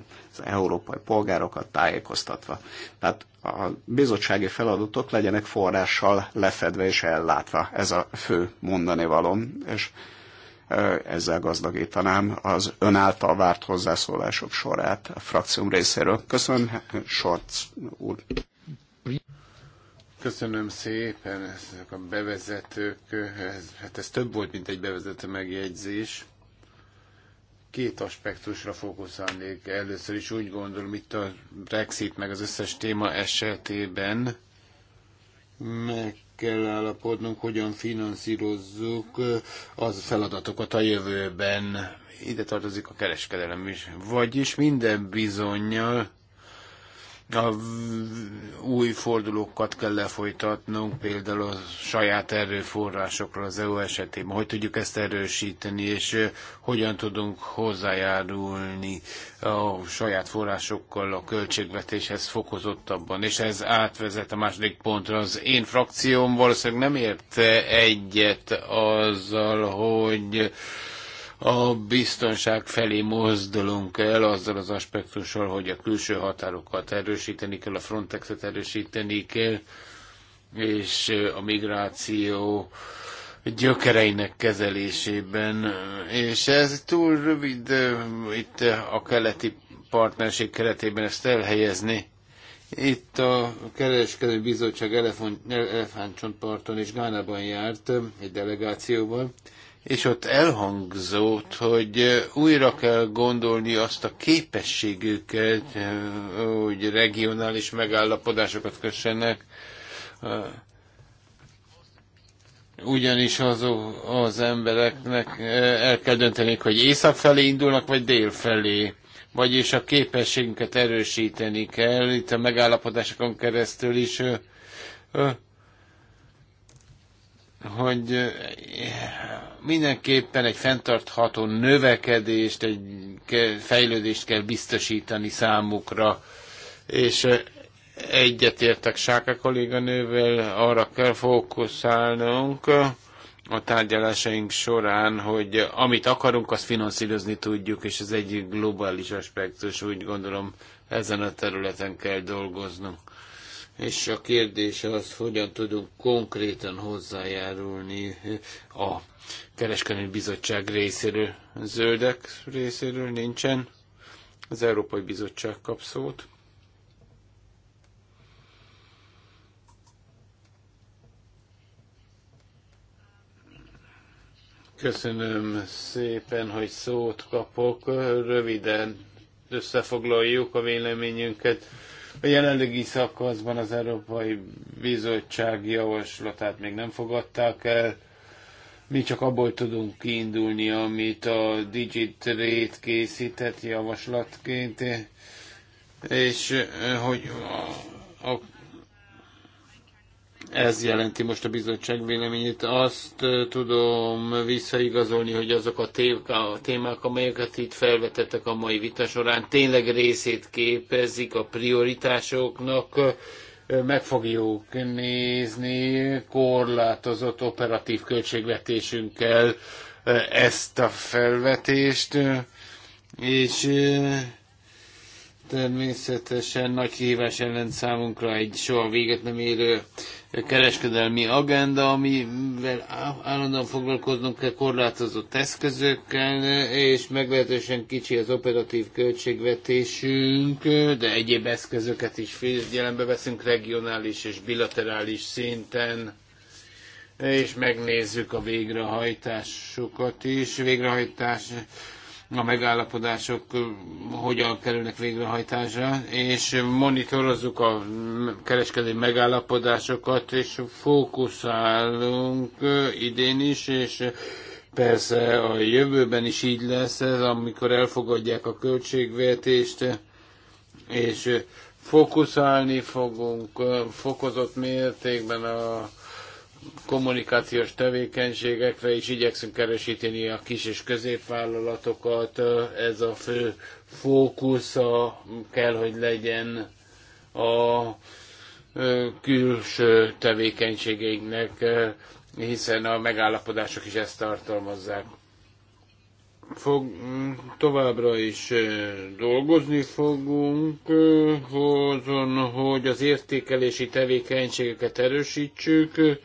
európai polgárokat tájékoztatva. Tehát a bizottsági feladatok legyenek forrással lefedve és ellátva. Ez a fő mondani valom, és ezzel gazdagítanám az ön által várt hozzászólások sorát a frakcióm részéről. Köszönöm, Sorc úr. Köszönöm szépen ezek a bevezetők. Ez, hát ez több volt, mint egy bevezető megjegyzés két aspektusra fókuszálnék. Először is úgy gondolom, itt a Brexit meg az összes téma esetében meg kell állapodnunk, hogyan finanszírozzuk az feladatokat a jövőben. Ide tartozik a kereskedelem is. Vagyis minden bizonyal a új fordulókat kell lefolytatnunk, például a saját erőforrásokra az EU esetében, hogy tudjuk ezt erősíteni, és hogyan tudunk hozzájárulni a saját forrásokkal a költségvetéshez fokozottabban. És ez átvezet a második pontra. Az én frakcióm valószínűleg nem érte egyet azzal, hogy a biztonság felé mozdulunk el azzal az aspektussal, hogy a külső határokat erősíteni kell, a Frontexet erősíteni kell, és a migráció gyökereinek kezelésében. És ez túl rövid itt a keleti partnerség keretében ezt elhelyezni. Itt a Kereskedő Bizottság elefántcsontparton és Gánában járt egy delegációval, és ott elhangzott, hogy újra kell gondolni azt a képességüket, hogy regionális megállapodásokat kössenek, ugyanis az, az embereknek el kell dönteni, hogy észak felé indulnak, vagy dél felé. Vagyis a képességünket erősíteni kell, itt a megállapodásokon keresztül is hogy eh, mindenképpen egy fenntartható növekedést, egy fejlődést kell biztosítani számukra, és eh, egyetértek Sáka kolléganővel, arra kell fókuszálnunk a tárgyalásaink során, hogy amit akarunk, azt finanszírozni tudjuk, és ez egy globális aspektus, úgy gondolom ezen a területen kell dolgoznunk. És a kérdés az, hogyan tudunk konkrétan hozzájárulni a kereskedelmi bizottság részéről. Zöldek részéről nincsen. Az Európai Bizottság kap szót. Köszönöm szépen, hogy szót kapok. Röviden összefoglaljuk a véleményünket. A jelenlegi szakaszban az Európai Bizottság javaslatát még nem fogadták el. Mi csak abból tudunk kiindulni, amit a Digitrade készített javaslatként, és eh, hogy a ez jelenti most a bizottság véleményét. Azt tudom visszaigazolni, hogy azok a témák, amelyeket itt felvetettek a mai vita során, tényleg részét képezik a prioritásoknak, meg fogjuk nézni korlátozott operatív költségvetésünkkel ezt a felvetést, és természetesen nagy kihívás ellen számunkra egy soha véget nem érő kereskedelmi agenda, amivel állandóan foglalkoznunk kell korlátozott eszközökkel, és meglehetősen kicsi az operatív költségvetésünk, de egyéb eszközöket is figyelembe veszünk regionális és bilaterális szinten és megnézzük a végrehajtásokat is. Végrehajtás a megállapodások hogyan kerülnek végrehajtásra, és monitorozzuk a kereskedelmi megállapodásokat, és fókuszálunk idén is, és persze a jövőben is így lesz ez, amikor elfogadják a költségvetést, és fókuszálni fogunk fokozott mértékben a kommunikációs tevékenységekre is igyekszünk erősíteni a kis és középvállalatokat. Ez a fő fókusza kell, hogy legyen a külső tevékenységeinknek, hiszen a megállapodások is ezt tartalmazzák. Fog, továbbra is dolgozni fogunk azon, hogy az értékelési tevékenységeket erősítsük,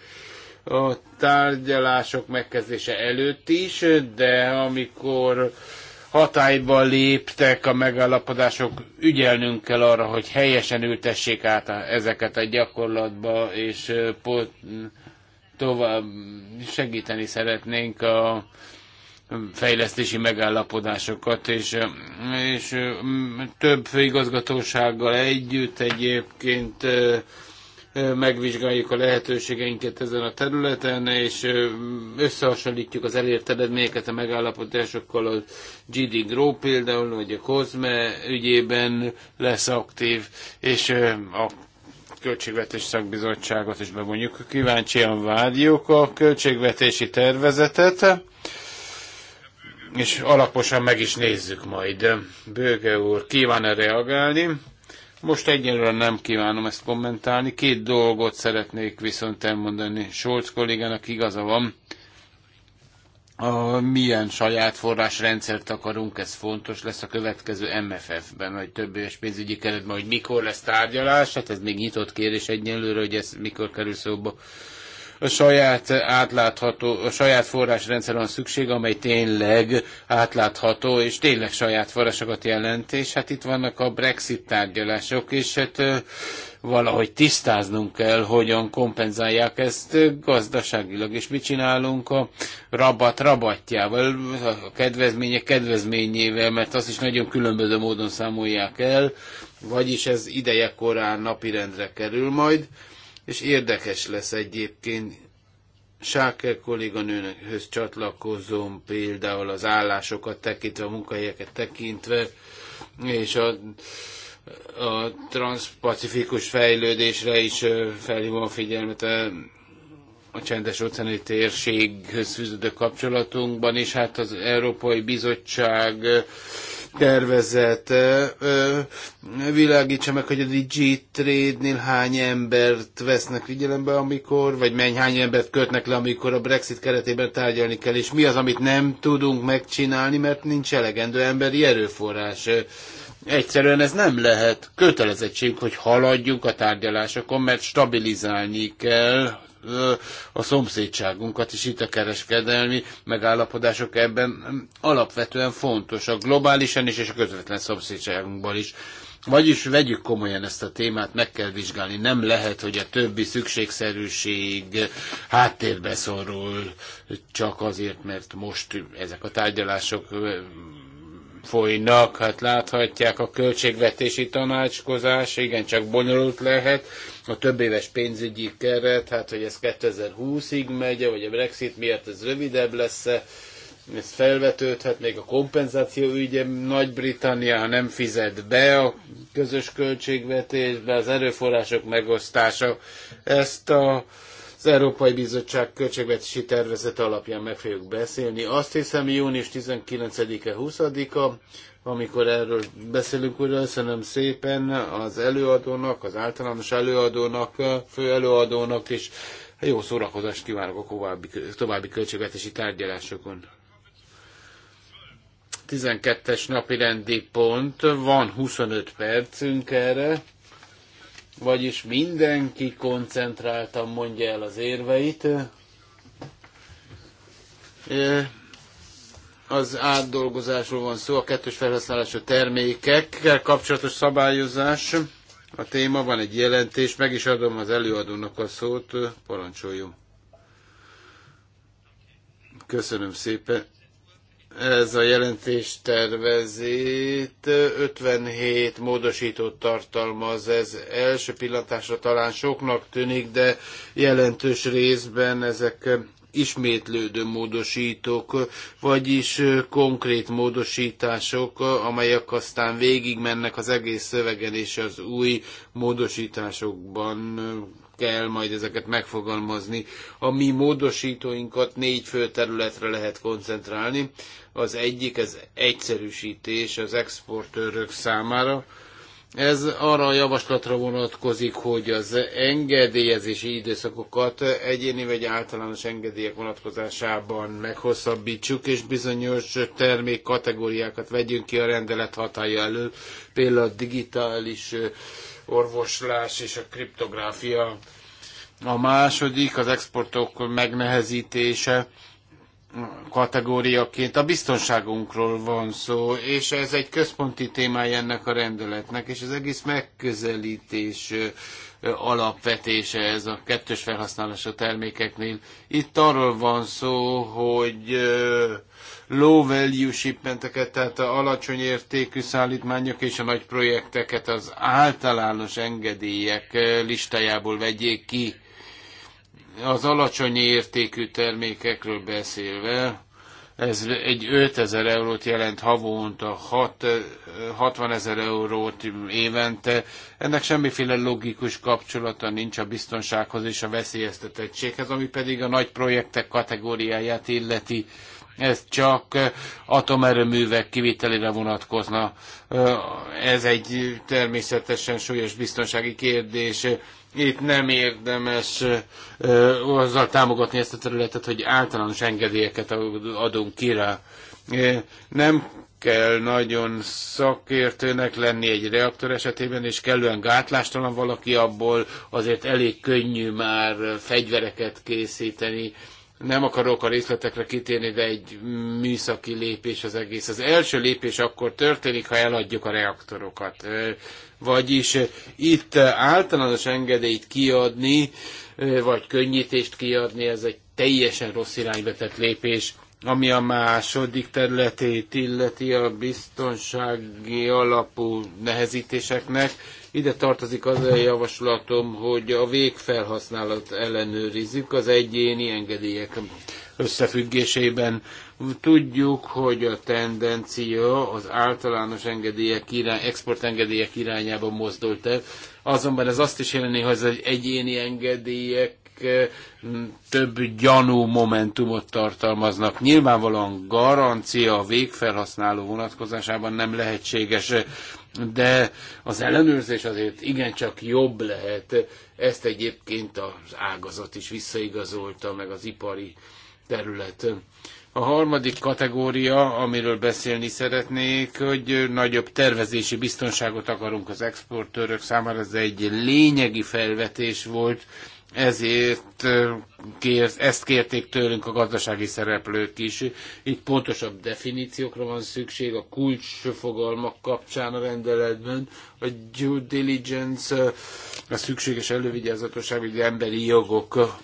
a tárgyalások megkezdése előtt is, de amikor hatályba léptek a megállapodások, ügyelnünk kell arra, hogy helyesen ültessék át ezeket a gyakorlatba, és tovább segíteni szeretnénk a fejlesztési megállapodásokat, és, és több főigazgatósággal együtt egyébként megvizsgáljuk a lehetőségeinket ezen a területen, és összehasonlítjuk az elért eredményeket a megállapodásokkal, a GD Grow például, vagy a COSME ügyében lesz aktív, és a Költségvetés Szakbizottságot is bevonjuk. Kíváncsian várjuk a költségvetési tervezetet, és alaposan meg is nézzük majd. Bőge úr, kíván-e reagálni? Most egyelőre nem kívánom ezt kommentálni. Két dolgot szeretnék viszont elmondani. Solc kollégának igaza van. A, milyen saját forrásrendszert akarunk, ez fontos lesz a következő MFF-ben, vagy több éves pénzügyi keretben, hogy mikor lesz tárgyalás, hát ez még nyitott kérdés egyelőre, hogy ez mikor kerül szóba a saját átlátható, a saját forrásrendszer van szükség, amely tényleg átlátható, és tényleg saját forrásokat jelent, és hát itt vannak a Brexit tárgyalások, és hát valahogy tisztáznunk kell, hogyan kompenzálják ezt gazdaságilag, és mit csinálunk a rabat rabatjával, a kedvezmények kedvezményével, mert azt is nagyon különböző módon számolják el, vagyis ez ideje korán napirendre kerül majd és érdekes lesz egyébként Sáker kolléganőnökhöz csatlakozom például az állásokat tekintve, a munkahelyeket tekintve, és a, a transpacifikus fejlődésre is felhívom a figyelmet a, a csendes óceáni térséghöz fűződő kapcsolatunkban, és hát az Európai Bizottság tervezet világítsa meg, hogy a DigiTrade-nél hány embert vesznek figyelembe, amikor, vagy menny hány embert kötnek le, amikor a Brexit keretében tárgyalni kell, és mi az, amit nem tudunk megcsinálni, mert nincs elegendő emberi erőforrás. Egyszerűen ez nem lehet kötelezettség, hogy haladjunk a tárgyalásokon, mert stabilizálni kell a szomszédságunkat is itt a kereskedelmi megállapodások ebben alapvetően fontos a globálisan is, és a közvetlen szomszédságunkban is. Vagyis vegyük komolyan ezt a témát, meg kell vizsgálni. Nem lehet, hogy a többi szükségszerűség háttérbe szorul, csak azért, mert most ezek a tárgyalások folynak. Hát láthatják a költségvetési tanácskozás, igen, csak bonyolult lehet. A több éves pénzügyi keret, hát hogy ez 2020-ig megy, vagy a Brexit miért ez rövidebb lesz -e, ez felvetődhet, még a kompenzáció ügye Nagy-Britannia nem fizet be a közös költségvetésbe, az erőforrások megosztása. Ezt a az Európai Bizottság költségvetési tervezete alapján meg fogjuk beszélni. Azt hiszem június 19-e 20-a, amikor erről beszélünk, újra köszönöm szépen az előadónak, az általános előadónak, fő előadónak, és jó szórakozást kívánok a további, további költségvetési tárgyalásokon. 12-es napi rendi pont, van 25 percünk erre. Vagyis mindenki koncentráltan mondja el az érveit. E, az átdolgozásról van szó, a kettős felhasználású termékekkel kapcsolatos szabályozás. A téma van egy jelentés, meg is adom az előadónak a szót, parancsoljunk. Köszönöm szépen ez a jelentés tervezét 57 módosítót tartalmaz. Ez első pillantásra talán soknak tűnik, de jelentős részben ezek ismétlődő módosítók, vagyis konkrét módosítások, amelyek aztán végigmennek az egész szövegen és az új módosításokban kell majd ezeket megfogalmazni. A mi módosítóinkat négy fő területre lehet koncentrálni. Az egyik, ez egyszerűsítés az exportőrök számára. Ez arra a javaslatra vonatkozik, hogy az engedélyezési időszakokat egyéni vagy általános engedélyek vonatkozásában meghosszabbítsuk, és bizonyos termékkategóriákat vegyünk ki a rendelet hatája elől, például a digitális orvoslás és a kriptográfia. A második az exportok megnehezítése kategóriaként a biztonságunkról van szó, és ez egy központi témája ennek a rendeletnek, és az egész megközelítés alapvetése ez a kettős felhasználású termékeknél. Itt arról van szó, hogy low value shipmenteket, tehát a alacsony értékű szállítmányok és a nagy projekteket az általános engedélyek eh, listájából vegyék ki. Az alacsony értékű termékekről beszélve, ez egy 5000 eurót jelent havonta, 6, 60 eh, ezer eurót évente. Ennek semmiféle logikus kapcsolata nincs a biztonsághoz és a veszélyeztetettséghez, ami pedig a nagy projektek kategóriáját illeti ez csak eh, atomerőművek kivitelére vonatkozna. Eh, ez egy természetesen súlyos biztonsági kérdés. Itt nem érdemes eh, azzal támogatni ezt a területet, hogy általános engedélyeket adunk ki rá. Nem kell nagyon szakértőnek lenni egy reaktor esetében, és kellően gátlástalan valaki abból, azért elég könnyű már fegyvereket készíteni, nem akarok a részletekre kitérni, de egy műszaki lépés az egész. Az első lépés akkor történik, ha eladjuk a reaktorokat. Vagyis itt általános engedélyt kiadni, vagy könnyítést kiadni, ez egy teljesen rossz irányba tett lépés. Ami a második területét illeti a biztonsági alapú nehezítéseknek, ide tartozik az a javaslatom, hogy a végfelhasználat ellenőrizzük az egyéni engedélyek összefüggésében. Tudjuk, hogy a tendencia az általános engedélyek irány, exportengedélyek irányába mozdult el, azonban ez azt is jelenti, hogy az egyéni engedélyek több gyanú momentumot tartalmaznak. Nyilvánvalóan garancia a végfelhasználó vonatkozásában nem lehetséges, de az ellenőrzés azért igencsak jobb lehet. Ezt egyébként az ágazat is visszaigazolta, meg az ipari terület. A harmadik kategória, amiről beszélni szeretnék, hogy nagyobb tervezési biztonságot akarunk az exportőrök számára, ez egy lényegi felvetés volt, ezért kér, ezt kérték tőlünk a gazdasági szereplők is. Itt pontosabb definíciókra van szükség a kulcsfogalmak kapcsán a rendeletben. A due diligence, a szükséges elővigyázatosság, vagy emberi jogok.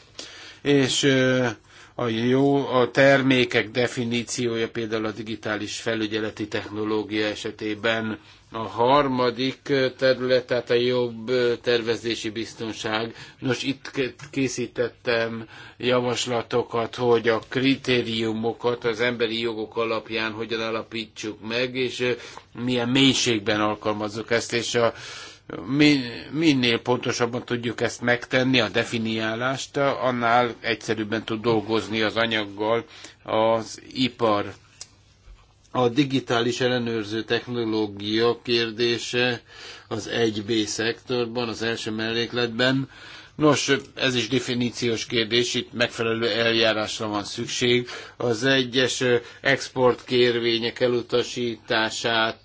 És a jó, a termékek definíciója például a digitális felügyeleti technológia esetében a harmadik terület, tehát a jobb tervezési biztonság. Nos, itt készítettem javaslatokat, hogy a kritériumokat az emberi jogok alapján hogyan alapítsuk meg, és milyen mélységben alkalmazzuk ezt, és a minél pontosabban tudjuk ezt megtenni, a definiálást, annál egyszerűbben tud dolgozni az anyaggal az ipar a digitális ellenőrző technológia kérdése az 1B szektorban, az első mellékletben. Nos, ez is definíciós kérdés, itt megfelelő eljárásra van szükség. Az egyes exportkérvények elutasítását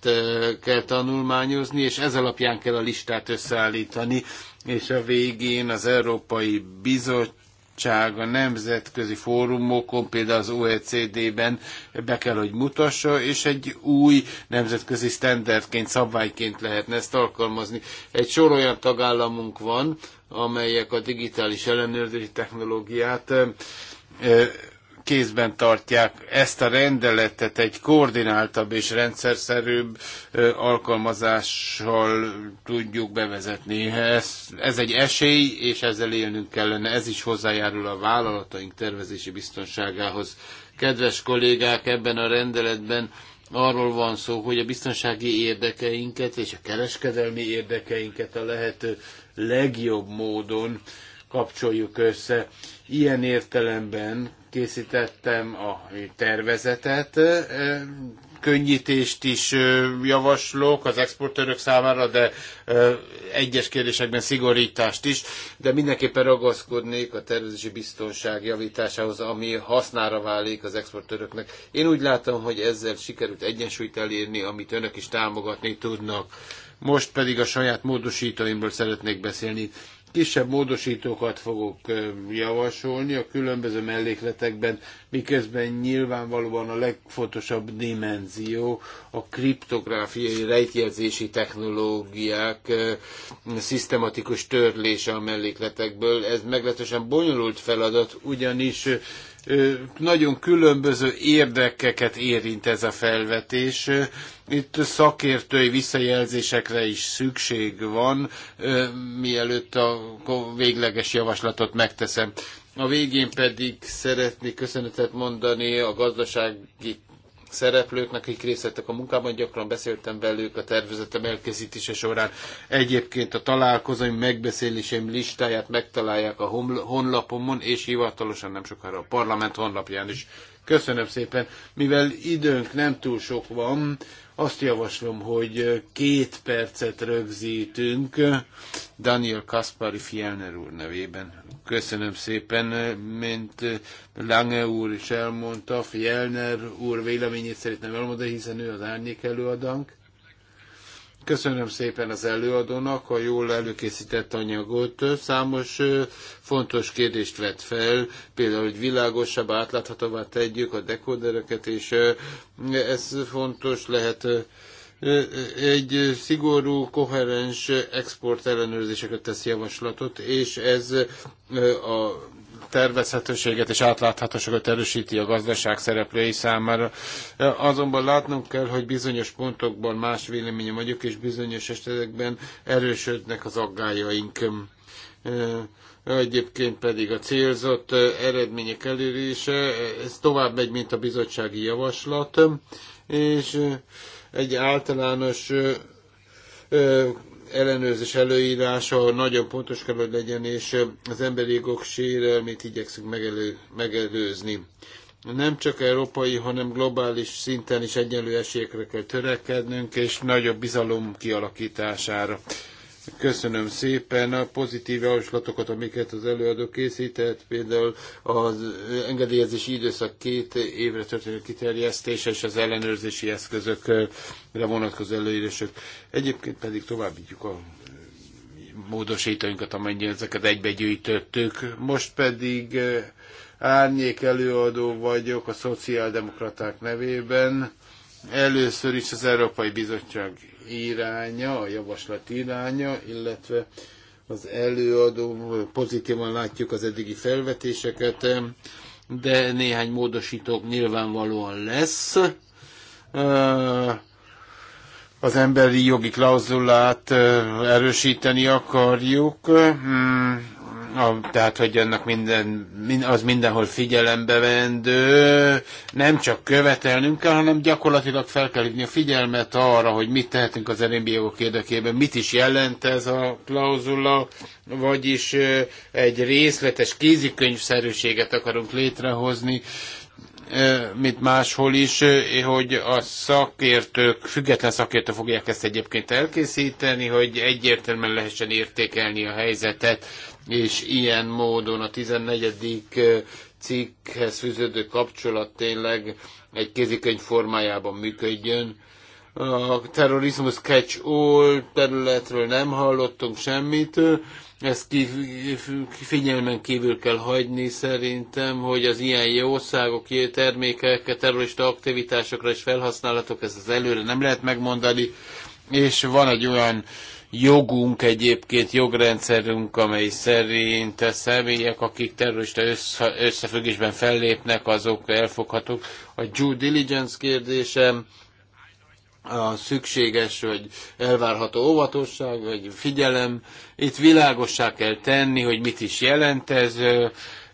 kell tanulmányozni, és ez alapján kell a listát összeállítani, és a végén az Európai Bizottság bizottság a nemzetközi fórumokon, például az OECD-ben be kell, hogy mutassa, és egy új nemzetközi standardként, szabályként lehetne ezt alkalmazni. Egy sor olyan tagállamunk van, amelyek a digitális ellenőrzési technológiát kézben tartják ezt a rendeletet egy koordináltabb és rendszerszerűbb alkalmazással tudjuk bevezetni. Ez, ez egy esély, és ezzel élnünk kellene. Ez is hozzájárul a vállalataink tervezési biztonságához. Kedves kollégák, ebben a rendeletben arról van szó, hogy a biztonsági érdekeinket és a kereskedelmi érdekeinket a lehető legjobb módon kapcsoljuk össze. Ilyen értelemben készítettem a tervezetet. Könnyítést is javaslok az exportőrök számára, de egyes kérdésekben szigorítást is, de mindenképpen ragaszkodnék a tervezési biztonság javításához, ami hasznára válik az exportőröknek. Én úgy látom, hogy ezzel sikerült egyensúlyt elérni, amit önök is támogatni tudnak. Most pedig a saját módosítóimból szeretnék beszélni kisebb módosítókat fogok javasolni a különböző mellékletekben, miközben nyilvánvalóan a legfontosabb dimenzió a kriptográfiai rejtjelzési technológiák szisztematikus törlése a mellékletekből. Ez meglehetősen bonyolult feladat, ugyanis nagyon különböző érdekeket érint ez a felvetés. Itt szakértői visszajelzésekre is szükség van, mielőtt a végleges javaslatot megteszem. A végén pedig szeretnék köszönetet mondani a gazdasági szereplőknek, akik részt vettek a munkában, gyakran beszéltem velük a tervezetem elkészítése során. Egyébként a találkozóim megbeszéléseim listáját megtalálják a honlapomon, és hivatalosan nem sokára a parlament honlapján is. Köszönöm szépen. Mivel időnk nem túl sok van, azt javaslom, hogy két percet rögzítünk Daniel Kaspari Fielner úr nevében. Köszönöm szépen, mint Lange úr is elmondta, Fielner úr véleményét szeretném elmondani, hiszen ő az árnyék előadánk. Köszönöm szépen az előadónak a jól előkészített anyagot. Számos fontos kérdést vett fel, például, hogy világosabb, átláthatóvá tegyük a dekodereket, és ez fontos lehet egy szigorú, koherens export ellenőrzéseket tesz javaslatot, és ez a tervezhetőséget és átláthatóságot erősíti a gazdaság szereplői számára. Azonban látnunk kell, hogy bizonyos pontokban más véleménye vagyok, és bizonyos esetekben erősödnek az aggájaink. Egyébként pedig a célzott eredmények elérése, ez tovább megy, mint a bizottsági javaslat, és egy általános ellenőrzés előírása nagyon pontos kell, hogy legyen, és az emberi jogok sérelmét igyekszünk megelő, megelőzni. Nem csak európai, hanem globális szinten is egyenlő esélyekre kell törekednünk, és nagyobb bizalom kialakítására. Köszönöm szépen a pozitív javaslatokat, amiket az előadó készített, például az engedélyezési időszak két évre történő kiterjesztése és az ellenőrzési eszközökre vonatkozó előírások. Egyébként pedig továbbítjuk a módosítóinkat, amennyi ezeket egybegyűjtöttük. Most pedig eh, árnyék előadó vagyok a szociáldemokraták nevében. Először is az Európai Bizottság iránya, a javaslat iránya, illetve az előadó pozitívan látjuk az eddigi felvetéseket, de néhány módosítók nyilvánvalóan lesz. Az emberi jogi klauzulát erősíteni akarjuk hmm a, tehát, hogy annak minden, az mindenhol figyelembe vendő, nem csak követelnünk kell, hanem gyakorlatilag fel kell hívni a figyelmet arra, hogy mit tehetünk az emberi jogok érdekében, mit is jelent ez a klauzula, vagyis egy részletes kézikönyvszerűséget akarunk létrehozni, mint máshol is, hogy a szakértők, független szakértők fogják ezt egyébként elkészíteni, hogy egyértelműen lehessen értékelni a helyzetet és ilyen módon a 14. cikkhez fűződő kapcsolat tényleg egy kézikönyv formájában működjön. A terrorizmus catch-all területről nem hallottunk semmit, ezt figyelmen kívül kell hagyni szerintem, hogy az ilyen jószágok, ilyen termékek, terrorista aktivitásokra is felhasználhatók, ezt az előre nem lehet megmondani, és van egy olyan uh, jogunk egyébként, jogrendszerünk, amely szerint a személyek, akik terrorista összefüggésben fellépnek, azok elfoghatók. A due diligence kérdésem, a szükséges, vagy elvárható óvatosság, vagy figyelem. Itt világossá kell tenni, hogy mit is jelent ez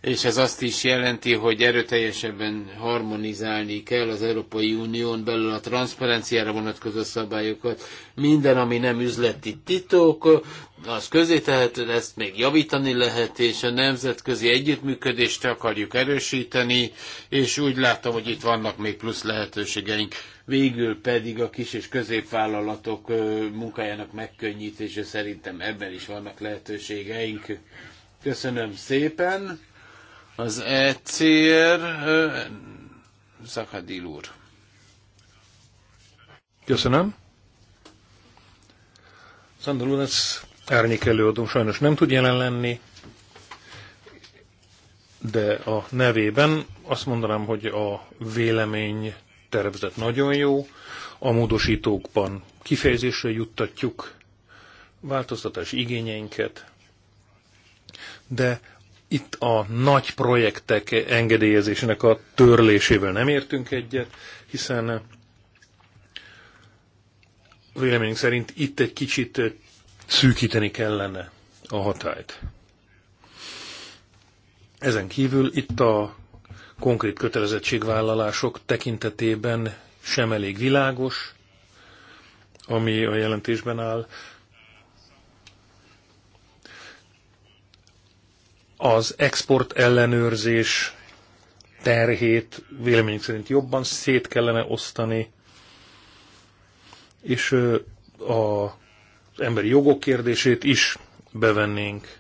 és ez azt is jelenti, hogy erőteljesebben harmonizálni kell az Európai Unión belül a transzparenciára vonatkozó szabályokat. Minden, ami nem üzleti titok, az közé tehető, ezt még javítani lehet, és a nemzetközi együttműködést akarjuk erősíteni, és úgy látom, hogy itt vannak még plusz lehetőségeink. Végül pedig a kis és középvállalatok munkájának megkönnyítése szerintem ebben is vannak lehetőségeink. Köszönöm szépen! Az ECR Zakadil úr. Köszönöm. Szandor Lunac árnyék előadó sajnos nem tud jelen lenni, de a nevében azt mondanám, hogy a vélemény tervezet nagyon jó, a módosítókban kifejezésre juttatjuk változtatás igényeinket, de itt a nagy projektek engedélyezésének a törlésével nem értünk egyet, hiszen véleményünk szerint itt egy kicsit szűkíteni kellene a hatályt. Ezen kívül itt a konkrét kötelezettségvállalások tekintetében sem elég világos, ami a jelentésben áll, az export ellenőrzés terhét véleményünk szerint jobban szét kellene osztani, és az emberi jogok kérdését is bevennénk.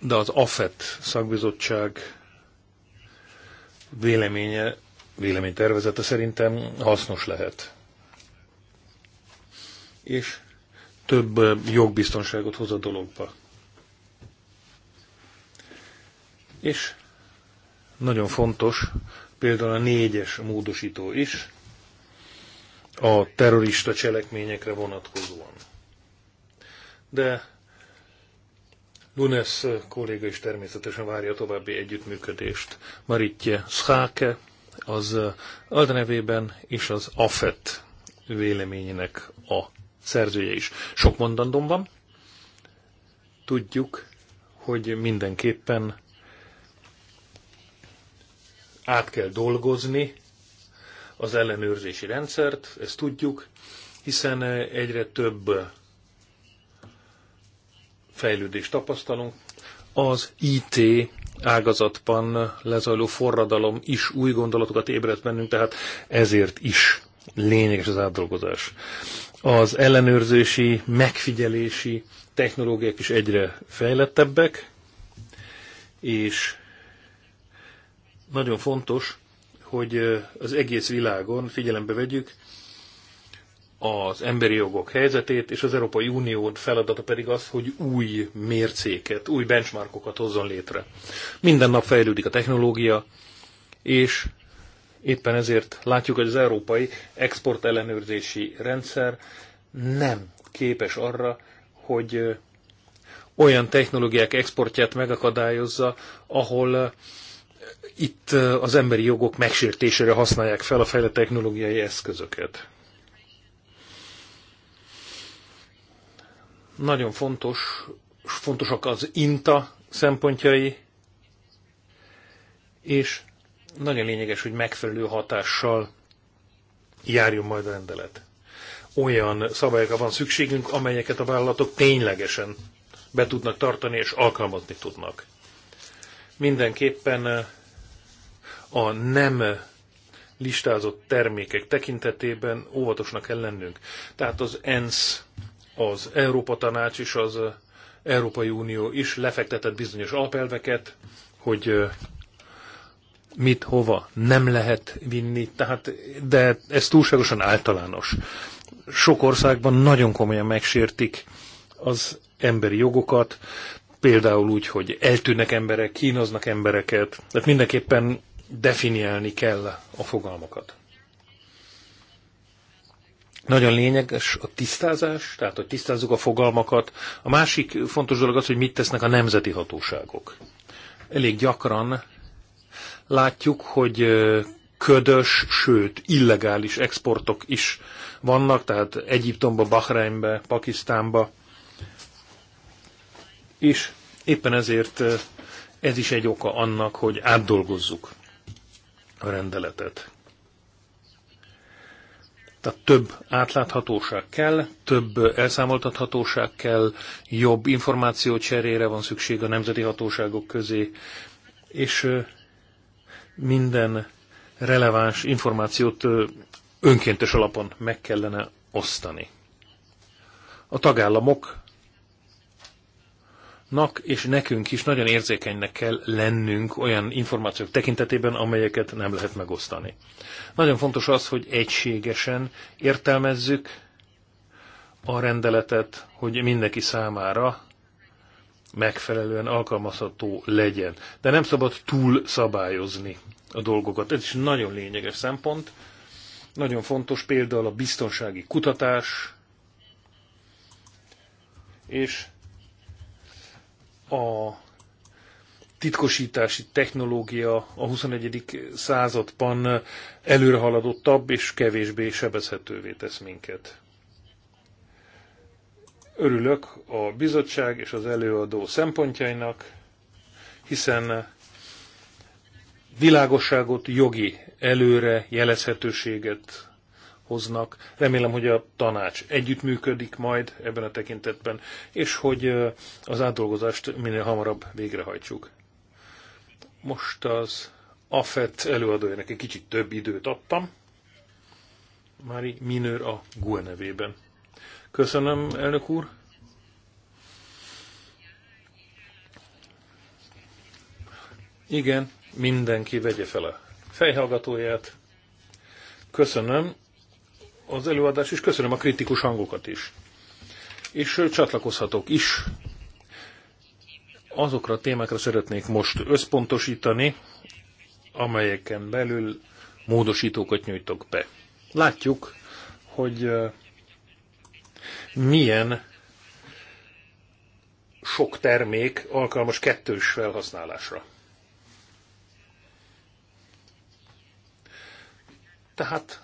De az AFET szakbizottság véleménye, véleménytervezete szerintem hasznos lehet. És több jogbiztonságot hoz a dologba. És nagyon fontos például a négyes módosító is, a terrorista cselekményekre vonatkozóan. De Lunes kolléga is természetesen várja a további együttműködést. Maritje Schake az Alda és az AFET véleményének a szerzője is. Sok mondandom van. Tudjuk, hogy mindenképpen át kell dolgozni az ellenőrzési rendszert, ezt tudjuk, hiszen egyre több fejlődést tapasztalunk. Az IT ágazatban lezajló forradalom is új gondolatokat ébredt bennünk, tehát ezért is lényeges az átdolgozás. Az ellenőrzési, megfigyelési technológiák is egyre fejlettebbek, és nagyon fontos, hogy az egész világon figyelembe vegyük az emberi jogok helyzetét, és az Európai Unió feladata pedig az, hogy új mércéket, új benchmarkokat hozzon létre. Minden nap fejlődik a technológia, és éppen ezért látjuk, hogy az európai exportellenőrzési rendszer nem képes arra, hogy olyan technológiák exportját megakadályozza, ahol itt az emberi jogok megsértésére használják fel a fejlett technológiai eszközöket. Nagyon fontos, fontosak az INTA szempontjai, és nagyon lényeges, hogy megfelelő hatással járjon majd a rendelet. Olyan szabályokra van szükségünk, amelyeket a vállalatok ténylegesen be tudnak tartani és alkalmazni tudnak. Mindenképpen a nem listázott termékek tekintetében óvatosnak kell lennünk. Tehát az ENSZ, az Európa Tanács és az Európai Unió is lefektetett bizonyos alapelveket, hogy mit hova nem lehet vinni, tehát, de ez túlságosan általános. Sok országban nagyon komolyan megsértik az emberi jogokat, például úgy, hogy eltűnnek emberek, kínoznak embereket, tehát mindenképpen definiálni kell a fogalmakat. Nagyon lényeges a tisztázás, tehát hogy tisztázzuk a fogalmakat. A másik fontos dolog az, hogy mit tesznek a nemzeti hatóságok. Elég gyakran látjuk, hogy ködös, sőt illegális exportok is vannak, tehát Egyiptomba, Bahreinbe, Pakisztánba. És éppen ezért ez is egy oka annak, hogy átdolgozzuk a rendeletet. Tehát több átláthatóság kell, több elszámoltathatóság kell, jobb információ cserére van szükség a nemzeti hatóságok közé, és minden releváns információt önkéntes alapon meg kellene osztani. A tagállamok nak és nekünk is nagyon érzékenynek kell lennünk olyan információk tekintetében, amelyeket nem lehet megosztani. Nagyon fontos az, hogy egységesen értelmezzük a rendeletet, hogy mindenki számára megfelelően alkalmazható legyen. De nem szabad túl szabályozni a dolgokat. Ez is nagyon lényeges szempont. Nagyon fontos például a biztonsági kutatás, és a titkosítási technológia a 21. században előrehaladottabb és kevésbé sebezhetővé tesz minket. Örülök a bizottság és az előadó szempontjainak, hiszen világosságot, jogi előre jelezhetőséget hoznak. Remélem, hogy a tanács együttműködik majd ebben a tekintetben, és hogy az átdolgozást minél hamarabb végrehajtsuk. Most az AFET előadójának egy kicsit több időt adtam. Mári Minőr a GUE nevében. Köszönöm, elnök úr. Igen, mindenki vegye fel a fejhallgatóját. Köszönöm az előadás, és köszönöm a kritikus hangokat is. És csatlakozhatok is. Azokra a témákra szeretnék most összpontosítani, amelyeken belül módosítókat nyújtok be. Látjuk, hogy milyen sok termék alkalmas kettős felhasználásra. Tehát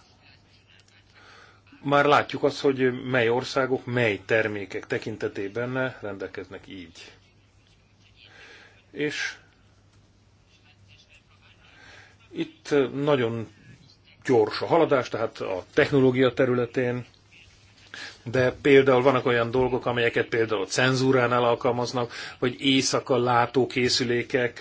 már látjuk azt, hogy mely országok, mely termékek tekintetében rendelkeznek így. És itt nagyon gyors a haladás, tehát a technológia területén, de például vannak olyan dolgok, amelyeket például a cenzúránál alkalmaznak, vagy éjszaka látókészülékek,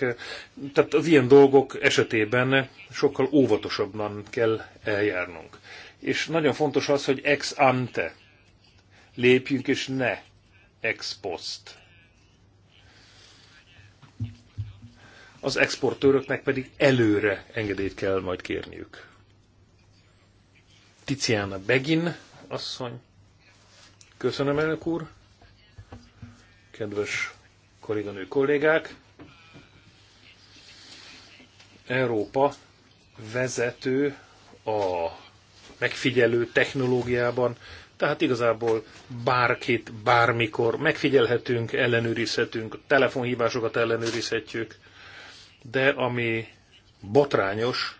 tehát az ilyen dolgok esetében sokkal óvatosabban kell eljárnunk és nagyon fontos az, hogy ex ante lépjünk, és ne ex post. Az exportőröknek pedig előre engedélyt kell majd kérniük. Tiziana Begin asszony. Köszönöm, elnök úr. Kedves kolléganő kollégák. Európa vezető a megfigyelő technológiában, tehát igazából bárkit, bármikor megfigyelhetünk, ellenőrizhetünk, telefonhívásokat ellenőrizhetjük, de ami botrányos,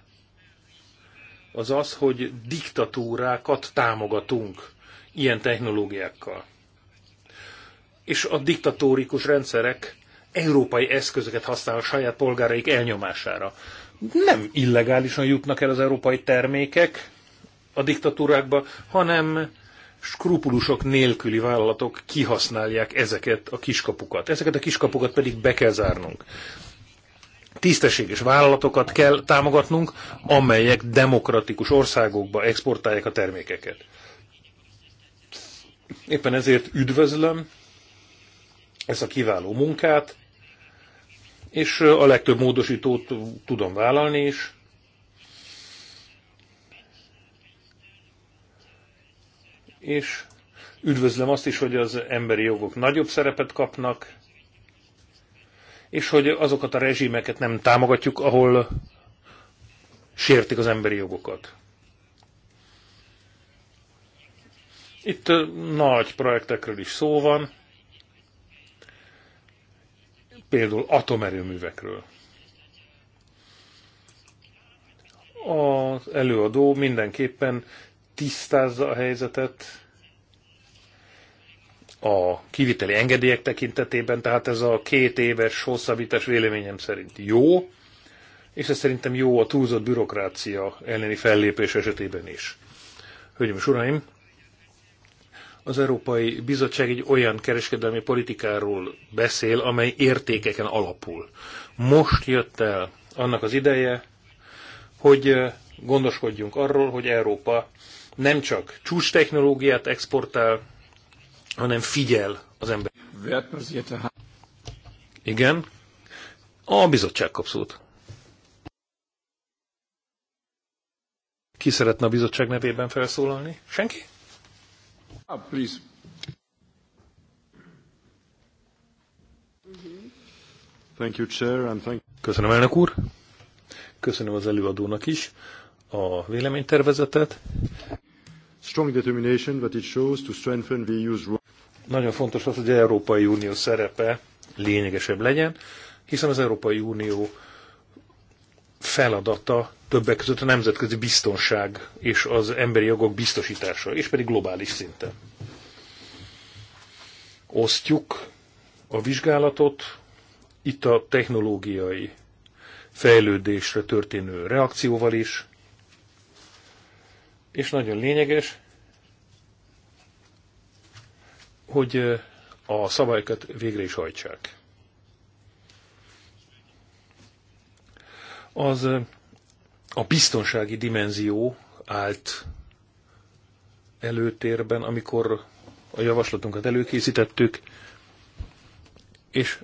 az az, hogy diktatúrákat támogatunk ilyen technológiákkal. És a diktatórikus rendszerek európai eszközöket használ a saját polgáraik elnyomására. Nem illegálisan jutnak el az európai termékek, a diktatúrákba, hanem skrupulusok nélküli vállalatok kihasználják ezeket a kiskapukat. Ezeket a kiskapukat pedig be kell zárnunk. Tisztességes vállalatokat kell támogatnunk, amelyek demokratikus országokba exportálják a termékeket. Éppen ezért üdvözlöm ezt a kiváló munkát, és a legtöbb módosítót tudom vállalni is. és üdvözlöm azt is, hogy az emberi jogok nagyobb szerepet kapnak, és hogy azokat a rezsimeket nem támogatjuk, ahol sértik az emberi jogokat. Itt nagy projektekről is szó van, például atomerőművekről. Az előadó mindenképpen tisztázza a helyzetet a kiviteli engedélyek tekintetében, tehát ez a két éves hosszabbítás véleményem szerint jó, és ez szerintem jó a túlzott bürokrácia elleni fellépés esetében is. Hölgyeim és Uraim, az Európai Bizottság egy olyan kereskedelmi politikáról beszél, amely értékeken alapul. Most jött el annak az ideje, hogy gondoskodjunk arról, hogy Európa nem csak csúcs technológiát exportál, hanem figyel az ember. Igen. A bizottság kapszót. Ki szeretne a bizottság nevében felszólalni? Senki? Ah, please. Thank you, Chair, and thank... Köszönöm, elnök úr. Köszönöm az előadónak is a véleménytervezetet strong determination it shows to strengthen the EU's role. Nagyon fontos az, hogy az Európai Unió szerepe lényegesebb legyen, hiszen az Európai Unió feladata többek között a nemzetközi biztonság és az emberi jogok biztosítása, és pedig globális szinten. Osztjuk a vizsgálatot, itt a technológiai fejlődésre történő reakcióval is, és nagyon lényeges, hogy a szabályokat végre is hajtsák. Az a biztonsági dimenzió állt előtérben, amikor a javaslatunkat előkészítettük, és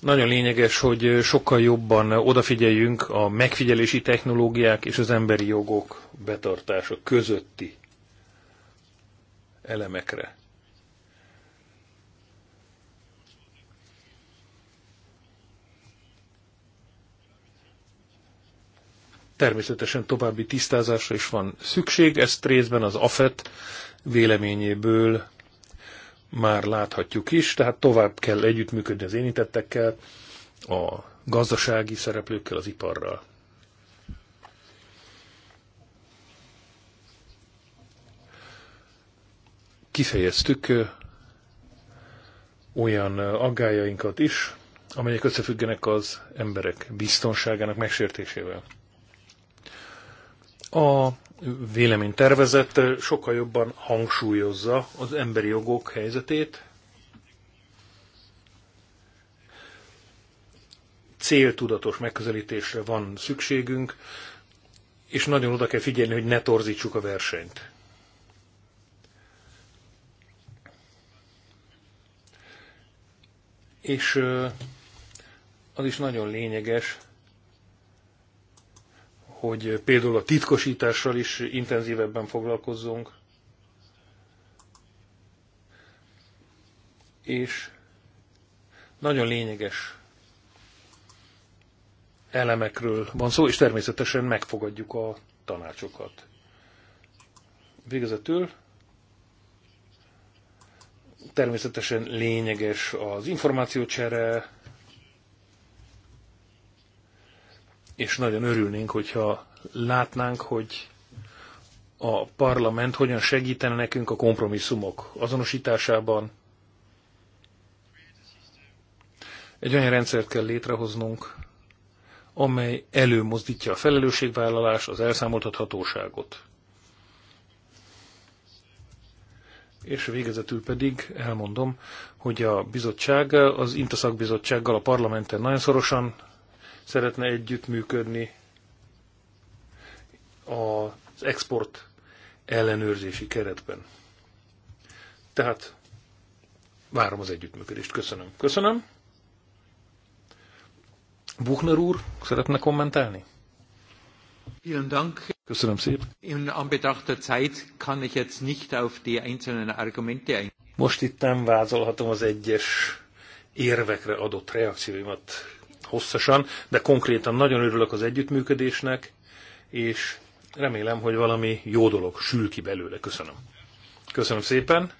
nagyon lényeges, hogy sokkal jobban odafigyeljünk a megfigyelési technológiák és az emberi jogok betartása közötti elemekre. Természetesen további tisztázásra is van szükség, ezt részben az AFET véleményéből már láthatjuk is, tehát tovább kell együttműködni az érintettekkel, a gazdasági szereplőkkel, az iparral. Kifejeztük olyan aggájainkat is, amelyek összefüggenek az emberek biztonságának megsértésével. A véleménytervezet sokkal jobban hangsúlyozza az emberi jogok helyzetét. Céltudatos megközelítésre van szükségünk, és nagyon oda kell figyelni, hogy ne torzítsuk a versenyt. És az is nagyon lényeges, hogy például a titkosítással is intenzívebben foglalkozzunk. És nagyon lényeges elemekről van szó, és természetesen megfogadjuk a tanácsokat. Végezetül természetesen lényeges az információcsere, és nagyon örülnénk, hogyha látnánk, hogy a parlament hogyan segítene nekünk a kompromisszumok azonosításában. Egy olyan rendszert kell létrehoznunk, amely előmozdítja a felelősségvállalás, az elszámoltathatóságot. És végezetül pedig elmondom, hogy a bizottság az Intaszakbizottsággal a parlamenten nagyon szorosan szeretne együttműködni az export ellenőrzési keretben. Tehát várom az együttműködést. Köszönöm. Köszönöm. Buchner úr, szeretne kommentálni? Vielen Dank. Köszönöm szépen. In Anbetracht der Zeit kann ich jetzt nicht auf die einzelnen Argumente ein. Most itt nem vázolhatom az egyes érvekre adott reakcióimat hosszasan, de konkrétan nagyon örülök az együttműködésnek, és remélem, hogy valami jó dolog sül ki belőle. Köszönöm. Köszönöm szépen.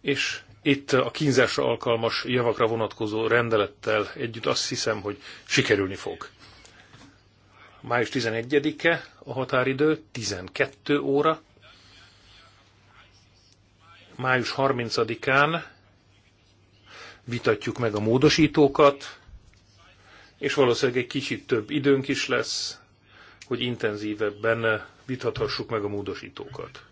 És itt a kínzásra alkalmas javakra vonatkozó rendelettel együtt azt hiszem, hogy sikerülni fog. Május 11-e a határidő, 12 óra. Május 30-án vitatjuk meg a módosítókat, és valószínűleg egy kicsit több időnk is lesz, hogy intenzívebben vitathassuk meg a módosítókat.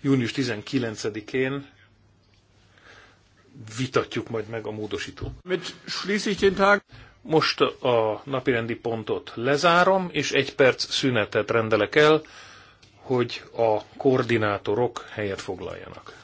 Június 19-én vitatjuk majd meg a módosítókat. Most a napirendi pontot lezárom, és egy perc szünetet rendelek el, hogy a koordinátorok helyet foglaljanak.